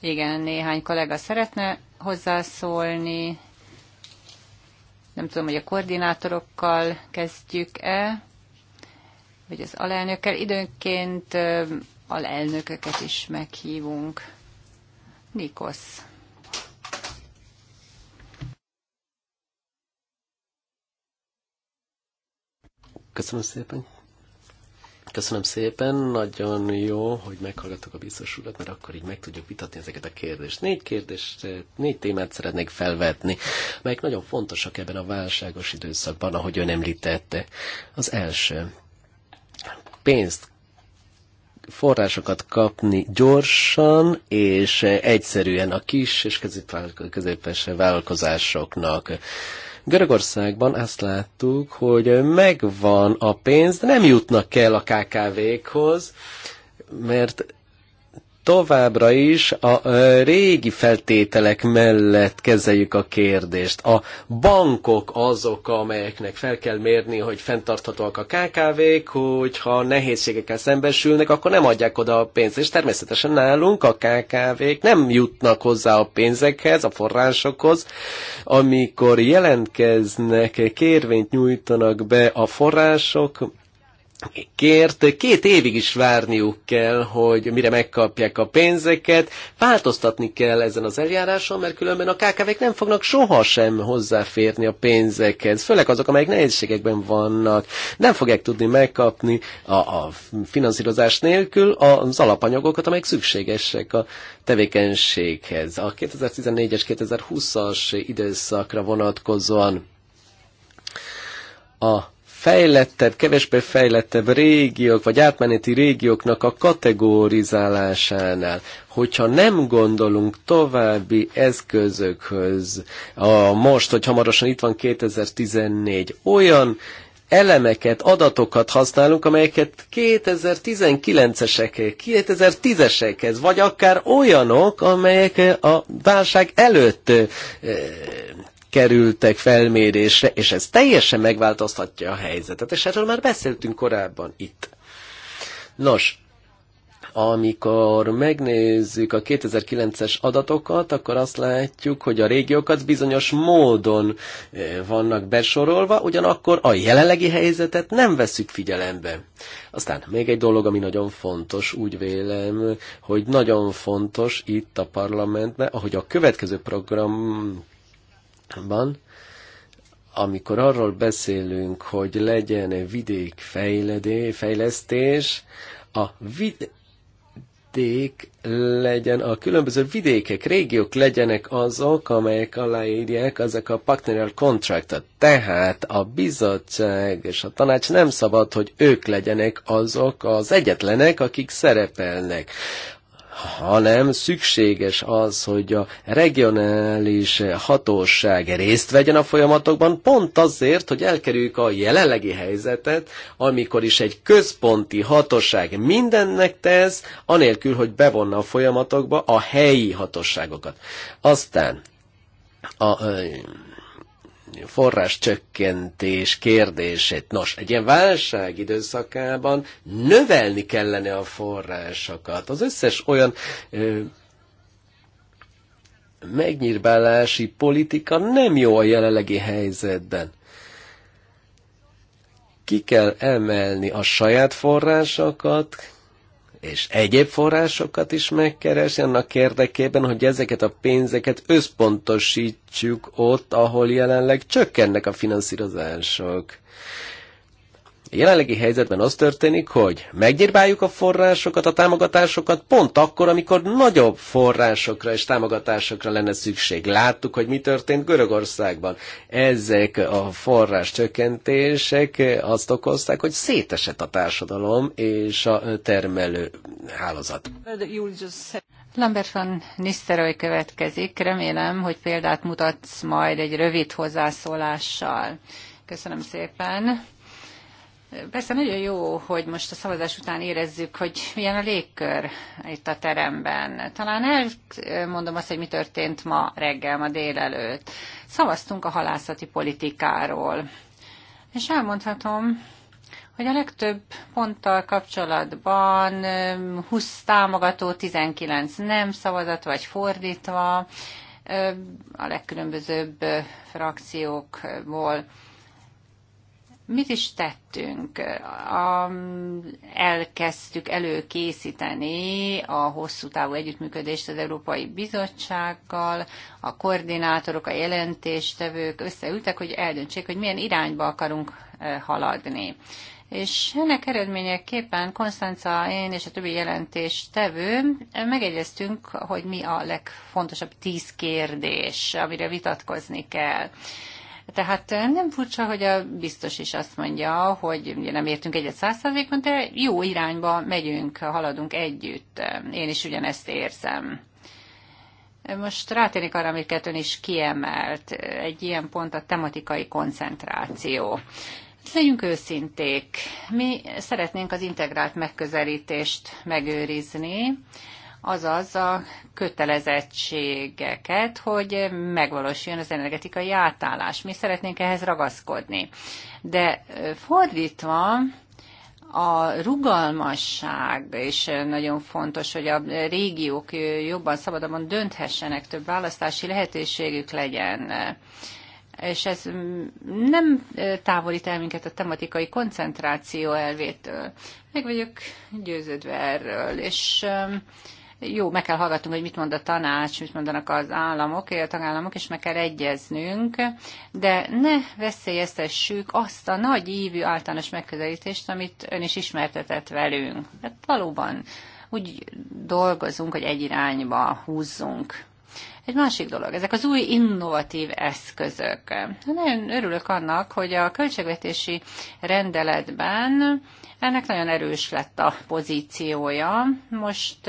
Igen, néhány kollega szeretne hozzászólni, nem tudom, hogy a koordinátorokkal kezdjük-e, vagy az alelnökkel. Időnként alelnököket is meghívunk. Nikosz. Köszönöm szépen. Köszönöm szépen, nagyon jó, hogy meghallgattuk a biztos urat, mert akkor így meg tudjuk vitatni ezeket a kérdést. Négy kérdést, négy témát szeretnék felvetni, melyek nagyon fontosak ebben a válságos időszakban, ahogy ön említette. Az első, pénzt forrásokat kapni gyorsan és egyszerűen a kis és középes vállalkozásoknak. Görögországban azt láttuk, hogy megvan a pénz, de nem jutnak el a KKV-khoz, mert továbbra is a régi feltételek mellett kezeljük a kérdést. A bankok azok, amelyeknek fel kell mérni, hogy fenntarthatóak a KKV-k, hogyha nehézségekkel szembesülnek, akkor nem adják oda a pénzt. És természetesen nálunk a KKV-k nem jutnak hozzá a pénzekhez, a forrásokhoz. Amikor jelentkeznek, kérvényt nyújtanak be a források, kért, két évig is várniuk kell, hogy mire megkapják a pénzeket, változtatni kell ezen az eljáráson, mert különben a KKV-k nem fognak sohasem hozzáférni a pénzekhez, főleg azok, amelyek nehézségekben vannak, nem fogják tudni megkapni a, a finanszírozás nélkül az alapanyagokat, amelyek szükségesek a tevékenységhez. A 2014-es, 2020-as időszakra vonatkozóan a fejlettebb, kevesebb fejlettebb régiók, vagy átmeneti régióknak a kategorizálásánál, hogyha nem gondolunk további eszközökhöz, a most, hogy hamarosan itt van 2014, olyan elemeket, adatokat használunk, amelyeket 2019-esek, 2010-esekhez, vagy akár olyanok, amelyek a válság előtt eh, kerültek felmérésre, és ez teljesen megváltoztatja a helyzetet, és erről már beszéltünk korábban itt. Nos, amikor megnézzük a 2009-es adatokat, akkor azt látjuk, hogy a régiókat bizonyos módon eh, vannak besorolva, ugyanakkor a jelenlegi helyzetet nem veszük figyelembe. Aztán még egy dolog, ami nagyon fontos, úgy vélem, hogy nagyon fontos itt a parlamentben, ahogy a következő program van, amikor arról beszélünk, hogy legyen vidék fejlesztés, a vid vidék legyen, a különböző vidékek, régiók legyenek azok, amelyek aláírják ezek a partner contractot. Tehát a bizottság és a tanács nem szabad, hogy ők legyenek azok az egyetlenek, akik szerepelnek hanem szükséges az, hogy a regionális hatóság részt vegyen a folyamatokban, pont azért, hogy elkerüljük a jelenlegi helyzetet, amikor is egy központi hatóság mindennek tesz, anélkül, hogy bevonna a folyamatokba a helyi hatóságokat. Aztán a, forrás csökkentés kérdését. Nos, egy ilyen válság időszakában növelni kellene a forrásokat. Az összes olyan ö, megnyírbálási politika nem jó a jelenlegi helyzetben. Ki kell emelni a saját forrásokat, és egyéb forrásokat is megkeresni annak érdekében, hogy ezeket a pénzeket összpontosítsuk ott, ahol jelenleg csökkennek a finanszírozások jelenlegi helyzetben az történik, hogy megnyírbáljuk a forrásokat, a támogatásokat pont akkor, amikor nagyobb forrásokra és támogatásokra lenne szükség. Láttuk, hogy mi történt Görögországban. Ezek a forrás csökkentések azt okozták, hogy szétesett a társadalom és a termelő hálózat. Lambert van Niszteroy következik. Remélem, hogy példát mutatsz majd egy rövid hozzászólással. Köszönöm szépen. Persze nagyon jó, hogy most a szavazás után érezzük, hogy milyen a légkör itt a teremben. Talán elmondom azt, hogy mi történt ma reggel, ma délelőtt. Szavaztunk a halászati politikáról. És elmondhatom, hogy a legtöbb ponttal kapcsolatban 20 támogató, 19 nem szavazat, vagy fordítva a legkülönbözőbb frakciókból. Mit is tettünk? A, elkezdtük előkészíteni a hosszú távú együttműködést az Európai Bizottsággal, a koordinátorok, a jelentéstevők összeültek, hogy eldöntsék, hogy milyen irányba akarunk e, haladni. És ennek eredményeképpen Konstanca, én és a többi jelentéstevő megegyeztünk, hogy mi a legfontosabb tíz kérdés, amire vitatkozni kell. Tehát nem furcsa, hogy a biztos is azt mondja, hogy nem értünk egyet százszerzékon, de jó irányba megyünk, haladunk együtt. Én is ugyanezt érzem. Most rátérnék arra, amiket ön is kiemelt. Egy ilyen pont a tematikai koncentráció. Legyünk őszinték. Mi szeretnénk az integrált megközelítést megőrizni, azaz a kötelezettségeket, hogy megvalósuljon az energetikai átállás. Mi szeretnénk ehhez ragaszkodni. De fordítva, a rugalmasság, és nagyon fontos, hogy a régiók jobban szabadabban dönthessenek, több választási lehetőségük legyen. És ez mm, nem távolít el minket a tematikai koncentráció elvétől. Meg vagyok győződve erről, és jó, meg kell hallgatnunk, hogy mit mond a tanács, mit mondanak az államok, a tagállamok, és meg kell egyeznünk, de ne veszélyeztessük azt a nagy ívű általános megközelítést, amit ön is ismertetett velünk. Hát valóban úgy dolgozunk, hogy egy irányba húzzunk. Egy másik dolog, ezek az új innovatív eszközök. Nagyon örülök annak, hogy a költségvetési rendeletben ennek nagyon erős lett a pozíciója. Most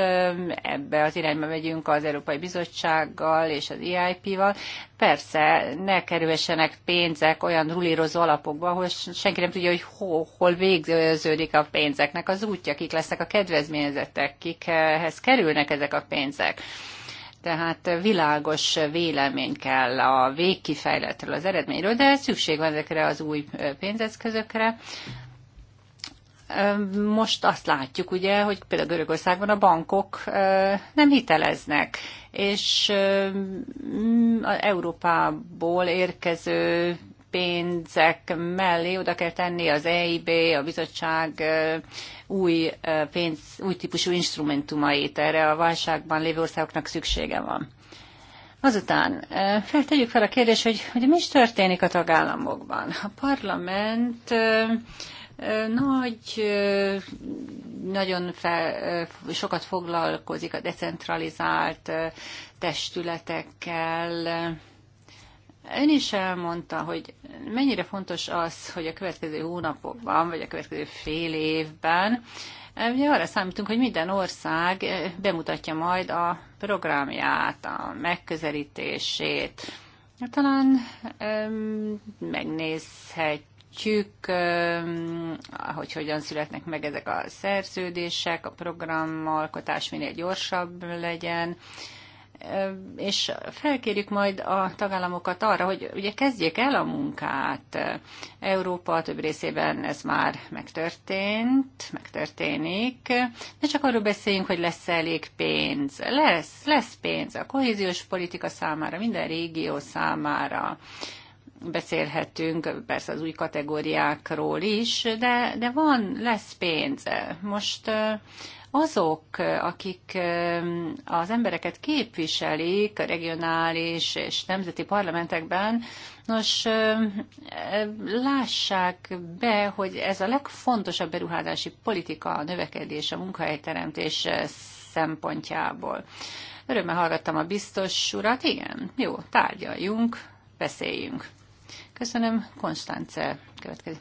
ebbe az irányba megyünk az Európai Bizottsággal és az EIP-val. Persze, ne kerülhessenek pénzek olyan rulírozó alapokba, ahol senki nem tudja, hogy hol, hol végződik a pénzeknek az útja, kik lesznek a kedvezményezettek, kikhez kerülnek ezek a pénzek tehát világos vélemény kell a végkifejletről, az eredményről, de szükség van ezekre az új pénzeszközökre most azt látjuk, ugye, hogy például Görögországban a bankok nem hiteleznek, és az Európából érkező pénzek mellé oda kell tenni az EIB, a bizottság új, pénz, új típusú instrumentumait. Erre a válságban lévő országoknak szüksége van. Azután feltegyük fel a kérdést, hogy, hogy mi is történik a tagállamokban. A parlament nagy, nagyon fel, sokat foglalkozik a decentralizált testületekkel. Ön is elmondta, hogy mennyire fontos az, hogy a következő hónapokban, vagy a következő fél évben Ugye arra számítunk, hogy minden ország bemutatja majd a programját, a megközelítését. Talán megnézhet követjük, hogy hogyan születnek meg ezek a szerződések, a programalkotás minél gyorsabb legyen, és felkérjük majd a tagállamokat arra, hogy ugye kezdjék el a munkát. Európa több részében ez már megtörtént, megtörténik. Ne csak arról beszéljünk, hogy lesz elég pénz. Lesz, lesz pénz a kohéziós politika számára, minden régió számára beszélhetünk, persze az új kategóriákról is, de, de van, lesz pénz. Most azok, akik az embereket képviselik a regionális és nemzeti parlamentekben, nos, lássák be, hogy ez a legfontosabb beruházási politika a növekedés, a munkahelyteremtés szempontjából. Örömmel hallgattam a biztos urat, igen, jó, tárgyaljunk, beszéljünk. Köszönöm, Konstance következik.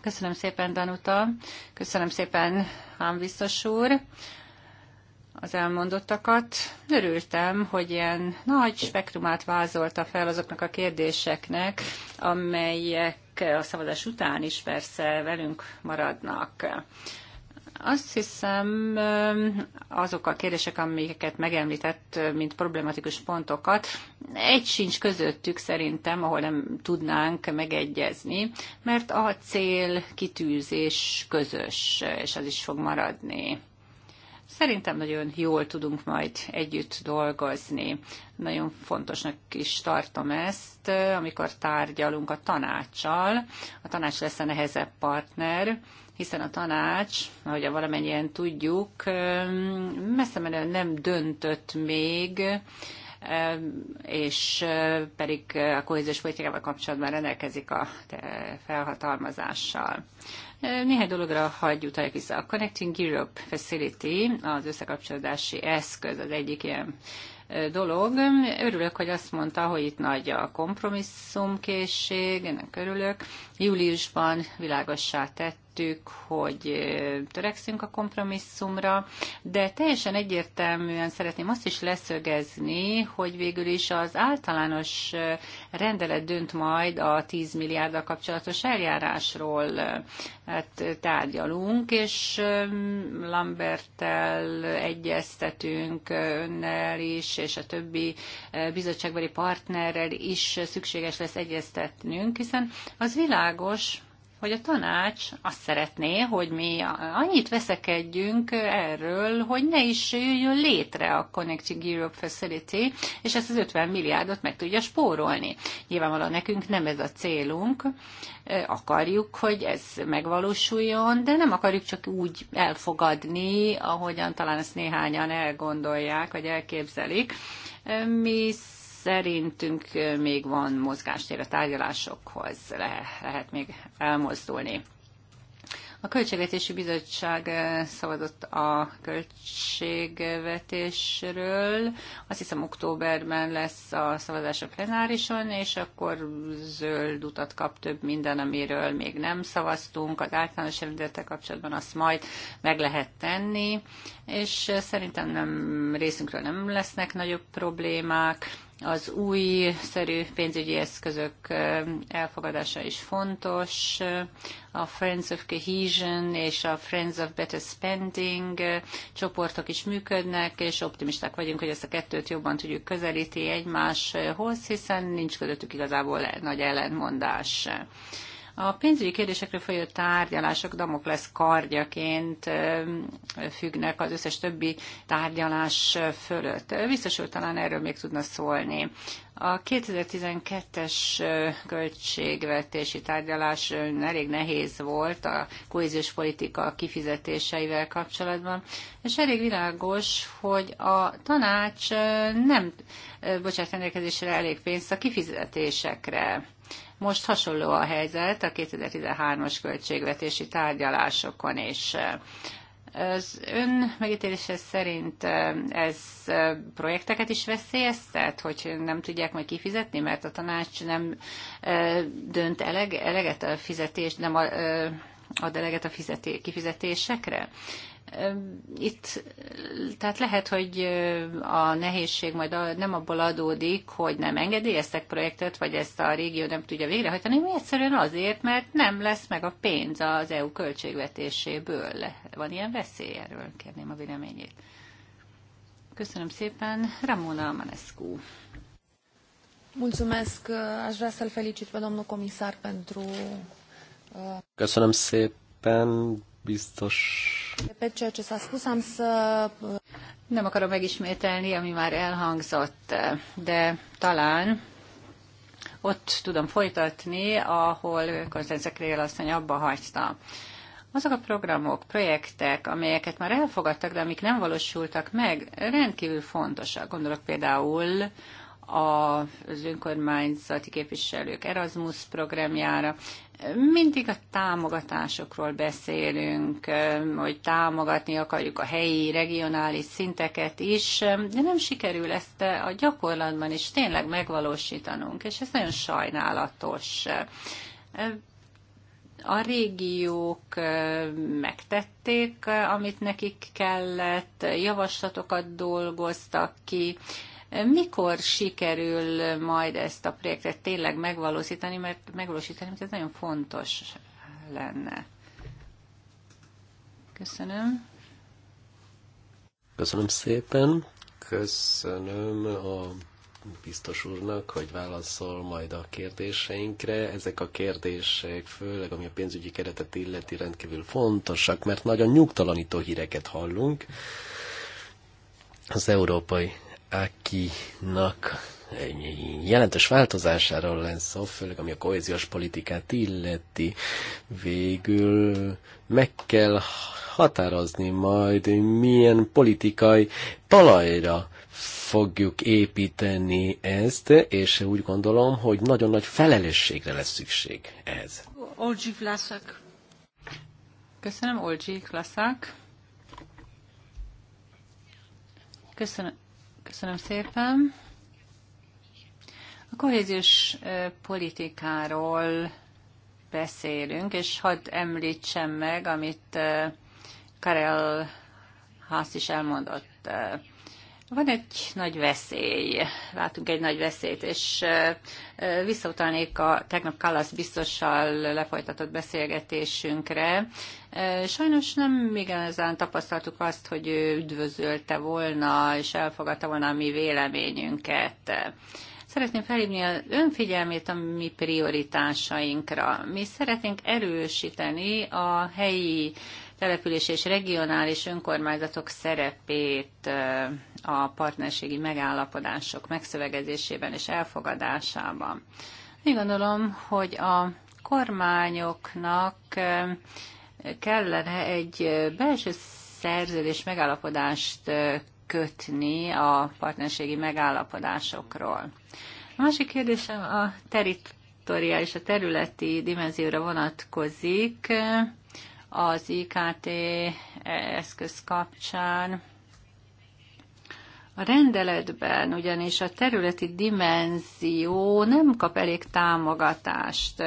Köszönöm szépen, Danuta. Köszönöm szépen, Hán biztos úr az elmondottakat. Örültem, hogy ilyen nagy spektrumát vázolta fel azoknak a kérdéseknek, amelyek a szavazás után is persze velünk maradnak. Azt hiszem, azok a kérdések, amiket megemlített, mint problematikus pontokat, egy sincs közöttük szerintem, ahol nem tudnánk megegyezni, mert a cél kitűzés közös, és az is fog maradni. Szerintem nagyon jól tudunk majd együtt dolgozni. Nagyon fontosnak is tartom ezt, amikor tárgyalunk a tanácssal. A tanács lesz a nehezebb partner, hiszen a tanács, ahogy a valamennyien tudjuk, messze menően nem döntött még, és pedig a kohéziós politikával kapcsolatban rendelkezik a felhatalmazással. Néhány dologra hagyj utaljak vissza. A Connecting Europe Facility, az összekapcsolódási eszköz az egyik ilyen dolog. Örülök, hogy azt mondta, hogy itt nagy a kompromisszumkészség, ennek örülök. Júliusban világossá tett említettük, hogy törekszünk a kompromisszumra, de teljesen egyértelműen szeretném azt is leszögezni, hogy végül is az általános rendelet dönt majd a 10 milliárddal kapcsolatos eljárásról hát tárgyalunk, és Lambertel egyeztetünk önnel is, és a többi bizottságbeli partnerrel is szükséges lesz egyeztetnünk, hiszen az világos, hogy a tanács azt szeretné, hogy mi annyit veszekedjünk erről, hogy ne is jöjjön létre a Connecting Europe Facility, és ezt az 50 milliárdot meg tudja spórolni. Nyilvánvalóan nekünk nem ez a célunk, akarjuk, hogy ez megvalósuljon, de nem akarjuk csak úgy elfogadni, ahogyan talán ezt néhányan elgondolják, vagy elképzelik. Mi szerintünk még van mozgástér a tárgyalásokhoz, le, lehet még elmozdulni. A Költségvetési Bizottság szavazott a költségvetésről. Azt hiszem októberben lesz a szavazás a plenárison, és akkor zöld utat kap több minden, amiről még nem szavaztunk. Az általános rendeletek kapcsolatban azt majd meg lehet tenni, és szerintem nem részünkről nem lesznek nagyobb problémák az új szerű pénzügyi eszközök elfogadása is fontos. A Friends of Cohesion és a Friends of Better Spending csoportok is működnek, és optimisták vagyunk, hogy ezt a kettőt jobban tudjuk közelíti egymáshoz, hiszen nincs közöttük igazából nagy ellentmondás. A pénzügyi kérdésekről folyó tárgyalások Damoklesz kardjaként függnek az összes többi tárgyalás fölött. Biztos, hogy talán erről még tudna szólni. A 2012-es költségvetési tárgyalás elég nehéz volt a kohéziós politika kifizetéseivel kapcsolatban, és elég világos, hogy a tanács nem bocsát rendelkezésre elég pénzt a kifizetésekre most hasonló a helyzet a 2013-as költségvetési tárgyalásokon is. Az ön megítélése szerint ez projekteket is veszélyeztet, hogy nem tudják majd kifizetni, mert a tanács nem dönt eleget a fizetés, nem ad eleget a fizeté, kifizetésekre? Itt, tehát lehet, hogy a nehézség majd nem abból adódik, hogy nem engedélyeztek projektet, vagy ezt a régió nem tudja végrehajtani, mert egyszerűen azért, mert nem lesz meg a pénz az EU költségvetéséből. Van ilyen veszély erről, kérném a véleményét. Köszönöm szépen. Ramona Manescu. Mulțumesc. Aș vrea să-l felicit pe domnul comisar pentru... Uh, Köszönöm szépen biztos. Nem akarom megismételni, ami már elhangzott, de talán ott tudom folytatni, ahol Konstantin Krél asszony abba hagyta. Azok a programok, projektek, amelyeket már elfogadtak, de amik nem valósultak meg, rendkívül fontosak. Gondolok például az önkormányzati képviselők Erasmus programjára. Mindig a támogatásokról beszélünk, hogy támogatni akarjuk a helyi, regionális szinteket is, de nem sikerül ezt a gyakorlatban is tényleg megvalósítanunk, és ez nagyon sajnálatos a régiók megtették, amit nekik kellett, javaslatokat dolgoztak ki, mikor sikerül majd ezt a projektet tényleg megvalósítani, mert megvalósítani, mert ez nagyon fontos lenne. Köszönöm. Köszönöm szépen. Köszönöm a biztos úrnak, hogy válaszol majd a kérdéseinkre. Ezek a kérdések, főleg ami a pénzügyi keretet illeti, rendkívül fontosak, mert nagyon nyugtalanító híreket hallunk. Az Európai akinak jelentős változásáról lesz szó, főleg ami a kohéziós politikát illeti, végül meg kell határozni majd, milyen politikai talajra fogjuk építeni ezt, és úgy gondolom, hogy nagyon nagy felelősségre lesz szükség ehhez. Olgyi Vlaszak. Köszönöm, Olgyi Vlaszak. Köszönöm. Köszönöm szépen. A kohéziós politikáról beszélünk, és hadd említsem meg, amit Karel Ház is elmondott. Van egy nagy veszély, látunk egy nagy veszélyt, és visszautalnék a tegnap Kallasz biztossal lefolytatott beszélgetésünkre. Sajnos nem igazán tapasztaltuk azt, hogy ő üdvözölte volna, és elfogadta volna a mi véleményünket. Szeretném felhívni az önfigyelmét a mi prioritásainkra. Mi szeretnénk erősíteni a helyi település és regionális önkormányzatok szerepét a partnerségi megállapodások megszövegezésében és elfogadásában. Én gondolom, hogy a kormányoknak kellene egy belső szerződés megállapodást kötni a partnerségi megállapodásokról. A másik kérdésem a teritoriális, a területi dimenzióra vonatkozik az IKT eszköz kapcsán. A rendeletben ugyanis a területi dimenzió nem kap elég támogatást,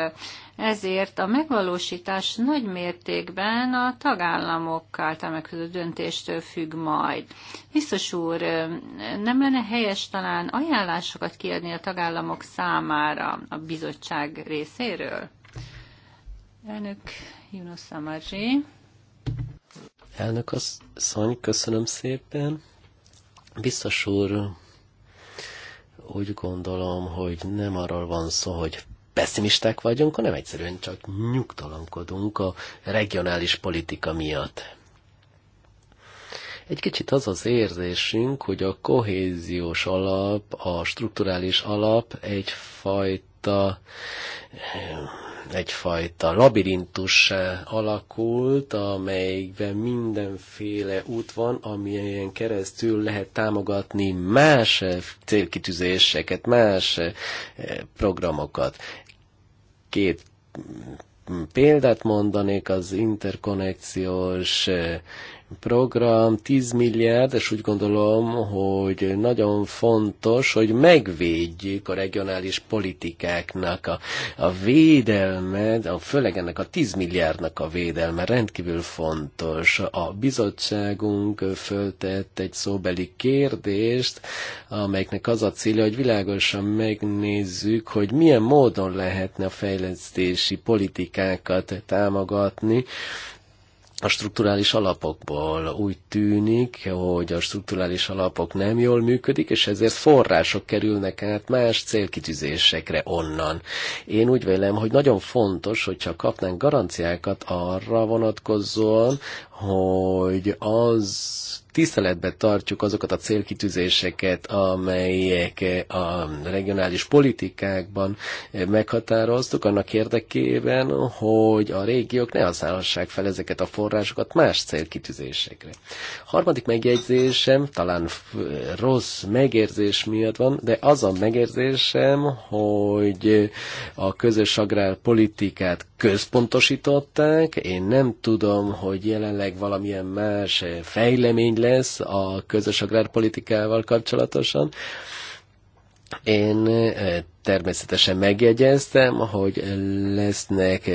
ezért a megvalósítás nagy mértékben a tagállamok által meghozó döntéstől függ majd. Biztos úr, nem lenne helyes talán ajánlásokat kiadni a tagállamok számára a bizottság részéről? Elnök Junos Samadzsi. Elnök asszony, köszönöm szépen. Biztos úr, úgy gondolom, hogy nem arról van szó, hogy pessimisták vagyunk, hanem egyszerűen csak nyugtalankodunk a regionális politika miatt. Egy kicsit az az érzésünk, hogy a kohéziós alap, a strukturális alap egyfajta egyfajta labirintus alakult, amelyikben mindenféle út van, amilyen keresztül lehet támogatni más célkitűzéseket, más eh, programokat. Két mm, példát mondanék, az interkonnekciós eh, program 10 milliárd, és úgy gondolom, hogy nagyon fontos, hogy megvédjük a regionális politikáknak a, a védelmet, a, főleg ennek a 10 milliárdnak a védelme rendkívül fontos. A bizottságunk föltett egy szóbeli kérdést, amelyiknek az a célja, hogy világosan megnézzük, hogy milyen módon lehetne a fejlesztési politikákat támogatni, a strukturális alapokból. Úgy tűnik, hogy a strukturális alapok nem jól működik, és ezért források kerülnek át más célkitűzésekre onnan. Én úgy vélem, hogy nagyon fontos, hogyha kapnánk garanciákat arra vonatkozóan, hogy az tiszteletbe tartjuk azokat a célkitűzéseket, amelyek a regionális politikákban meghatároztuk, annak érdekében, hogy a régiók ne használhassák fel ezeket a forrásokat más célkitűzésekre. Harmadik megjegyzésem, talán rossz megérzés miatt van, de az a megérzésem, hogy a közös agrárpolitikát központosították, én nem tudom, hogy jelenleg valamilyen más fejlemény lesz a közös agrárpolitikával kapcsolatosan. Én természetesen megjegyeztem, hogy lesznek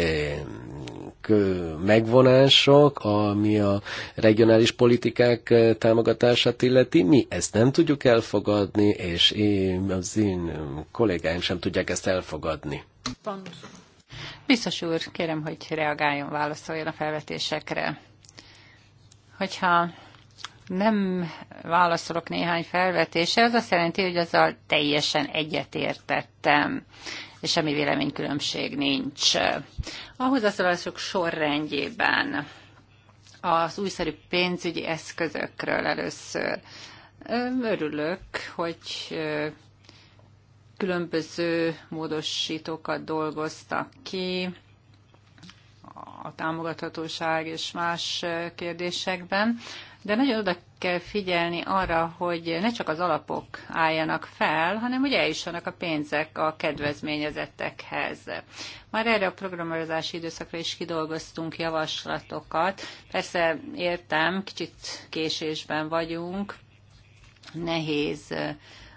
megvonások, ami a regionális politikák támogatását illeti. Mi ezt nem tudjuk elfogadni, és én, az én kollégáim sem tudják ezt elfogadni. Pont. Biztos úr, kérem, hogy reagáljon, válaszoljon a felvetésekre. Hogyha nem válaszolok néhány felvetése, az azt jelenti, hogy azzal teljesen egyetértettem, és semmi véleménykülönbség nincs. Ahhoz A hozzászólások sorrendjében az újszerű pénzügyi eszközökről először örülök, hogy különböző módosítókat dolgoztak ki a támogathatóság és más kérdésekben de nagyon oda kell figyelni arra, hogy ne csak az alapok álljanak fel, hanem hogy eljussanak a pénzek a kedvezményezettekhez. Már erre a programozási időszakra is kidolgoztunk javaslatokat. Persze értem, kicsit késésben vagyunk, nehéz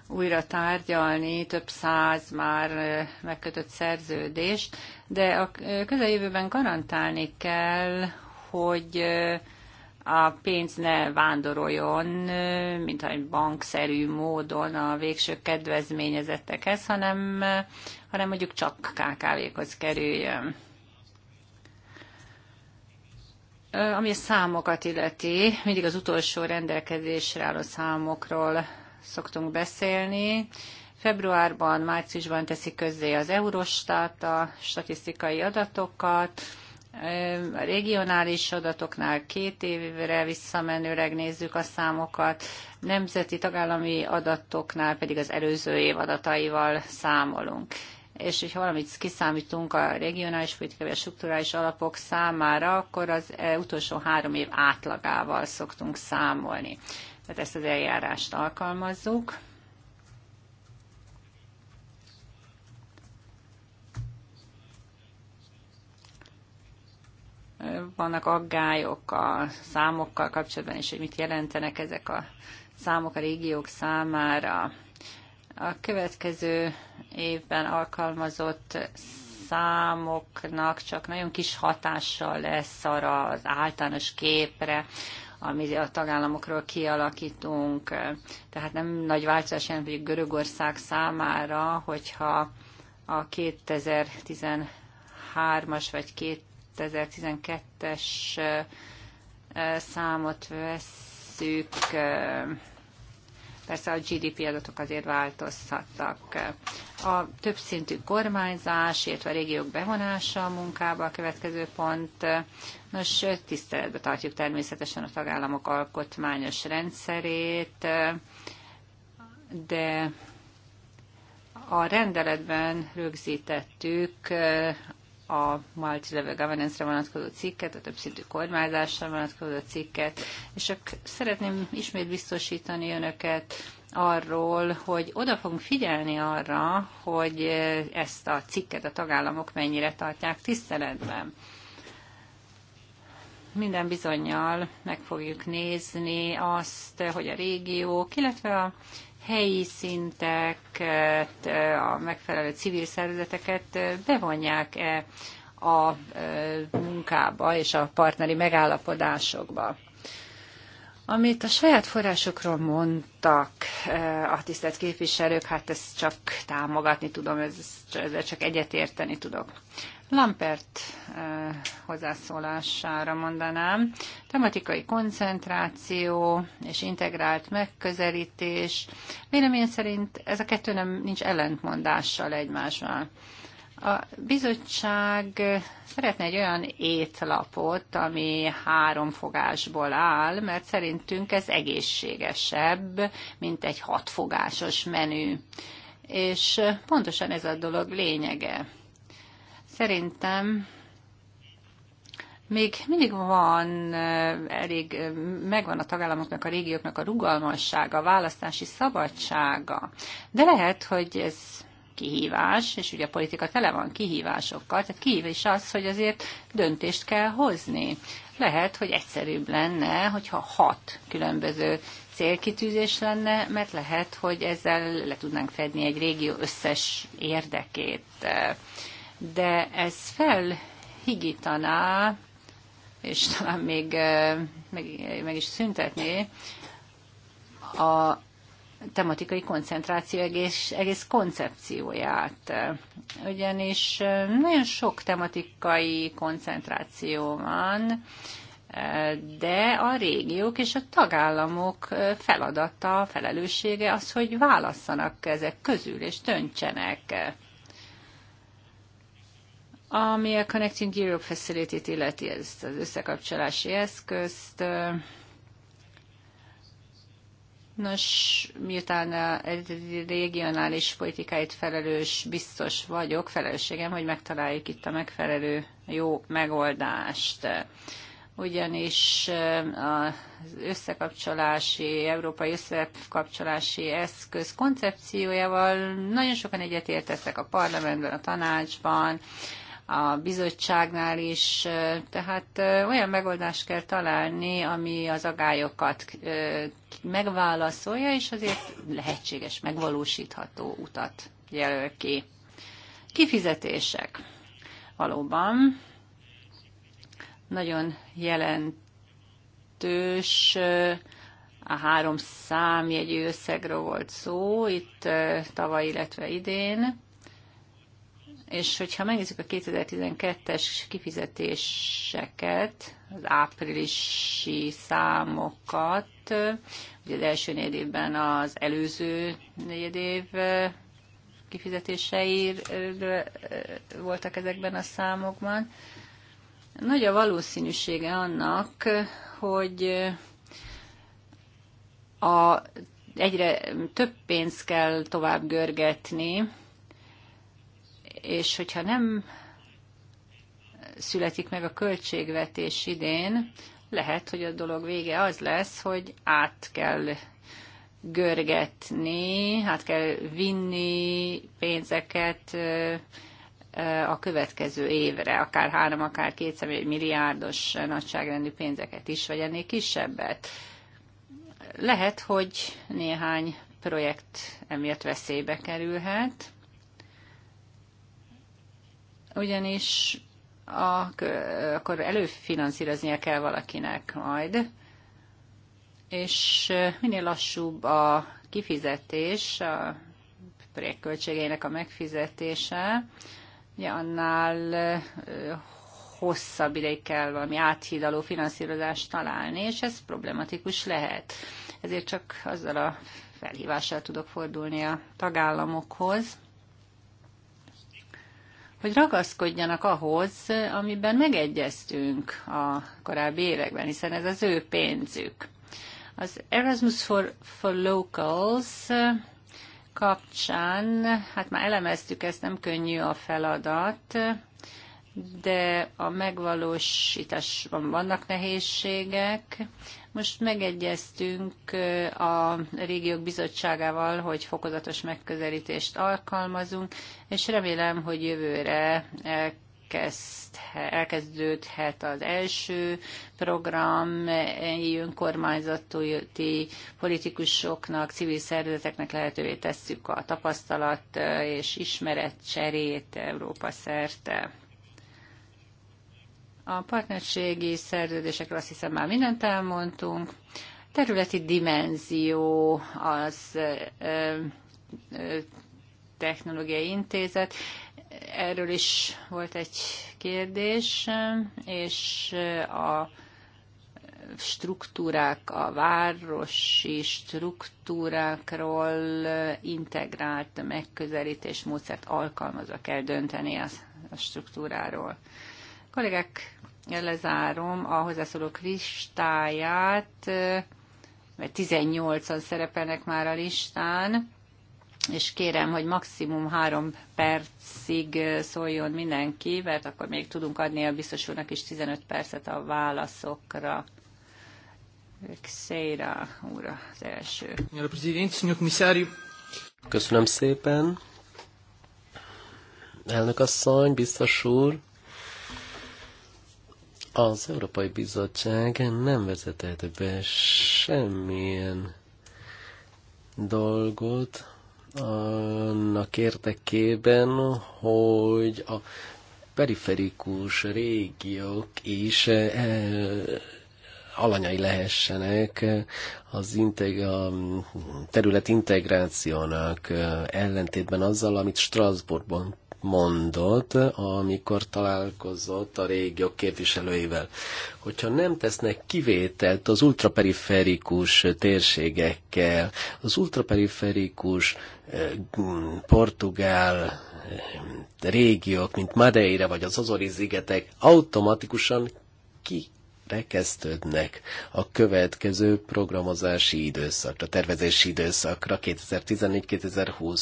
újra tárgyalni több száz már megkötött szerződést, de a közeljövőben garantálni kell, hogy a pénz ne vándoroljon, mint egy bankszerű módon a végső kedvezményezettekhez, hanem, hanem mondjuk csak KKV-hoz kerüljön. Ami a számokat illeti, mindig az utolsó rendelkezésre álló számokról szoktunk beszélni. Februárban, márciusban teszi közzé az Eurostat a statisztikai adatokat, a regionális adatoknál két évre visszamenőleg nézzük a számokat, nemzeti tagállami adatoknál pedig az előző év adataival számolunk és hogyha valamit kiszámítunk a regionális politikai vagy a strukturális alapok számára, akkor az utolsó három év átlagával szoktunk számolni. Tehát ezt az eljárást alkalmazzuk. vannak aggályok a számokkal kapcsolatban, és hogy mit jelentenek ezek a számok a régiók számára. A következő évben alkalmazott számoknak csak nagyon kis hatással lesz arra az általános képre, amit a tagállamokról kialakítunk. Tehát nem nagy változás jelent hogy Görögország számára, hogyha a 2013-as vagy 2012-es számot vesszük, persze a GDP adatok azért változhattak. A többszintű kormányzás, illetve a régiók bevonása a munkába a következő pont. Nos, tiszteletbe tartjuk természetesen a tagállamok alkotmányos rendszerét, de a rendeletben rögzítettük a multi-level governance-re vonatkozó cikket, a többszintű kormányzásra vonatkozó cikket, és csak szeretném ismét biztosítani önöket arról, hogy oda fogunk figyelni arra, hogy ezt a cikket a tagállamok mennyire tartják tiszteletben minden bizonyal meg fogjuk nézni azt, hogy a régiók, illetve a helyi szinteket, eh, eh, a megfelelő civil szervezeteket eh, bevonják-e a munkába és a partneri megállapodásokba. Amit a saját forrásokról mondtak a tisztelt képviselők, hát ezt csak támogatni tudom, ezzel csak egyetérteni tudok. Lampert hozzászólására mondanám. Tematikai koncentráció és integrált megközelítés. Vélemény szerint ez a kettő nem nincs ellentmondással egymással. A bizottság szeretne egy olyan étlapot, ami három fogásból áll, mert szerintünk ez egészségesebb, mint egy hatfogásos menü. És pontosan ez a dolog lényege Szerintem még mindig van elég, megvan a tagállamoknak, a régióknak a rugalmassága, a választási szabadsága. De lehet, hogy ez kihívás, és ugye a politika tele van kihívásokkal, tehát kihívás az, hogy azért döntést kell hozni. Lehet, hogy egyszerűbb lenne, hogyha hat különböző célkitűzés lenne, mert lehet, hogy ezzel le tudnánk fedni egy régió összes érdekét de ez felhigítaná, és talán még meg, meg is szüntetné a tematikai koncentráció egész, egész koncepcióját. Ugyanis nagyon sok tematikai koncentráció van, de a régiók és a tagállamok feladata, felelőssége az, hogy válasszanak ezek közül, és döntsenek. Ami a Connecting Europe facility illeti, ezt az összekapcsolási eszközt, Nos, miután a regionális politikáit felelős biztos vagyok, felelősségem, hogy megtaláljuk itt a megfelelő jó megoldást. Ugyanis az összekapcsolási, európai összekapcsolási eszköz koncepciójával nagyon sokan egyetértettek a parlamentben, a tanácsban, a bizottságnál is, tehát olyan megoldást kell találni, ami az agályokat megválaszolja, és azért lehetséges, megvalósítható utat jelöl ki. Kifizetések. Valóban nagyon jelentős a három számjegyű összegről volt szó itt tavaly, illetve idén. És hogyha megnézzük a 2012-es kifizetéseket, az áprilisi számokat, ugye az első négy évben az előző négy év kifizetései voltak ezekben a számokban, nagy a valószínűsége annak, hogy a, egyre több pénzt kell tovább görgetni, és hogyha nem születik meg a költségvetés idén, lehet, hogy a dolog vége az lesz, hogy át kell görgetni, hát kell vinni pénzeket a következő évre, akár három, akár kétszer, egy milliárdos nagyságrendű pénzeket is, vagy ennél kisebbet. Lehet, hogy néhány projekt emiatt veszélybe kerülhet, ugyanis a, akkor előfinanszíroznia kell valakinek majd, és minél lassúbb a kifizetés, a projektköltségeinek a megfizetése, ugye annál hosszabb ideig kell valami áthidaló finanszírozást találni, és ez problematikus lehet. Ezért csak azzal a felhívással tudok fordulni a tagállamokhoz, hogy ragaszkodjanak ahhoz, amiben megegyeztünk a korábbi években, hiszen ez az ő pénzük. Az Erasmus for, for Locals eh, kapcsán, hát már elemeztük ezt, nem könnyű a feladat, de a megvalósításban vannak nehézségek, most megegyeztünk a régiók bizottságával, hogy fokozatos megközelítést alkalmazunk, és remélem, hogy jövőre elkezdődhet az első program, önkormányzati politikusoknak, civil szervezeteknek lehetővé tesszük a tapasztalat és ismeret cserét Európa szerte. A partnerségi szerződésekről azt hiszem már mindent elmondtunk. Területi dimenzió az ö, ö, technológiai intézet. Erről is volt egy kérdés, és a struktúrák, a városi struktúrákról integrált megközelítés módszert alkalmazva kell dönteni a struktúráról. Kollégák, lezárom a hozzászóló listáját, mert 18-an szerepelnek már a listán, és kérem, hogy maximum három percig szóljon mindenki, mert akkor még tudunk adni a biztos úrnak is 15 percet a válaszokra. Xeira úr az első. Köszönöm szépen. Elnök asszony, biztos úr. Az Európai Bizottság nem vezetett be semmilyen dolgot annak érdekében, hogy a periferikus régiók is eh, alanyai lehessenek az integ- a terület integrációnak eh, ellentétben azzal, amit Strasbourgban mondott, amikor találkozott a régiók képviselőivel. Hogyha nem tesznek kivételt az ultraperiferikus térségekkel, az ultraperiferikus eh, portugál eh, régiók, mint Madeira vagy az Azori-szigetek automatikusan ki rekesztődnek a következő programozási időszakra, tervezési időszakra 2014-2020.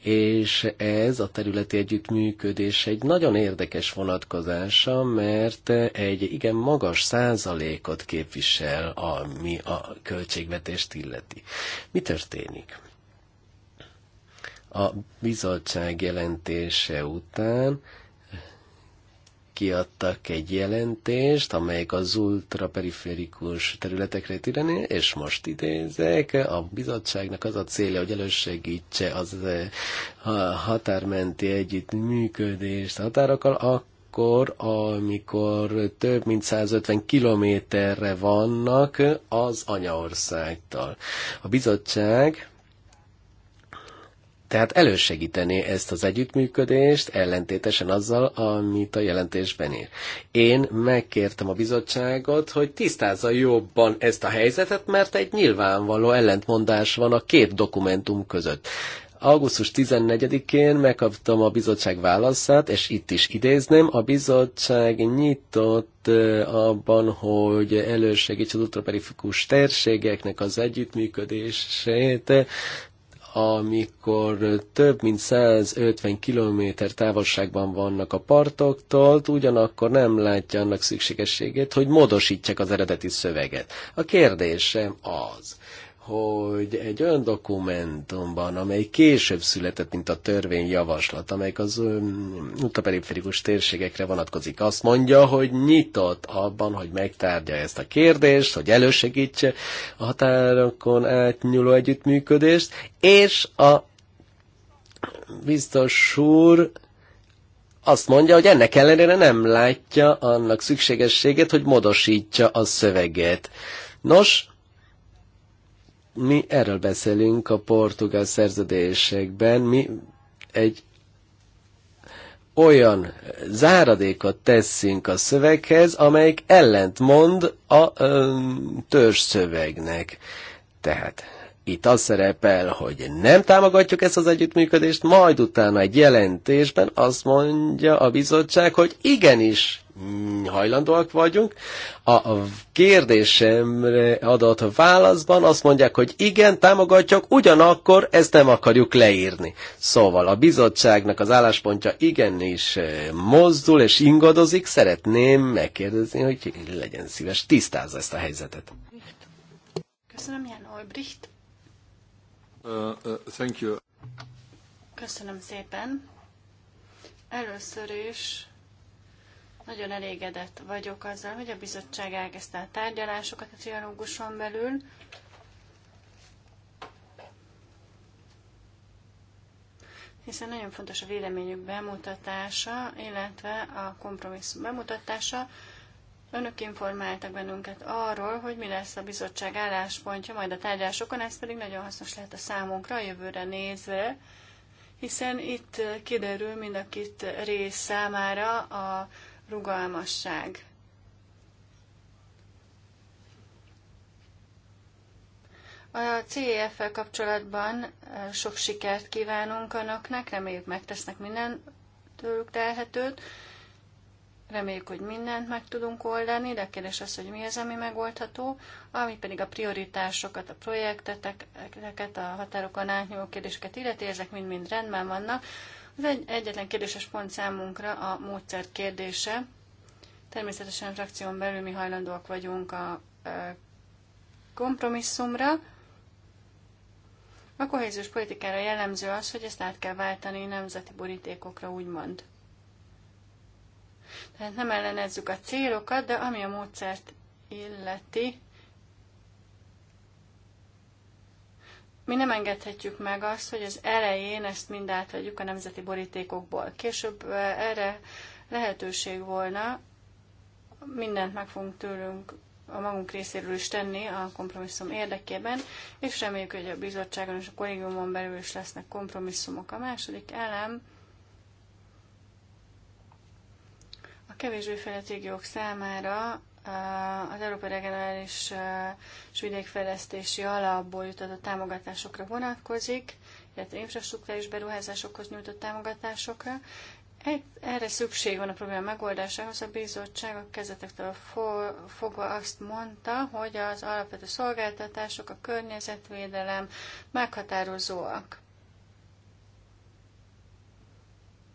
És ez a területi együttműködés egy nagyon érdekes vonatkozása, mert egy igen magas százalékot képvisel, ami a költségvetést illeti. Mi történik? A bizottság jelentése után kiadtak egy jelentést, amelyik az ultraperiférikus területekre tirani, és most idézek, a bizottságnak az a célja, hogy elősegítse az eh, határmenti együttműködést határokkal, akkor, amikor több mint 150 kilométerre vannak az anyaországtól. A bizottság tehát elősegíteni ezt az együttműködést ellentétesen azzal, amit a jelentésben ír. Én megkértem a bizottságot, hogy tisztázza jobban ezt a helyzetet, mert egy nyilvánvaló ellentmondás van a két dokumentum között. Augusztus 14-én megkaptam a bizottság válaszát, és itt is idézném, a bizottság nyitott abban, hogy elősegíts az ultraperifikus térségeknek az együttműködését, amikor több mint 150 kilométer távolságban vannak a partoktól, ugyanakkor nem látja annak szükségességét, hogy módosítsák az eredeti szöveget. A kérdésem az, hogy egy olyan dokumentumban, amely később született, mint a törvényjavaslat, amelyik az ultraperiferikus térségekre vonatkozik, azt mondja, hogy nyitott abban, hogy megtárgya ezt a kérdést, hogy elősegítse a határokon átnyúló együttműködést, és a biztos úr azt mondja, hogy ennek ellenére nem látja annak szükségességét, hogy modosítja a szöveget. Nos, mi erről beszélünk a portugál szerződésekben, mi egy olyan záradékot teszünk a szöveghez, amelyik ellentmond a törzs szövegnek. Tehát itt az szerepel, hogy nem támogatjuk ezt az együttműködést, majd utána egy jelentésben azt mondja a bizottság, hogy igenis mm, hajlandóak vagyunk. A kérdésemre adott válaszban azt mondják, hogy igen, támogatjuk, ugyanakkor ezt nem akarjuk leírni. Szóval a bizottságnak az álláspontja igenis eh, mozdul és ingadozik. Szeretném megkérdezni, hogy legyen szíves, tisztázza ezt a helyzetet. Köszönöm, Jan Olbricht. Uh, uh, thank you. Köszönöm szépen. Először is nagyon elégedett vagyok azzal, hogy a bizottság elkezdte a tárgyalásokat a trialóguson belül. hiszen nagyon fontos a véleményük bemutatása, illetve a kompromisszum bemutatása, Önök informáltak bennünket arról, hogy mi lesz a bizottság álláspontja majd a tárgyásokon, ez pedig nagyon hasznos lehet a számunkra a jövőre nézve, hiszen itt kiderül mind a két rész számára a rugalmasság. A CEF-fel kapcsolatban sok sikert kívánunk önöknek, reméljük megtesznek minden tőlük telhetőt. Reméljük, hogy mindent meg tudunk oldani, de a kérdés az, hogy mi az, ami megoldható, ami pedig a prioritásokat, a projekteteket, a határokon átnyúló kérdéseket illeti, ezek mind-mind rendben vannak. Az egy, egyetlen kérdéses pont számunkra a módszer kérdése. Természetesen a frakción belül mi hajlandóak vagyunk a kompromisszumra. A kohéziós politikára jellemző az, hogy ezt át kell váltani nemzeti borítékokra, úgymond. Tehát nem ellenezzük a célokat, de ami a módszert illeti, mi nem engedhetjük meg azt, hogy az elején ezt mind átvegyük a nemzeti borítékokból. Később erre lehetőség volna, mindent meg fogunk tőlünk a magunk részéről is tenni a kompromisszum érdekében, és reméljük, hogy a bizottságon és a kollégiumon belül is lesznek kompromisszumok. A második elem A kevésbé fejlett régiók számára az Európai Regionális és Vidékfejlesztési Alapból jutatott támogatásokra vonatkozik, illetve infrastruktúrális beruházásokhoz nyújtott támogatásokra. erre szükség van a probléma megoldásához. A bizottság a kezdetektől fogva azt mondta, hogy az alapvető szolgáltatások, a környezetvédelem meghatározóak.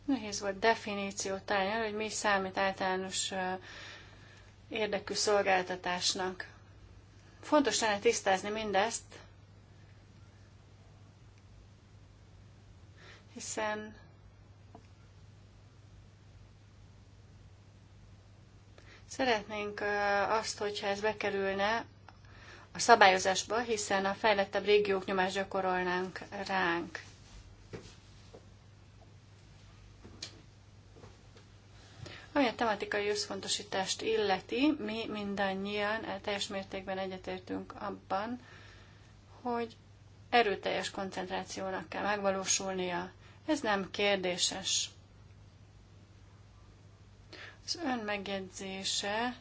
Nehéz volt definíciót találni, hogy mi számít általános érdekű szolgáltatásnak. Fontos lenne tisztázni mindezt, hiszen szeretnénk azt, hogyha ez bekerülne a szabályozásba, hiszen a fejlettebb régiók nyomást gyakorolnánk ránk. Ami a tematikai összpontosítást illeti, mi mindannyian eh, teljes mértékben egyetértünk abban, hogy erőteljes koncentrációnak kell megvalósulnia. Ez nem kérdéses. Az ön megjegyzése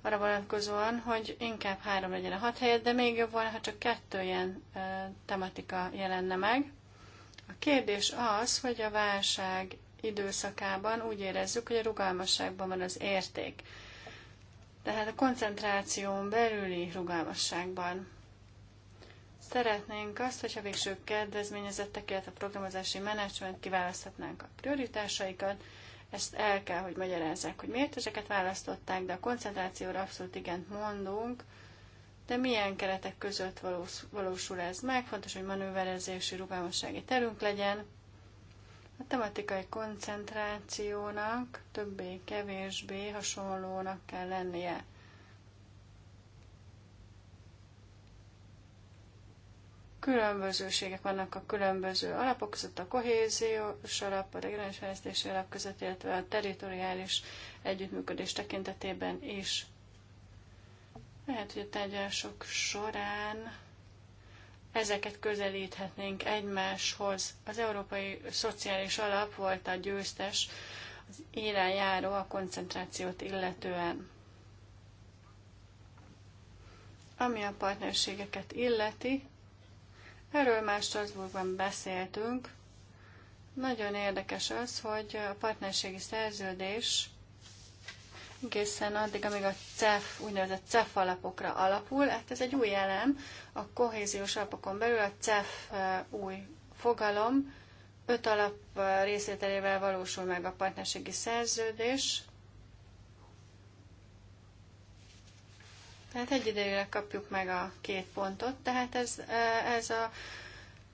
arra vonatkozóan, hogy inkább három legyen a hat helyet, de még jobb volna, ha csak kettő ilyen eh, tematika jelenne meg. A kérdés az, hogy a válság időszakában úgy érezzük, hogy a rugalmasságban van az érték. Tehát a koncentráción belüli rugalmasságban. Szeretnénk azt, hogyha végső kedvezményezettek, illetve a programozási menedzsment kiválaszthatnánk a prioritásaikat, ezt el kell, hogy magyarázzák, hogy miért ezeket választották, de a koncentrációra abszolút igent mondunk, de milyen keretek között valósul ez meg, fontos, hogy manőverezési rugalmassági terünk legyen, a tematikai koncentrációnak többé-kevésbé hasonlónak kell lennie. Különbözőségek vannak a különböző alapok között, a kohéziós alap, a regionális fejlesztési alap között, illetve a teritoriális együttműködés tekintetében is. Lehet, hogy a tárgyalások során ezeket közelíthetnénk egymáshoz. Az Európai Szociális Alap volt a győztes, az élen járó a koncentrációt illetően. Ami a partnerségeket illeti, erről már Strasbourgban beszéltünk. Nagyon érdekes az, hogy a partnerségi szerződés egészen addig, amíg a CEF, úgynevezett CEF alapokra alapul. Hát ez egy új elem, a kohéziós alapokon belül a CEF új fogalom, öt alap részételével valósul meg a partnerségi szerződés, Tehát egyidejűleg kapjuk meg a két pontot, tehát ez, ez a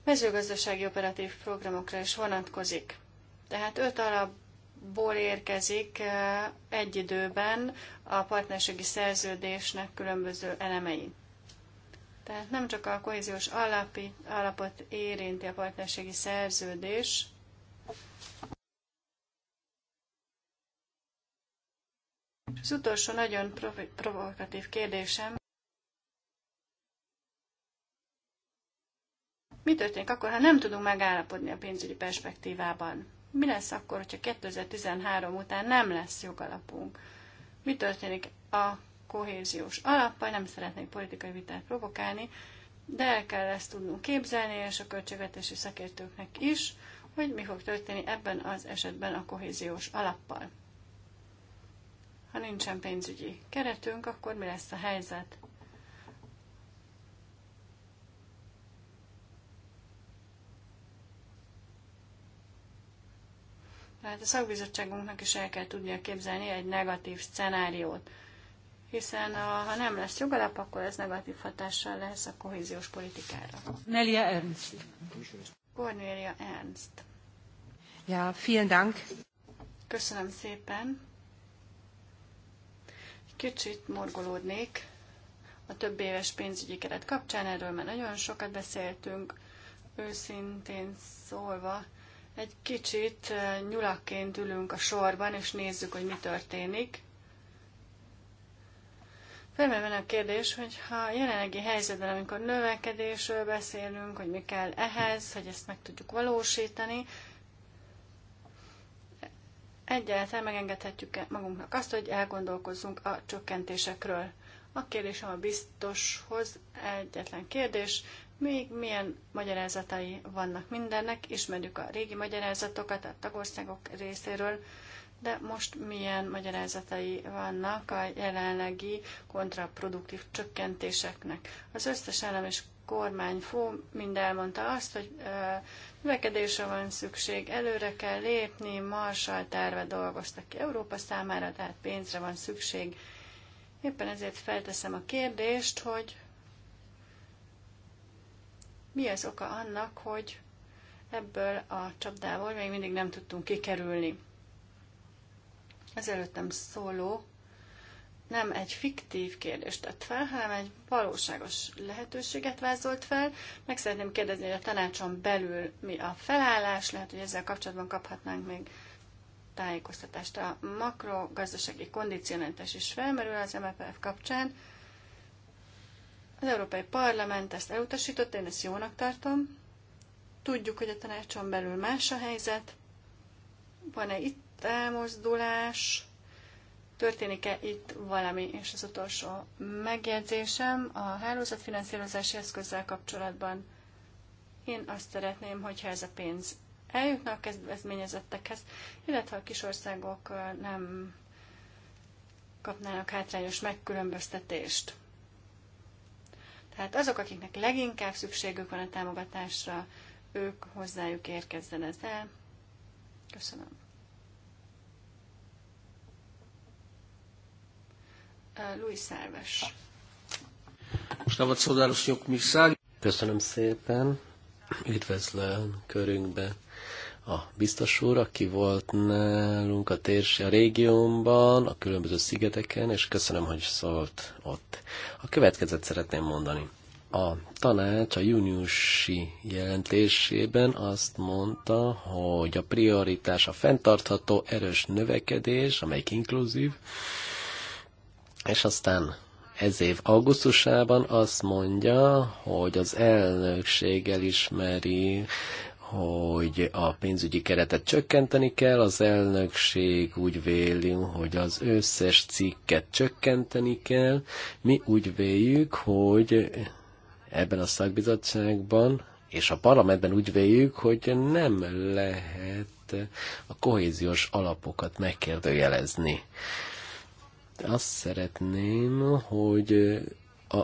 mezőgazdasági operatív programokra is vonatkozik. Tehát öt alap ból érkezik egy időben a partnerségi szerződésnek különböző elemei. Tehát nem csak a kohéziós alapi, alapot érinti a partnerségi szerződés, Az utolsó nagyon provokatív kérdésem. Mi történik akkor, ha nem tudunk megállapodni a pénzügyi perspektívában? Mi lesz akkor, hogyha 2013 után nem lesz jogalapunk? Mi történik a kohéziós alappal? Nem szeretnék politikai vitát provokálni, de el kell ezt tudnunk képzelni, és a költségvetési szakértőknek is, hogy mi fog történni ebben az esetben a kohéziós alappal. Ha nincsen pénzügyi keretünk, akkor mi lesz a helyzet? Tehát a szakbizottságunknak is el kell tudnia képzelni egy negatív szenáriót, hiszen a, ha nem lesz jogalap, akkor ez negatív hatással lesz a kohéziós politikára. Nelia Ernst. Cornelia Ernst. Ja, vielen Dank. Köszönöm szépen. Kicsit morgolódnék a több éves pénzügyi keret kapcsán, erről már nagyon sokat beszéltünk. Őszintén szólva, egy kicsit eh, nyulakként ülünk a sorban, és nézzük, hogy mi történik. Felmerül a kérdés, hogy ha a jelenlegi helyzetben, amikor növekedésről beszélünk, hogy mi kell ehhez, hogy ezt meg tudjuk valósítani, egyáltalán megengedhetjük -e magunknak azt, hogy elgondolkozzunk a csökkentésekről. A kérdésem a biztoshoz egyetlen kérdés, még milyen magyarázatai vannak mindennek, ismerjük a régi magyarázatokat a tagországok részéről, de most milyen magyarázatai vannak a jelenlegi kontraproduktív csökkentéseknek. Az összes állam és kormányfó mind elmondta azt, hogy növekedésre van szükség, előre kell lépni, marsal terve dolgoztak ki Európa számára, tehát pénzre van szükség. Éppen ezért felteszem a kérdést, hogy mi az oka annak, hogy ebből a csapdából még mindig nem tudtunk kikerülni? Ezelőttem előttem szóló nem egy fiktív kérdést tett fel, hanem egy valóságos lehetőséget vázolt fel. Meg szeretném kérdezni, hogy a tanácson belül mi a felállás, lehet, hogy ezzel kapcsolatban kaphatnánk még tájékoztatást. A makrogazdasági kondicionálatás is felmerül az MFF kapcsán. Az Európai Parlament ezt elutasította, én ezt jónak tartom. Tudjuk, hogy a tanácson belül más a helyzet. Van-e itt elmozdulás? Történik-e itt valami? És az utolsó megjegyzésem a hálózatfinanszírozási eszközzel kapcsolatban. Én azt szeretném, hogyha ez a pénz eljutna a kezdeményezettekhez, illetve a kisországok nem kapnának hátrányos megkülönböztetést. Tehát azok, akiknek leginkább szükségük van a támogatásra, ők hozzájuk érkezzen ez el. Köszönöm. Luis Szerves. Köszönöm szépen. Üdvözlöm körünkbe a biztos úr, aki volt nálunk a térsi a régiónban, a különböző szigeteken, és köszönöm, hogy szólt ott. A következőt szeretném mondani. A tanács a júniusi jelentésében azt mondta, hogy a prioritás a fenntartható erős növekedés, amelyik inkluzív, és aztán ez év augusztusában azt mondja, hogy az elnökség elismeri hogy a pénzügyi keretet csökkenteni kell, az elnökség úgy véli, hogy az összes cikket csökkenteni kell. Mi úgy véljük, hogy ebben a szakbizottságban és a parlamentben úgy véljük, hogy nem lehet a kohéziós alapokat megkérdőjelezni. Azt szeretném, hogy a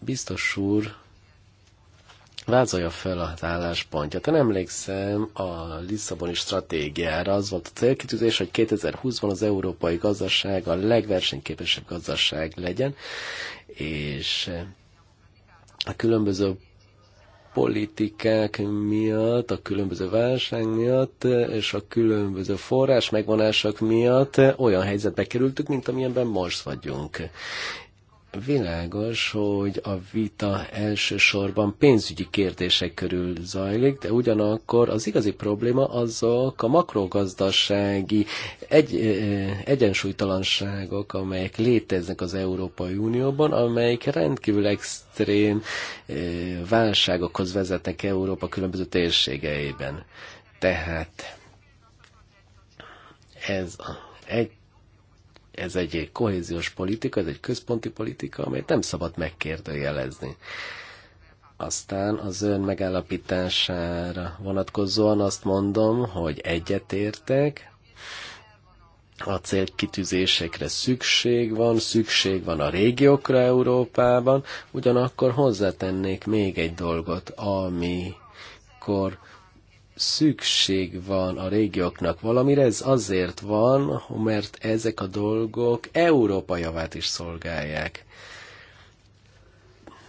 biztos úr vázolja fel az álláspontját. nem emlékszem a Lisszaboni stratégiára, az volt a célkitűzés, hogy 2020-ban az európai gazdaság a legversenyképesebb gazdaság legyen, és eh, a különböző politikák miatt, a különböző válság miatt eh, és a különböző forrás megvonások miatt eh, olyan helyzetbe kerültük, mint amilyenben most vagyunk. Világos, hogy a vita elsősorban pénzügyi kérdések körül zajlik, de ugyanakkor az igazi probléma azok a makrogazdasági egy, egyensúlytalanságok, amelyek léteznek az Európai Unióban, amelyek rendkívül extrém válságokhoz vezetnek Európa különböző térségeiben. Tehát ez egy ez egy kohéziós politika, ez egy központi politika, amelyet nem szabad megkérdőjelezni. Aztán az ön megállapítására vonatkozóan azt mondom, hogy egyetértek, a célkitűzésekre szükség van, szükség van a régiókra Európában, ugyanakkor hozzátennék még egy dolgot, amikor szükség van a régióknak valamire, ez azért van, mert ezek a dolgok Európa javát is szolgálják.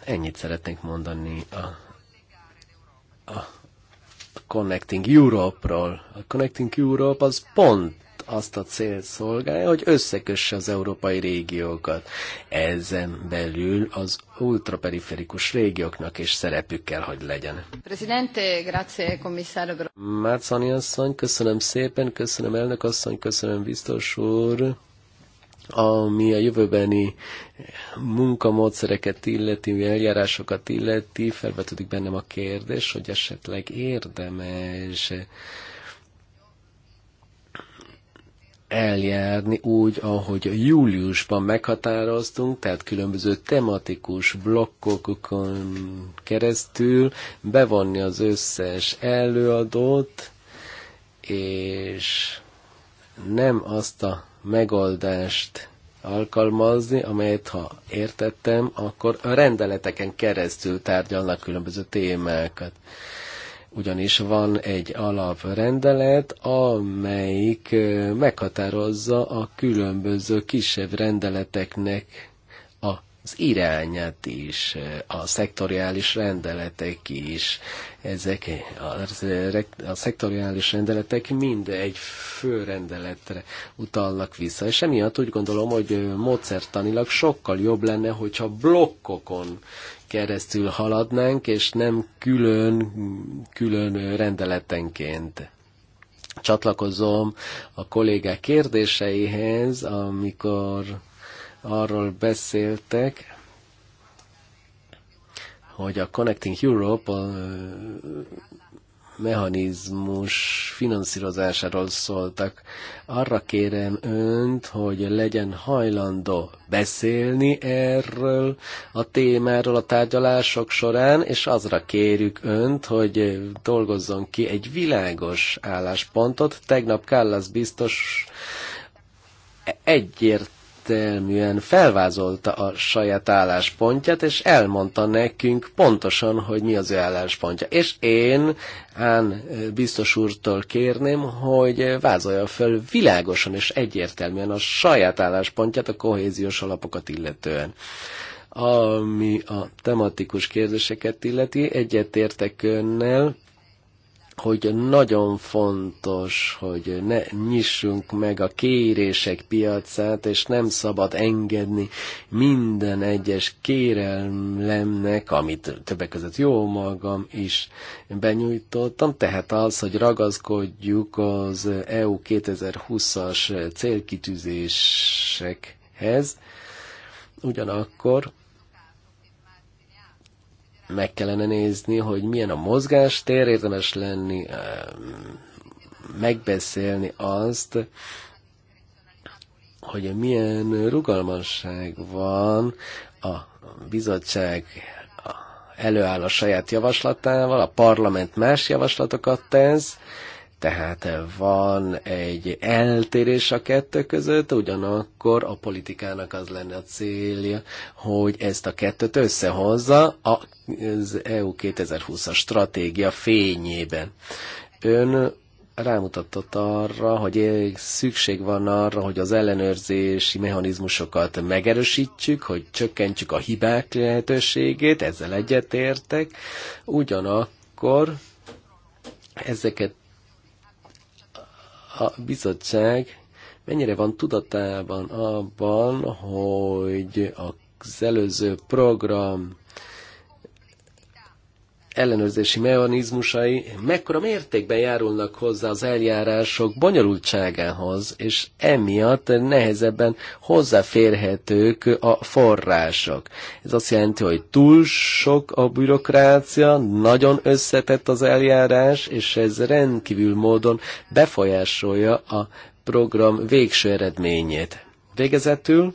Ennyit szeretnénk mondani a, a Connecting Europe-ról. A Connecting Europe az pont azt a cél szolgálja, hogy összekösse az európai régiókat. Ezen belül az ultraperiferikus régióknak is szerepük kell, hogy legyen. Presidente, grazie, commissario. Mátszani asszony, köszönöm szépen, köszönöm elnök asszony, köszönöm biztos úr ami a jövőbeni munkamódszereket illeti, eljárásokat illeti, felvetődik bennem a kérdés, hogy esetleg érdemes eljárni úgy, ahogy júliusban meghatároztunk, tehát különböző tematikus blokkokon keresztül bevonni az összes előadót, és nem azt a megoldást alkalmazni, amelyet ha értettem, akkor a rendeleteken keresztül tárgyalnak különböző témákat ugyanis van egy alaprendelet, amelyik meghatározza a különböző kisebb rendeleteknek az irányát is, a szektoriális rendeletek is, ezek a, a szektoriális rendeletek mind egy főrendeletre utalnak vissza, és emiatt úgy gondolom, hogy módszertanilag sokkal jobb lenne, hogyha blokkokon keresztül haladnánk, és nem külön, külön rendeletenként csatlakozom a kollégák kérdéseihez, amikor arról beszéltek, hogy a Connecting Europe mechanizmus finanszírozásáról szóltak. Arra kérem önt, hogy legyen hajlandó beszélni erről a témáról a tárgyalások során, és azra kérjük önt, hogy dolgozzon ki egy világos álláspontot. Tegnap Kallas biztos egyért egyértelműen felvázolta a saját álláspontját, és elmondta nekünk pontosan, hogy mi az ő álláspontja. És én Hán biztos úrtól kérném, hogy vázolja fel világosan és egyértelműen a saját álláspontját a kohéziós alapokat illetően ami a tematikus kérdéseket illeti, egyetértek önnel, hogy nagyon fontos, hogy ne nyissunk meg a kérések piacát, és nem szabad engedni minden egyes kérelemnek, amit többek között jó magam is benyújtottam, tehát az, hogy ragaszkodjuk az EU 2020-as célkitűzésekhez, ugyanakkor meg kellene nézni, hogy milyen a mozgástér, érdemes lenni megbeszélni azt, hogy milyen rugalmasság van a bizottság előáll a saját javaslatával, a parlament más javaslatokat tesz, tehát van egy eltérés a kettő között, ugyanakkor a politikának az lenne a célja, hogy ezt a kettőt összehozza az EU 2020-as stratégia fényében. Ön rámutatott arra, hogy szükség van arra, hogy az ellenőrzési mechanizmusokat megerősítjük, hogy csökkentjük a hibák lehetőségét, ezzel egyetértek. Ugyanakkor ezeket a bizottság mennyire van tudatában abban, hogy az előző program ellenőrzési mechanizmusai mekkora mértékben járulnak hozzá az eljárások bonyolultságához, és emiatt nehezebben hozzáférhetők a források. Ez azt jelenti, hogy túl sok a bürokrácia, nagyon összetett az eljárás, és ez rendkívül módon befolyásolja a program végső eredményét. Végezetül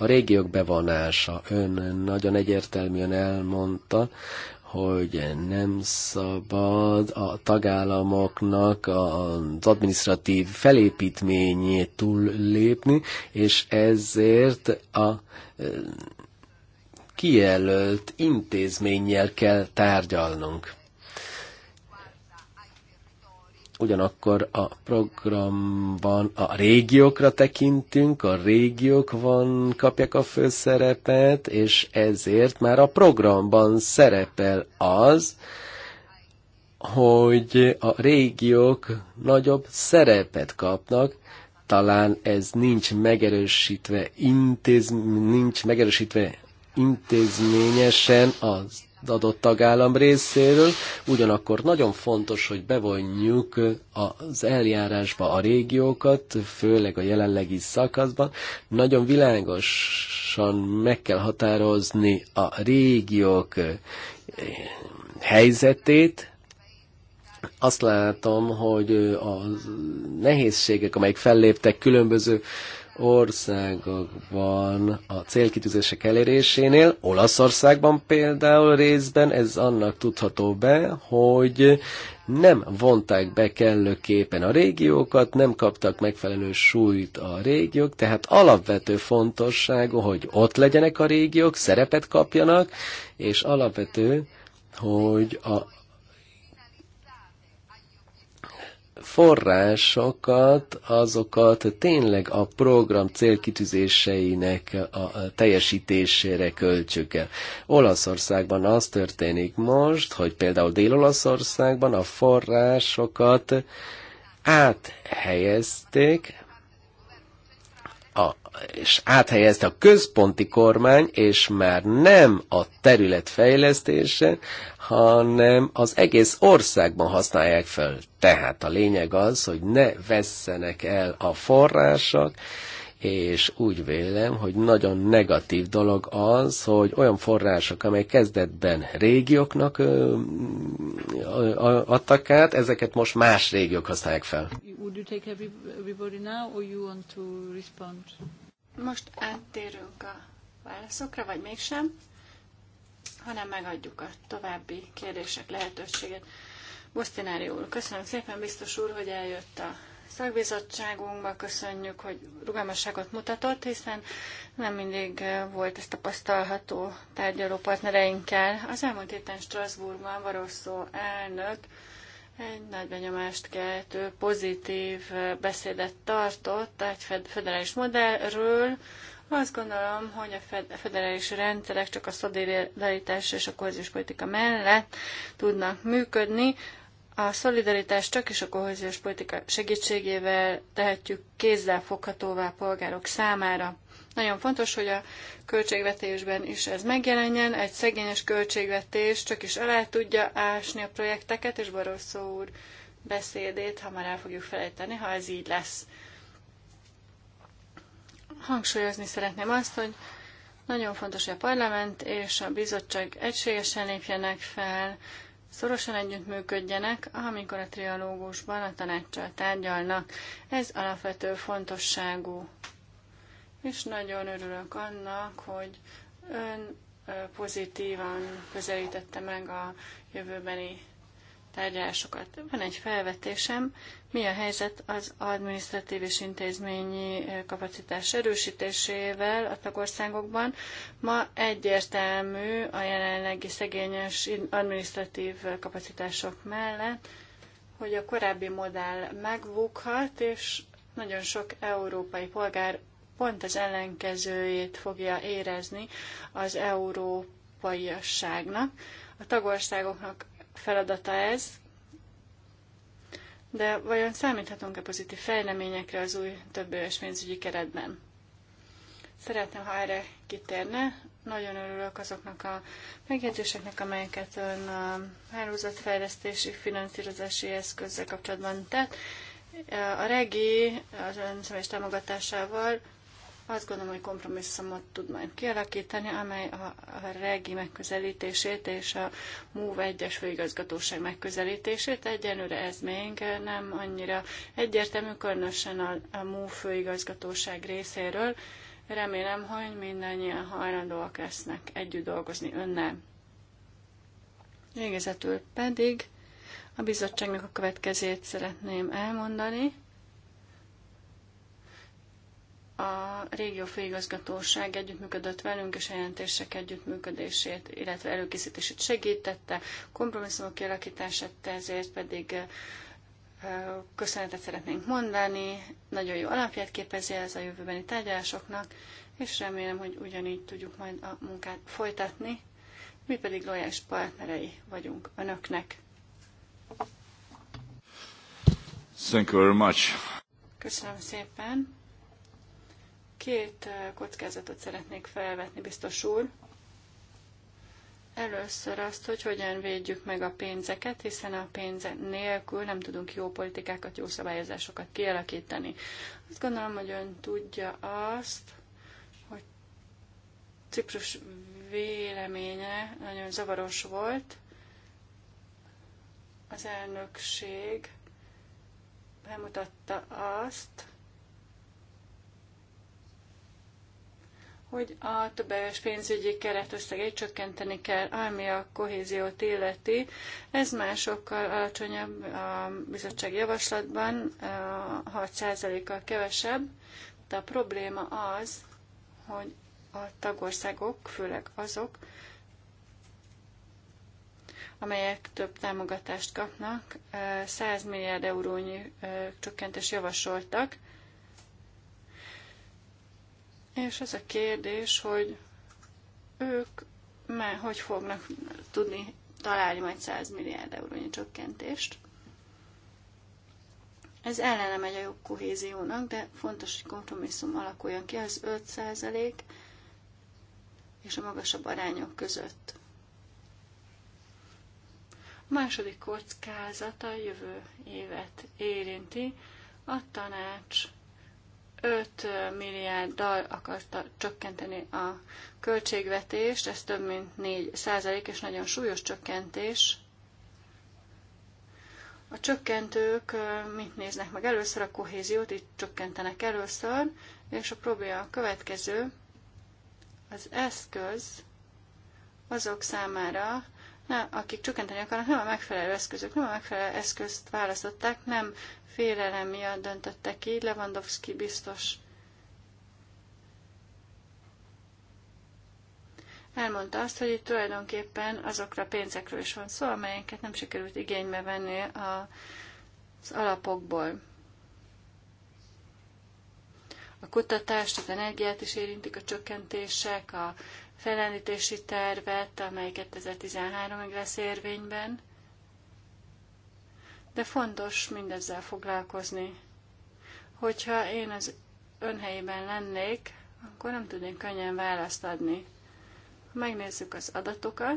a régiók bevonása. Ön nagyon egyértelműen elmondta, hogy nem szabad a tagállamoknak az adminisztratív felépítményét túllépni, és ezért a kijelölt intézménnyel kell tárgyalnunk ugyanakkor a programban a régiókra tekintünk, a régiók van, kapják a főszerepet, és ezért már a programban szerepel az, hogy a régiók nagyobb szerepet kapnak, talán ez nincs megerősítve, intéz, nincs megerősítve intézményesen az adott tagállam részéről, ugyanakkor nagyon fontos, hogy bevonjuk az eljárásba a régiókat, főleg a jelenlegi szakaszban. Nagyon világosan meg kell határozni a régiók eh, helyzetét, azt látom, hogy eh, a nehézségek, amelyek felléptek különböző országokban a célkitűzések elérésénél, Olaszországban például részben ez annak tudható be, hogy nem vonták be kellőképpen a régiókat, nem kaptak megfelelő súlyt a régiók, tehát alapvető fontosságú, hogy ott legyenek a régiók, szerepet kapjanak, és alapvető, hogy a forrásokat, azokat tényleg a program célkitűzéseinek a teljesítésére költsük el. Olaszországban az történik most, hogy például Dél-Olaszországban a forrásokat áthelyezték és áthelyezte a központi kormány, és már nem a terület fejlesztése, hanem az egész országban használják fel. Tehát a lényeg az, hogy ne vesszenek el a források, és úgy vélem, hogy nagyon negatív dolog az, hogy olyan források, amely kezdetben régióknak ö, ö, adtak át, ezeket most más régiók használják fel. Would you take most áttérünk a válaszokra, vagy mégsem, hanem megadjuk a további kérdések lehetőséget. Bosztinári úr, köszönöm szépen, biztos úr, hogy eljött a szakbizottságunkba, köszönjük, hogy rugalmasságot mutatott, hiszen nem mindig eh, volt ezt tapasztalható tárgyaló partnereinkkel. Az elmúlt héten Strasbourgban Varosszó elnök egy nagy benyomást keltő, pozitív beszédet tartott egy federális modellről. Azt gondolom, hogy a federális rendszerek csak a szolidaritás és a kohéziós politika mellett tudnak működni. A szolidaritást csak is a kohéziós politika segítségével tehetjük kézzel foghatóvá polgárok számára. Nagyon fontos, hogy a költségvetésben is ez megjelenjen. Egy szegényes költségvetés csak is alá tudja ásni a projekteket, és Barosszó úr beszédét hamar el fogjuk felejteni, ha ez így lesz. Hangsúlyozni szeretném azt, hogy nagyon fontos, hogy a parlament és a bizottság egységesen lépjenek fel, szorosan együttműködjenek, amikor a trialógusban a tanácssal tárgyalnak. Ez alapvető fontosságú és nagyon örülök annak, hogy ön pozitívan közelítette meg a jövőbeni tárgyalásokat. Van egy felvetésem, mi a helyzet az administratív és intézményi kapacitás erősítésével a tagországokban. Ma egyértelmű a jelenlegi szegényes administratív kapacitások mellett, hogy a korábbi modell megbukhat, és nagyon sok európai polgár pont az ellenkezőjét fogja érezni az európaiasságnak. A tagországoknak feladata ez, de vajon számíthatunk-e pozitív fejleményekre az új többéves pénzügyi keretben? Szeretném, ha erre kitérne. Nagyon örülök azoknak a megjegyzéseknek, amelyeket ön a hálózatfejlesztési finanszírozási eszközzel kapcsolatban tett. A regi az ön személyes támogatásával azt gondolom, hogy kompromisszumot tud majd kialakítani, amely a, a regi megközelítését és a MÚV egyes főigazgatóság megközelítését. Egyenlőre ez még nem annyira egyértelmű, különösen a, a MÚV főigazgatóság részéről. Remélem, hogy mindannyian hajlandóak lesznek együtt dolgozni önnel. Végezetül pedig a bizottságnak a következőt szeretném elmondani a régió főigazgatóság együttműködött velünk, és a jelentések együttműködését, illetve előkészítését segítette, kompromisszumok kialakítását, ezért pedig köszönetet szeretnénk mondani, nagyon jó alapját képezi ez a jövőbeni tárgyalásoknak, és remélem, hogy ugyanígy tudjuk majd a munkát folytatni, mi pedig lojális partnerei vagyunk önöknek. Thank you very much. Köszönöm szépen. Két kockázatot szeretnék felvetni, biztos úr. Először azt, hogy hogyan védjük meg a pénzeket, hiszen a pénz nélkül nem tudunk jó politikákat, jó szabályozásokat kialakítani. Azt gondolom, hogy ön tudja azt, hogy Ciprus véleménye nagyon zavaros volt. Az elnökség bemutatta azt, hogy a többes pénzügyi keretösszegét csökkenteni kell, ami a kohéziót illeti. Ez már sokkal alacsonyabb a bizottság javaslatban, 6%-kal kevesebb, de a probléma az, hogy a tagországok, főleg azok, amelyek több támogatást kapnak, 100 milliárd eurónyi csökkentés javasoltak, és ez a kérdés, hogy ők már hogy fognak tudni találni majd 100 milliárd eurónyi csökkentést. Ez ellene megy a jobb kohéziónak, de fontos, hogy kompromisszum alakuljon ki az 5% és a magasabb arányok között. A második kockázata jövő évet érinti. A tanács 5 milliárddal akarta csökkenteni a költségvetést, ez több mint 4 százalék, és nagyon súlyos csökkentés. A csökkentők mit néznek meg először? A kohéziót itt csökkentenek először, és a probléma a következő, az eszköz azok számára, ne, akik csökkenteni akarnak, nem a megfelelő eszközök, nem a megfelelő eszközt választották, nem félelem miatt döntöttek így, Lewandowski biztos elmondta azt, hogy itt tulajdonképpen azokra a pénzekről is van szó, amelyeket nem sikerült igénybe venni a, az alapokból. A kutatást, az energiát is érintik a csökkentések, a felelítési tervet, amely 2013-ig lesz érvényben, de fontos mindezzel foglalkozni. Hogyha én az önhelyében lennék, akkor nem tudnék könnyen választ adni. Ha megnézzük az adatokat,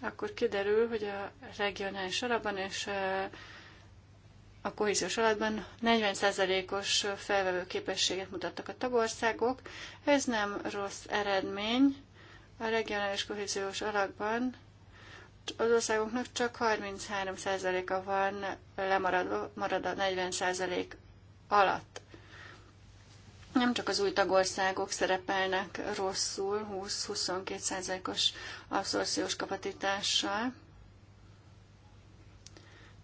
akkor kiderül, hogy a regionális alapban és a kohéziós alatban 40%-os felvevő képességet mutattak a tagországok. Ez nem rossz eredmény. A regionális kohéziós alakban az országoknak csak 33%-a van lemaradva, marad a 40% alatt. Nem csak az új tagországok szerepelnek rosszul 20-22%-os abszorciós kapacitással,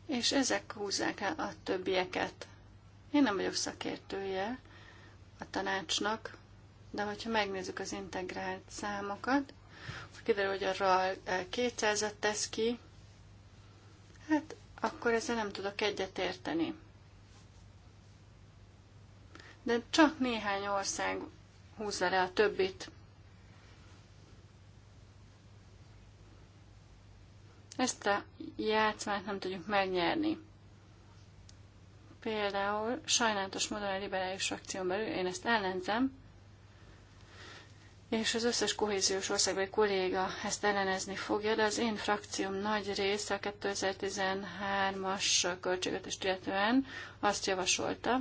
és ezek húzzák el a többieket. Én nem vagyok szakértője a tanácsnak, de hogyha megnézzük az integrált számokat, akkor kiderül, hogy a RAL 200-at eh, tesz ki, hát akkor ezzel nem tudok egyet érteni. De csak néhány ország húzza le a többit. Ezt a játszmát nem tudjuk megnyerni. Például sajnálatos módon a liberális frakción belül én ezt ellenzem, és az összes kohéziós országbeli kolléga ezt ellenezni fogja, de az én frakcióm nagy része a 2013-as költségvetést illetően azt javasolta,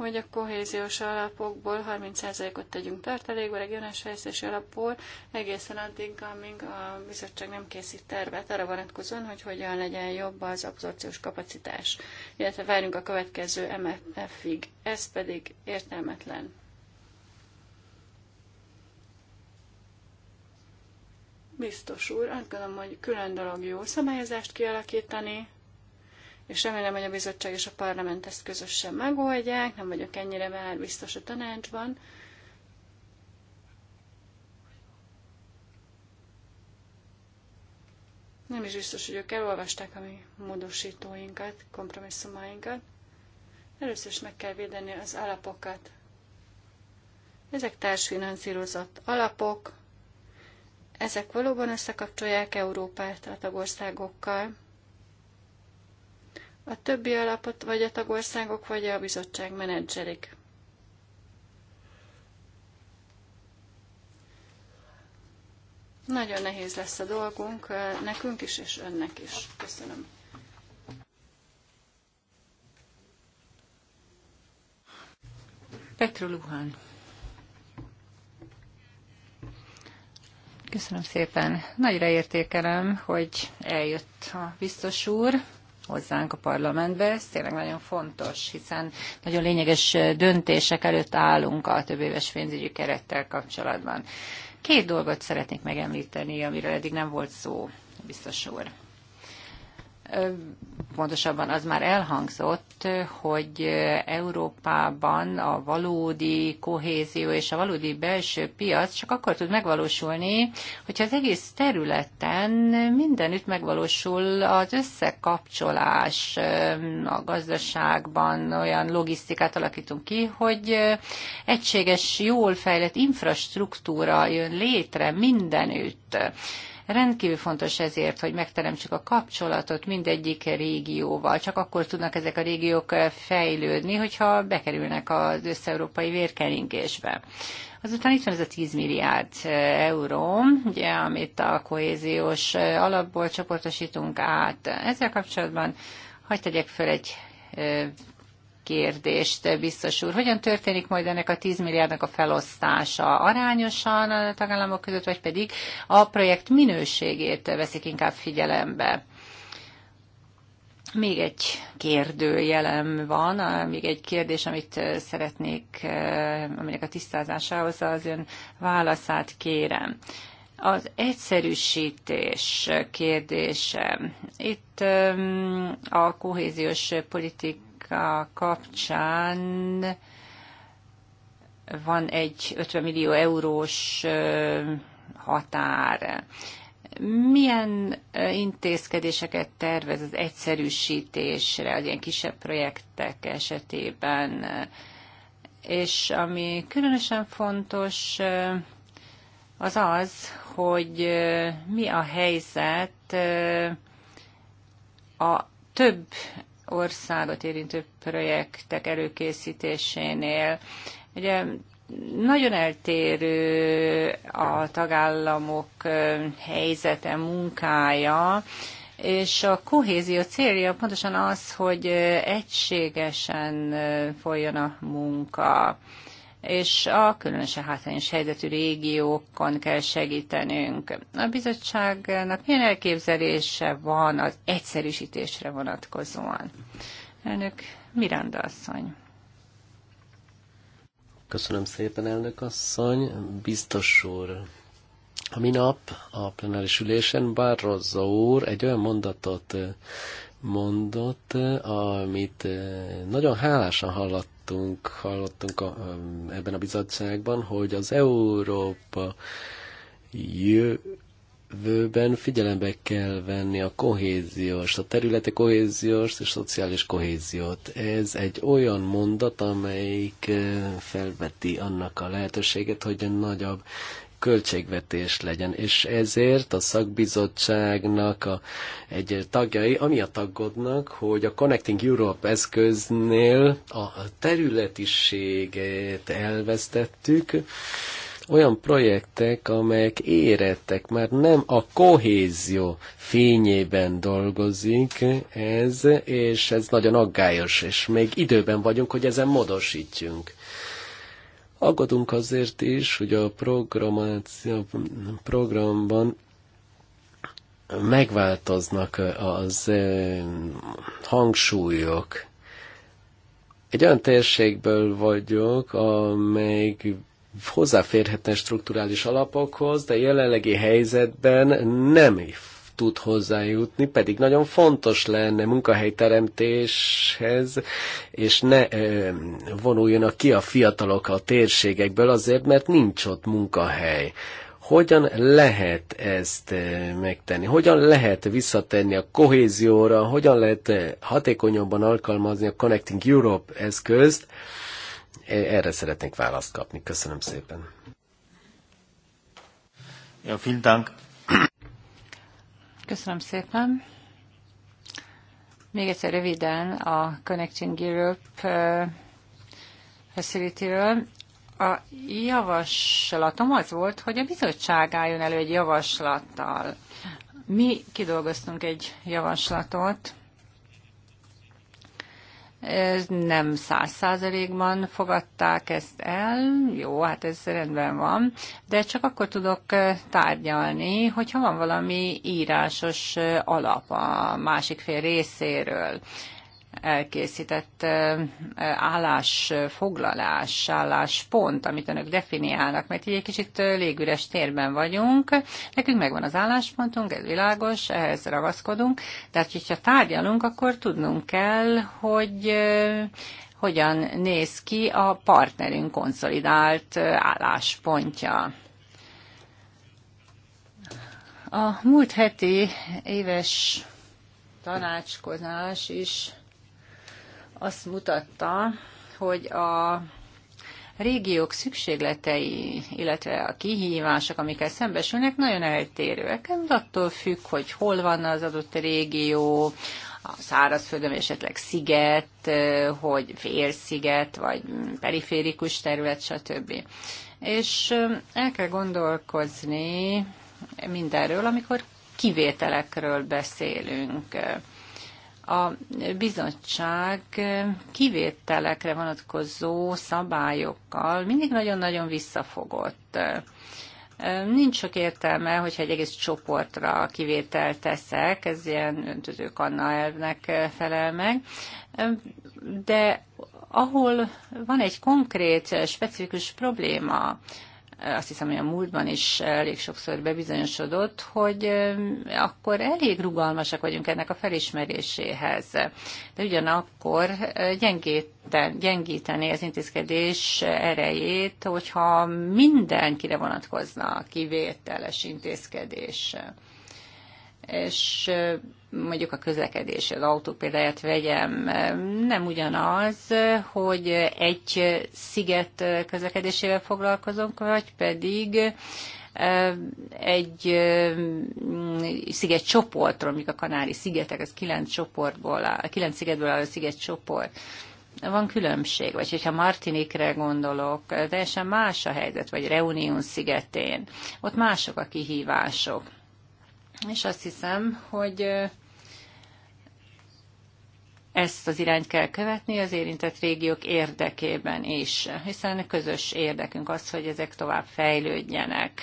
hogy a kohéziós alapokból 30%-ot tegyünk tartalékba, regionális fejlesztési alapból, egészen addig, amíg a bizottság nem készít tervet arra vonatkozóan, hogy hogyan legyen jobb az abszorciós kapacitás, illetve várjunk a következő MFF-ig. Ez pedig értelmetlen. Biztos úr, azt gondolom, hogy külön dolog jó szabályozást kialakítani, és remélem, hogy a bizottság és a parlament ezt közösen megoldják, nem vagyok ennyire már biztos a tanácsban. Nem is biztos, hogy ők elolvasták a mi módosítóinkat, kompromisszumainkat. Először is meg kell védeni az alapokat. Ezek társfinanszírozott alapok, ezek valóban összekapcsolják Európát a tagországokkal, a többi alapot vagy a tagországok, vagy a bizottság menedzserik. Nagyon nehéz lesz a dolgunk, eh, nekünk is, és önnek is. Köszönöm. Petro Luhán. Köszönöm szépen. Nagyra értékelem, hogy eljött a biztos úr hozzánk a parlamentbe, ez tényleg nagyon fontos, hiszen nagyon lényeges döntések előtt állunk a több éves pénzügyi kerettel kapcsolatban. Két dolgot szeretnék megemlíteni, amiről eddig nem volt szó, biztos úr pontosabban az már elhangzott, hogy Európában a valódi kohézió és a valódi belső piac csak akkor tud megvalósulni, hogyha az egész területen mindenütt megvalósul az összekapcsolás a gazdaságban, olyan logisztikát alakítunk ki, hogy egységes, jól fejlett infrastruktúra jön létre mindenütt. Rendkívül fontos ezért, hogy megteremtsük a kapcsolatot mindegyik régióval. Csak akkor tudnak ezek a régiók fejlődni, hogyha bekerülnek az összeurópai vérkeringésbe. Azután itt van ez a 10 milliárd eh, euró, ugye, amit a kohéziós eh, alapból csoportosítunk át. Ezzel kapcsolatban hagyd tegyek föl egy eh, kérdést, biztos úr. Hogyan történik majd ennek a 10 milliárdnak a felosztása? Arányosan a tagállamok között, vagy pedig a projekt minőségét veszik inkább figyelembe? Még egy kérdőjelem van, még egy kérdés, amit szeretnék, aminek a tisztázásához az ön válaszát kérem. Az egyszerűsítés kérdése. Itt um, a kohéziós politik politika kapcsán van egy 50 millió eurós határ. Milyen intézkedéseket tervez az egyszerűsítésre az ilyen kisebb projektek esetében? És ami különösen fontos, az az, hogy mi a helyzet a több országot érintő projektek előkészítésénél. Ugye nagyon eltérő a tagállamok helyzete, munkája, és a kohézió célja pontosan az, hogy egységesen folyjon a munka és a különösen hátrányos helyzetű régiókon kell segítenünk. A bizottságnak milyen elképzelése van az egyszerűsítésre vonatkozóan? Elnök Miranda asszony. Köszönöm szépen, elnök asszony. Biztos úr, a minap a plenáris ülésen Barroso úr egy olyan mondatot eh, mondott, eh, amit eh, nagyon hálásan hallott hallottunk, hallottunk a, ebben a bizottságban, hogy az Európa jövőben figyelembe kell venni a kohéziós, a területi kohéziós és szociális kohéziót. Ez egy olyan mondat, amelyik eh, felveti annak a lehetőséget, hogy nagyobb költségvetés legyen, és ezért a szakbizottságnak a, egy tagjai amiatt aggódnak, hogy a Connecting Europe eszköznél a területiséget elvesztettük, olyan projektek, amelyek érettek, már nem a kohézió fényében dolgozik ez, és ez nagyon aggályos, és még időben vagyunk, hogy ezen modosítjunk. Aggadunk azért is, hogy a, programáció, programban megváltoznak az eh, hangsúlyok. Egy olyan térségből vagyok, amelyik hozzáférhetne strukturális alapokhoz, de jelenlegi helyzetben nem tud hozzájutni, pedig nagyon fontos lenne munkahelyteremtéshez, és ne ö, vonuljanak ki a fiatalok a térségekből azért, mert nincs ott munkahely. Hogyan lehet ezt megtenni? Hogyan lehet visszatenni a kohézióra? Hogyan lehet hatékonyabban alkalmazni a Connecting Europe eszközt? Erre szeretnék választ kapni. Köszönöm szépen. Ja, vielen Dank. Köszönöm szépen. Még egyszer röviden a Connecting Europe eh, facility -ről. A javaslatom az volt, hogy a bizottság álljon elő egy javaslattal. Mi kidolgoztunk egy javaslatot, nem száz százalékban fogadták ezt el, jó, hát ez rendben van, de csak akkor tudok tárgyalni, hogyha van valami írásos alap a másik fél részéről elkészített állásfoglalás, álláspont, amit önök definiálnak, mert így egy kicsit légüres térben vagyunk. Nekünk megvan az álláspontunk, ez világos, ehhez ragaszkodunk, de hogyha tárgyalunk, akkor tudnunk kell, hogy hogyan néz ki a partnerünk konszolidált álláspontja. A múlt heti éves tanácskozás is azt mutatta, hogy a régiók szükségletei, illetve a kihívások, amikkel szembesülnek, nagyon eltérőek. Ez attól függ, hogy hol van az adott régió, a szárazföldön esetleg sziget, hogy félsziget, vagy periférikus terület, stb. És el kell gondolkozni mindenről, amikor kivételekről beszélünk a bizottság kivételekre vonatkozó szabályokkal mindig nagyon-nagyon visszafogott. Nincs sok értelme, hogyha egy egész csoportra kivételt teszek, ez ilyen öntöző kanna elvnek felel meg, de ahol van egy konkrét, specifikus probléma, azt hiszem, hogy a múltban is elég sokszor bebizonyosodott, hogy akkor elég rugalmasak vagyunk ennek a felismeréséhez. De ugyanakkor gyengíteni az intézkedés erejét, hogyha mindenkire vonatkozna a kivételes intézkedés. És mondjuk a közlekedés, az autó példáját vegyem, nem ugyanaz, hogy egy sziget közlekedésével foglalkozunk, vagy pedig egy sziget csoportról, mondjuk a Kanári szigetek, ez kilenc csoportból, a kilenc szigetből áll a sziget csoport. Van különbség, vagy hogyha Martinikre gondolok, teljesen más a helyzet, vagy Reunion szigetén, ott mások a kihívások. És azt hiszem, hogy ezt az irányt kell követni az érintett régiók érdekében is, hiszen közös érdekünk az, hogy ezek tovább fejlődjenek.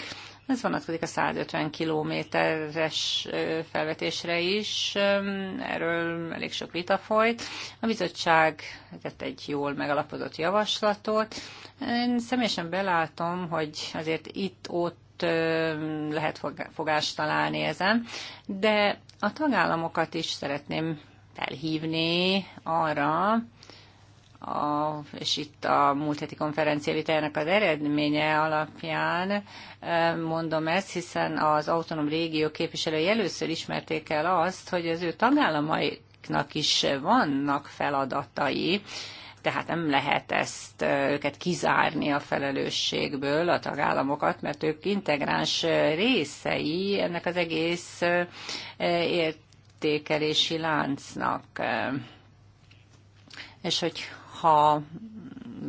Ez vonatkozik a 150 kilométeres felvetésre is, erről elég sok vita folyt. A bizottság tett egy jól megalapozott javaslatot. Én személyesen belátom, hogy azért itt-ott lehet fogást találni ezen, de a tagállamokat is szeretném felhívni arra, a, és itt a múlt heti konferencia az eredménye alapján mondom ezt, hiszen az autonóm régió képviselői először ismerték el azt, hogy az ő tagállamaiknak is vannak feladatai, tehát nem lehet ezt őket kizárni a felelősségből, a tagállamokat, mert ők integráns részei ennek az egész ért értékelési láncnak. És hogy ha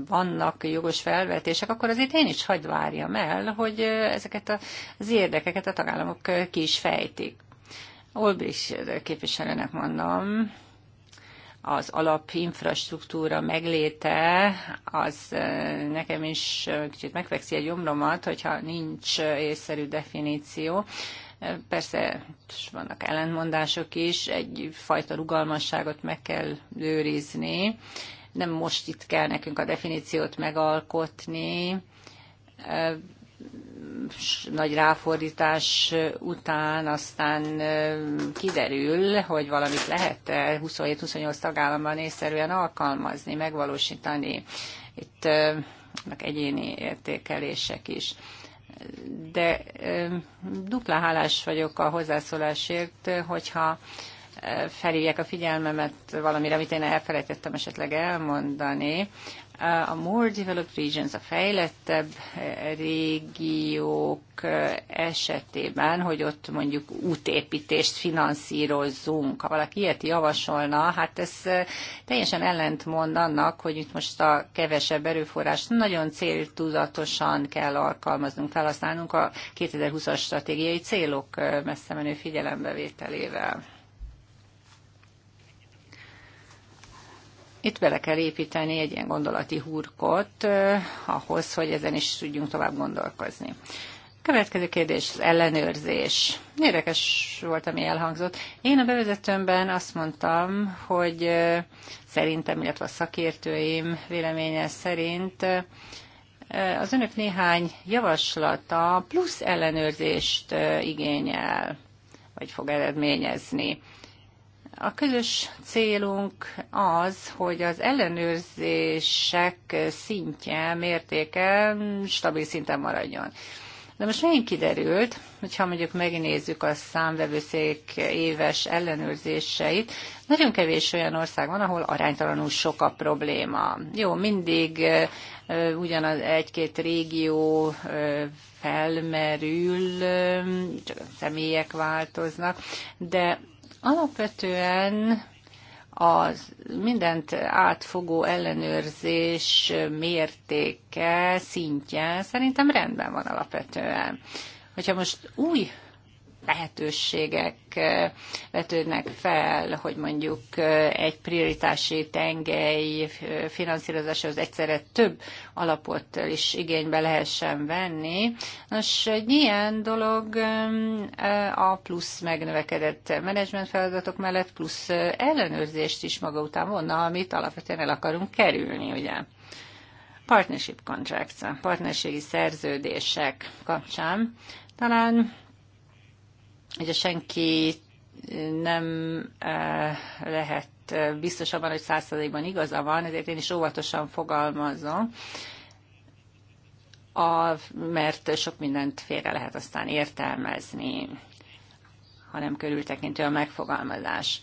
vannak jogos felvetések, akkor azért én is hagyd várjam el, hogy ezeket az érdekeket a tagállamok ki is fejtik. Olbrich képviselőnek mondom, az alapinfrastruktúra megléte, az eh, nekem is kicsit megfekszi egy gyomromat, hogyha nincs észszerű definíció. Persze vannak ellentmondások is, egyfajta rugalmasságot meg kell őrizni. Nem most itt kell nekünk a definíciót megalkotni, nagy ráfordítás után aztán kiderül, hogy valamit lehet 27-28 -e tagállamban észszerűen alkalmazni, megvalósítani. Itt vannak egyéni értékelések is de dupla hálás vagyok a hozzászólásért, hogyha felhívják a figyelmemet valamire, amit én elfelejtettem esetleg elmondani. A more developed regions, a fejlettebb régiók esetében, hogy ott mondjuk útépítést finanszírozzunk, ha valaki ilyet javasolna, hát ez teljesen ellentmond annak, hogy itt most a kevesebb erőforrás nagyon céltudatosan kell alkalmaznunk, felhasználnunk a 2020-as stratégiai célok messze menő figyelembevételével. Itt bele kell építeni egy ilyen gondolati hurkot ahhoz, hogy ezen is tudjunk tovább gondolkozni. Következő kérdés az ellenőrzés. Érdekes volt, ami elhangzott. Én a bevezetőmben azt mondtam, hogy szerintem, illetve a szakértőim véleménye szerint az önök néhány javaslata plusz ellenőrzést igényel, vagy fog eredményezni. A közös célunk az, hogy az ellenőrzések szintje, mértéke stabil szinten maradjon. De most megint kiderült, hogyha mondjuk megnézzük a számvevőszék éves ellenőrzéseit, nagyon kevés olyan ország van, ahol aránytalanul sok a probléma. Jó, mindig ugyanaz egy-két régió felmerül, csak a személyek változnak, de Alapvetően a mindent átfogó ellenőrzés mértéke, szintje szerintem rendben van alapvetően. Hogyha most új lehetőségek vetődnek fel, hogy mondjuk egy prioritási tengely finanszírozáshoz egyszerre több alapot is igénybe lehessen venni. Nos, egy ilyen dolog a plusz megnövekedett menedzsment feladatok mellett plusz ellenőrzést is maga után vonna, amit alapvetően el akarunk kerülni, ugye? Partnership contracts, partnerségi szerződések kapcsán talán ugye senki nem lehet biztos abban, hogy százszerzékben igaza van, ezért én is óvatosan fogalmazom, a, mert sok mindent félre lehet aztán értelmezni, ha nem körültekintő a megfogalmazás.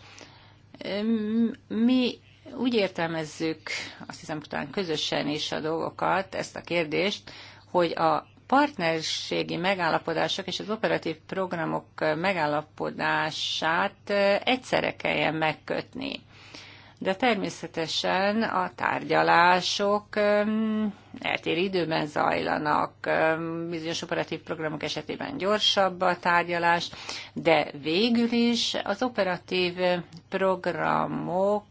Mi úgy értelmezzük, azt hiszem, talán közösen is a dolgokat, ezt a kérdést, hogy a partnerségi megállapodások és az operatív programok megállapodását egyszerre kelljen megkötni. De természetesen a tárgyalások eltérő időben zajlanak, bizonyos operatív programok esetében gyorsabb a tárgyalás, de végül is az operatív programok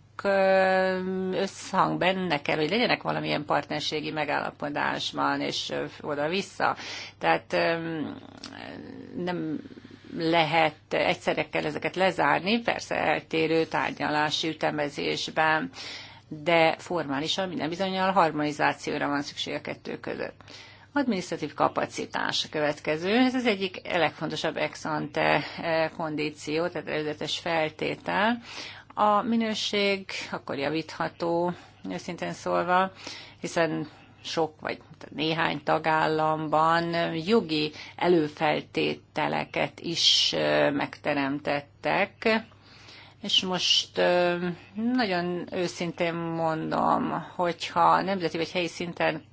összhangban ne kell, hogy legyenek valamilyen partnerségi megállapodásban, és oda-vissza. Tehát nem lehet egyszerre kell ezeket lezárni, persze eltérő tárgyalási ütemezésben, de formálisan minden bizonyal harmonizációra van szükség a kettő között. Administratív kapacitás a következő. Ez az egyik legfontosabb ex ante eh, kondíció, tehát előzetes feltétel. A minőség akkor javítható, őszintén szólva, hiszen sok vagy néhány tagállamban jogi előfeltételeket is megteremtettek. És most nagyon őszintén mondom, hogyha nemzeti vagy helyi szinten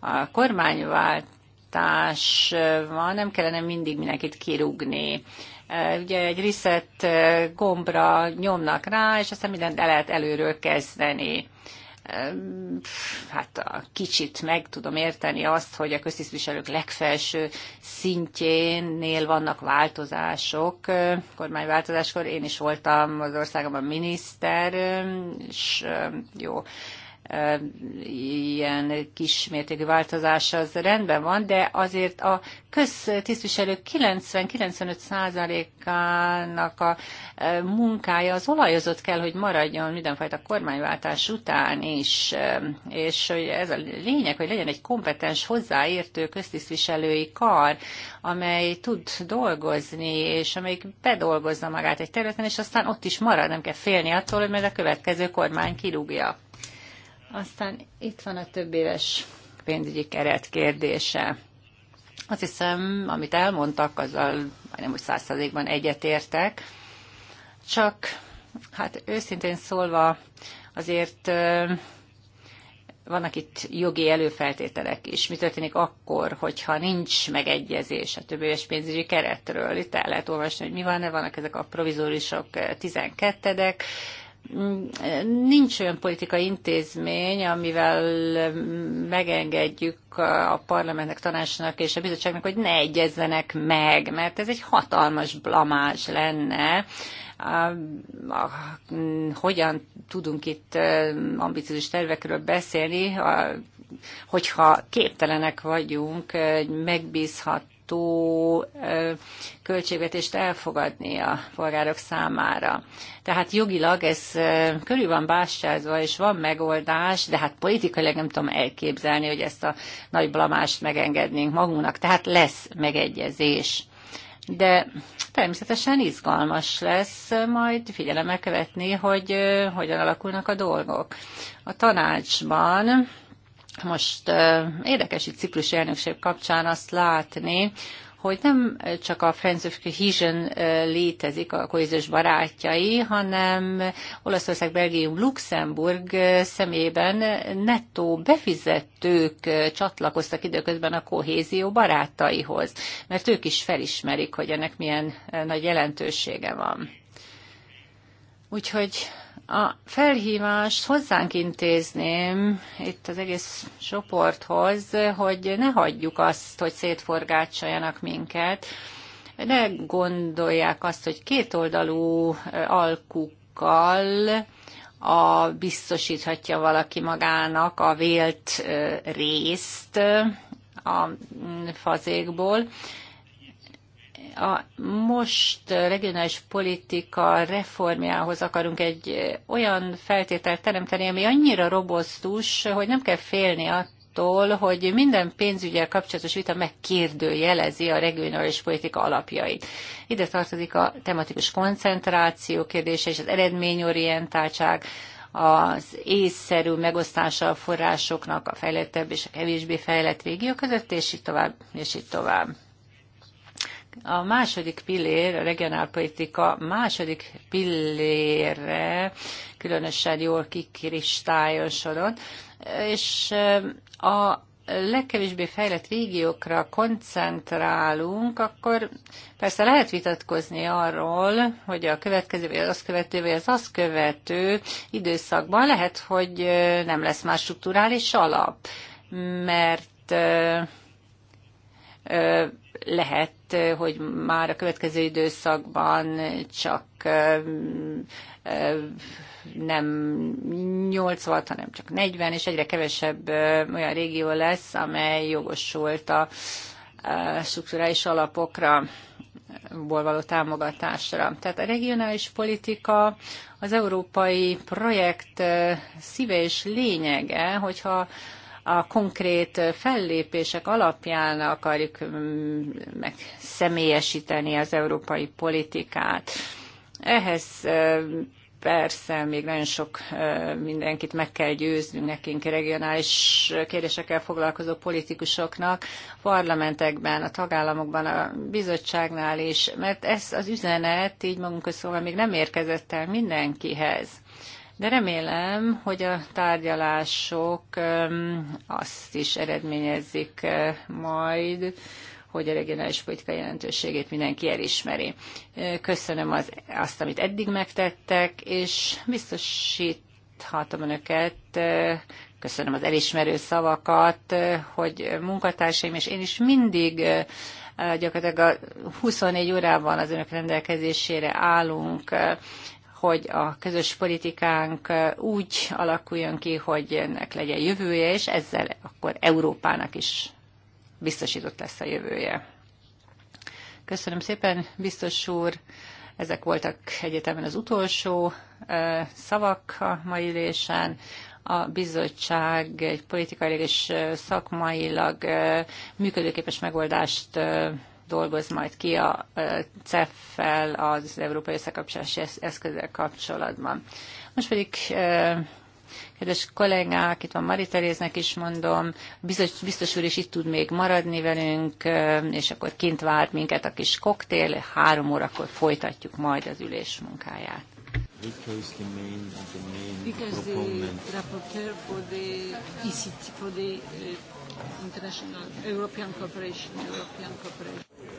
a kormányváltás van, nem kellene mindig mindenkit kirúgni. Ugye egy reset gombra nyomnak rá, és aztán mindent el lehet előről kezdeni hát a kicsit meg tudom érteni azt, hogy a köztisztviselők legfelső szintjénél vannak változások, kormányváltozáskor én is voltam az országomban miniszter, és jó, ilyen kismértékű változás az rendben van, de azért a köztisztviselők 90-95%-ának a munkája az olajozott kell, hogy maradjon mindenfajta kormányváltás után is, és hogy ez a lényeg, hogy legyen egy kompetens, hozzáértő köztisztviselői kar, amely tud dolgozni, és amelyik bedolgozza magát egy területen, és aztán ott is marad, nem kell félni attól, hogy majd a következő kormány kirúgja. Aztán itt van a több éves pénzügyi keret kérdése. Azt hiszem, amit elmondtak, azzal majdnem úgy százszerzékban egyetértek. Csak, hát őszintén szólva, azért vannak itt jogi előfeltételek is. Mi történik akkor, hogyha nincs megegyezés a több éves pénzügyi keretről? Itt el lehet olvasni, hogy mi van, vannak ezek a provizórisok 12-edek, nincs olyan politikai intézmény, amivel megengedjük a parlamentnek, tanácsnak és a bizottságnak, hogy ne egyezzenek meg, mert ez egy hatalmas blamás lenne. Hogyan tudunk itt ambiciózus tervekről beszélni, hogyha képtelenek vagyunk egy megbízhat méltó költségvetést elfogadni a polgárok számára. Tehát jogilag ez körül van bástyázva, és van megoldás, de hát politikailag nem tudom elképzelni, hogy ezt a nagy blamást megengednénk magunknak. Tehát lesz megegyezés de természetesen izgalmas lesz majd figyelemmel követni, hogy hogyan alakulnak a dolgok. A tanácsban most érdekes itt ciprusi elnökség kapcsán azt látni, hogy nem csak a Friends of Cohesion létezik, a kohéziós barátjai, hanem Olaszország, Belgium, Luxemburg szemében nettó befizetők csatlakoztak időközben a kohézió barátaihoz, mert ők is felismerik, hogy ennek milyen nagy jelentősége van. Úgyhogy a felhívást hozzánk intézném, itt az egész csoporthoz, hogy ne hagyjuk azt, hogy szétforgácsoljanak minket, ne gondolják azt, hogy kétoldalú alkukkal a biztosíthatja valaki magának a vélt részt a fazékból a most regionális politika reformjához akarunk egy olyan feltételt teremteni, ami annyira robosztus, hogy nem kell félni attól, hogy minden pénzügyel kapcsolatos vita megkérdőjelezi a regionális politika alapjait. Ide tartozik a tematikus koncentráció kérdése és az eredményorientáltság, az észszerű megosztása a forrásoknak a fejlettebb és a kevésbé fejlett régió között, és így tovább, és így tovább a második pillér, a regionálpolitika második pillére különösen jól kikristályosodott, és a legkevésbé fejlett régiókra koncentrálunk, akkor persze lehet vitatkozni arról, hogy a következő, vagy az azt követő, vagy az azt követő időszakban lehet, hogy nem lesz más strukturális alap, mert lehet, hogy már a következő időszakban csak eh, nem 8 volt, hanem csak 40, és egyre kevesebb eh, olyan régió lesz, amely jogosult a eh, strukturális alapokra való támogatásra. Tehát a regionális politika az európai projekt szíve és lényege, hogyha a konkrét fellépések alapján akarjuk mm, meg személyesíteni az európai politikát. Ehhez persze még nagyon sok mindenkit meg kell győznünk nekünk regionális kérdésekkel foglalkozó politikusoknak, parlamentekben, a tagállamokban, a bizottságnál is, mert ez az üzenet így magunk szóval még nem érkezett el mindenkihez de remélem, hogy a tárgyalások azt is eredményezik majd, hogy a regionális politika jelentőségét mindenki elismeri. Köszönöm az, azt, amit eddig megtettek, és biztosíthatom önöket, köszönöm az elismerő szavakat, hogy munkatársaim és én is mindig gyakorlatilag a 24 órában az önök rendelkezésére állunk, hogy a közös politikánk úgy alakuljon ki, hogy ennek legyen jövője, és ezzel akkor Európának is biztosított lesz a jövője. Köszönöm szépen, biztos úr! Ezek voltak egyetemen az utolsó szavak a mai ülésen. A bizottság egy politikailag és szakmailag működőképes megoldást dolgoz majd ki a CEF-fel, az Európai Összekapcsolási Eszközzel kapcsolatban. Most pedig kedves kollégák, itt van Mari Teréznek is mondom, biztos, biztos úr is itt tud még maradni velünk, és akkor kint vár minket a kis koktél, három órakor folytatjuk majd az ülés munkáját. Because the main, the main Because proponent. the rapporteur for the for the uh, international European cooperation, European cooperation.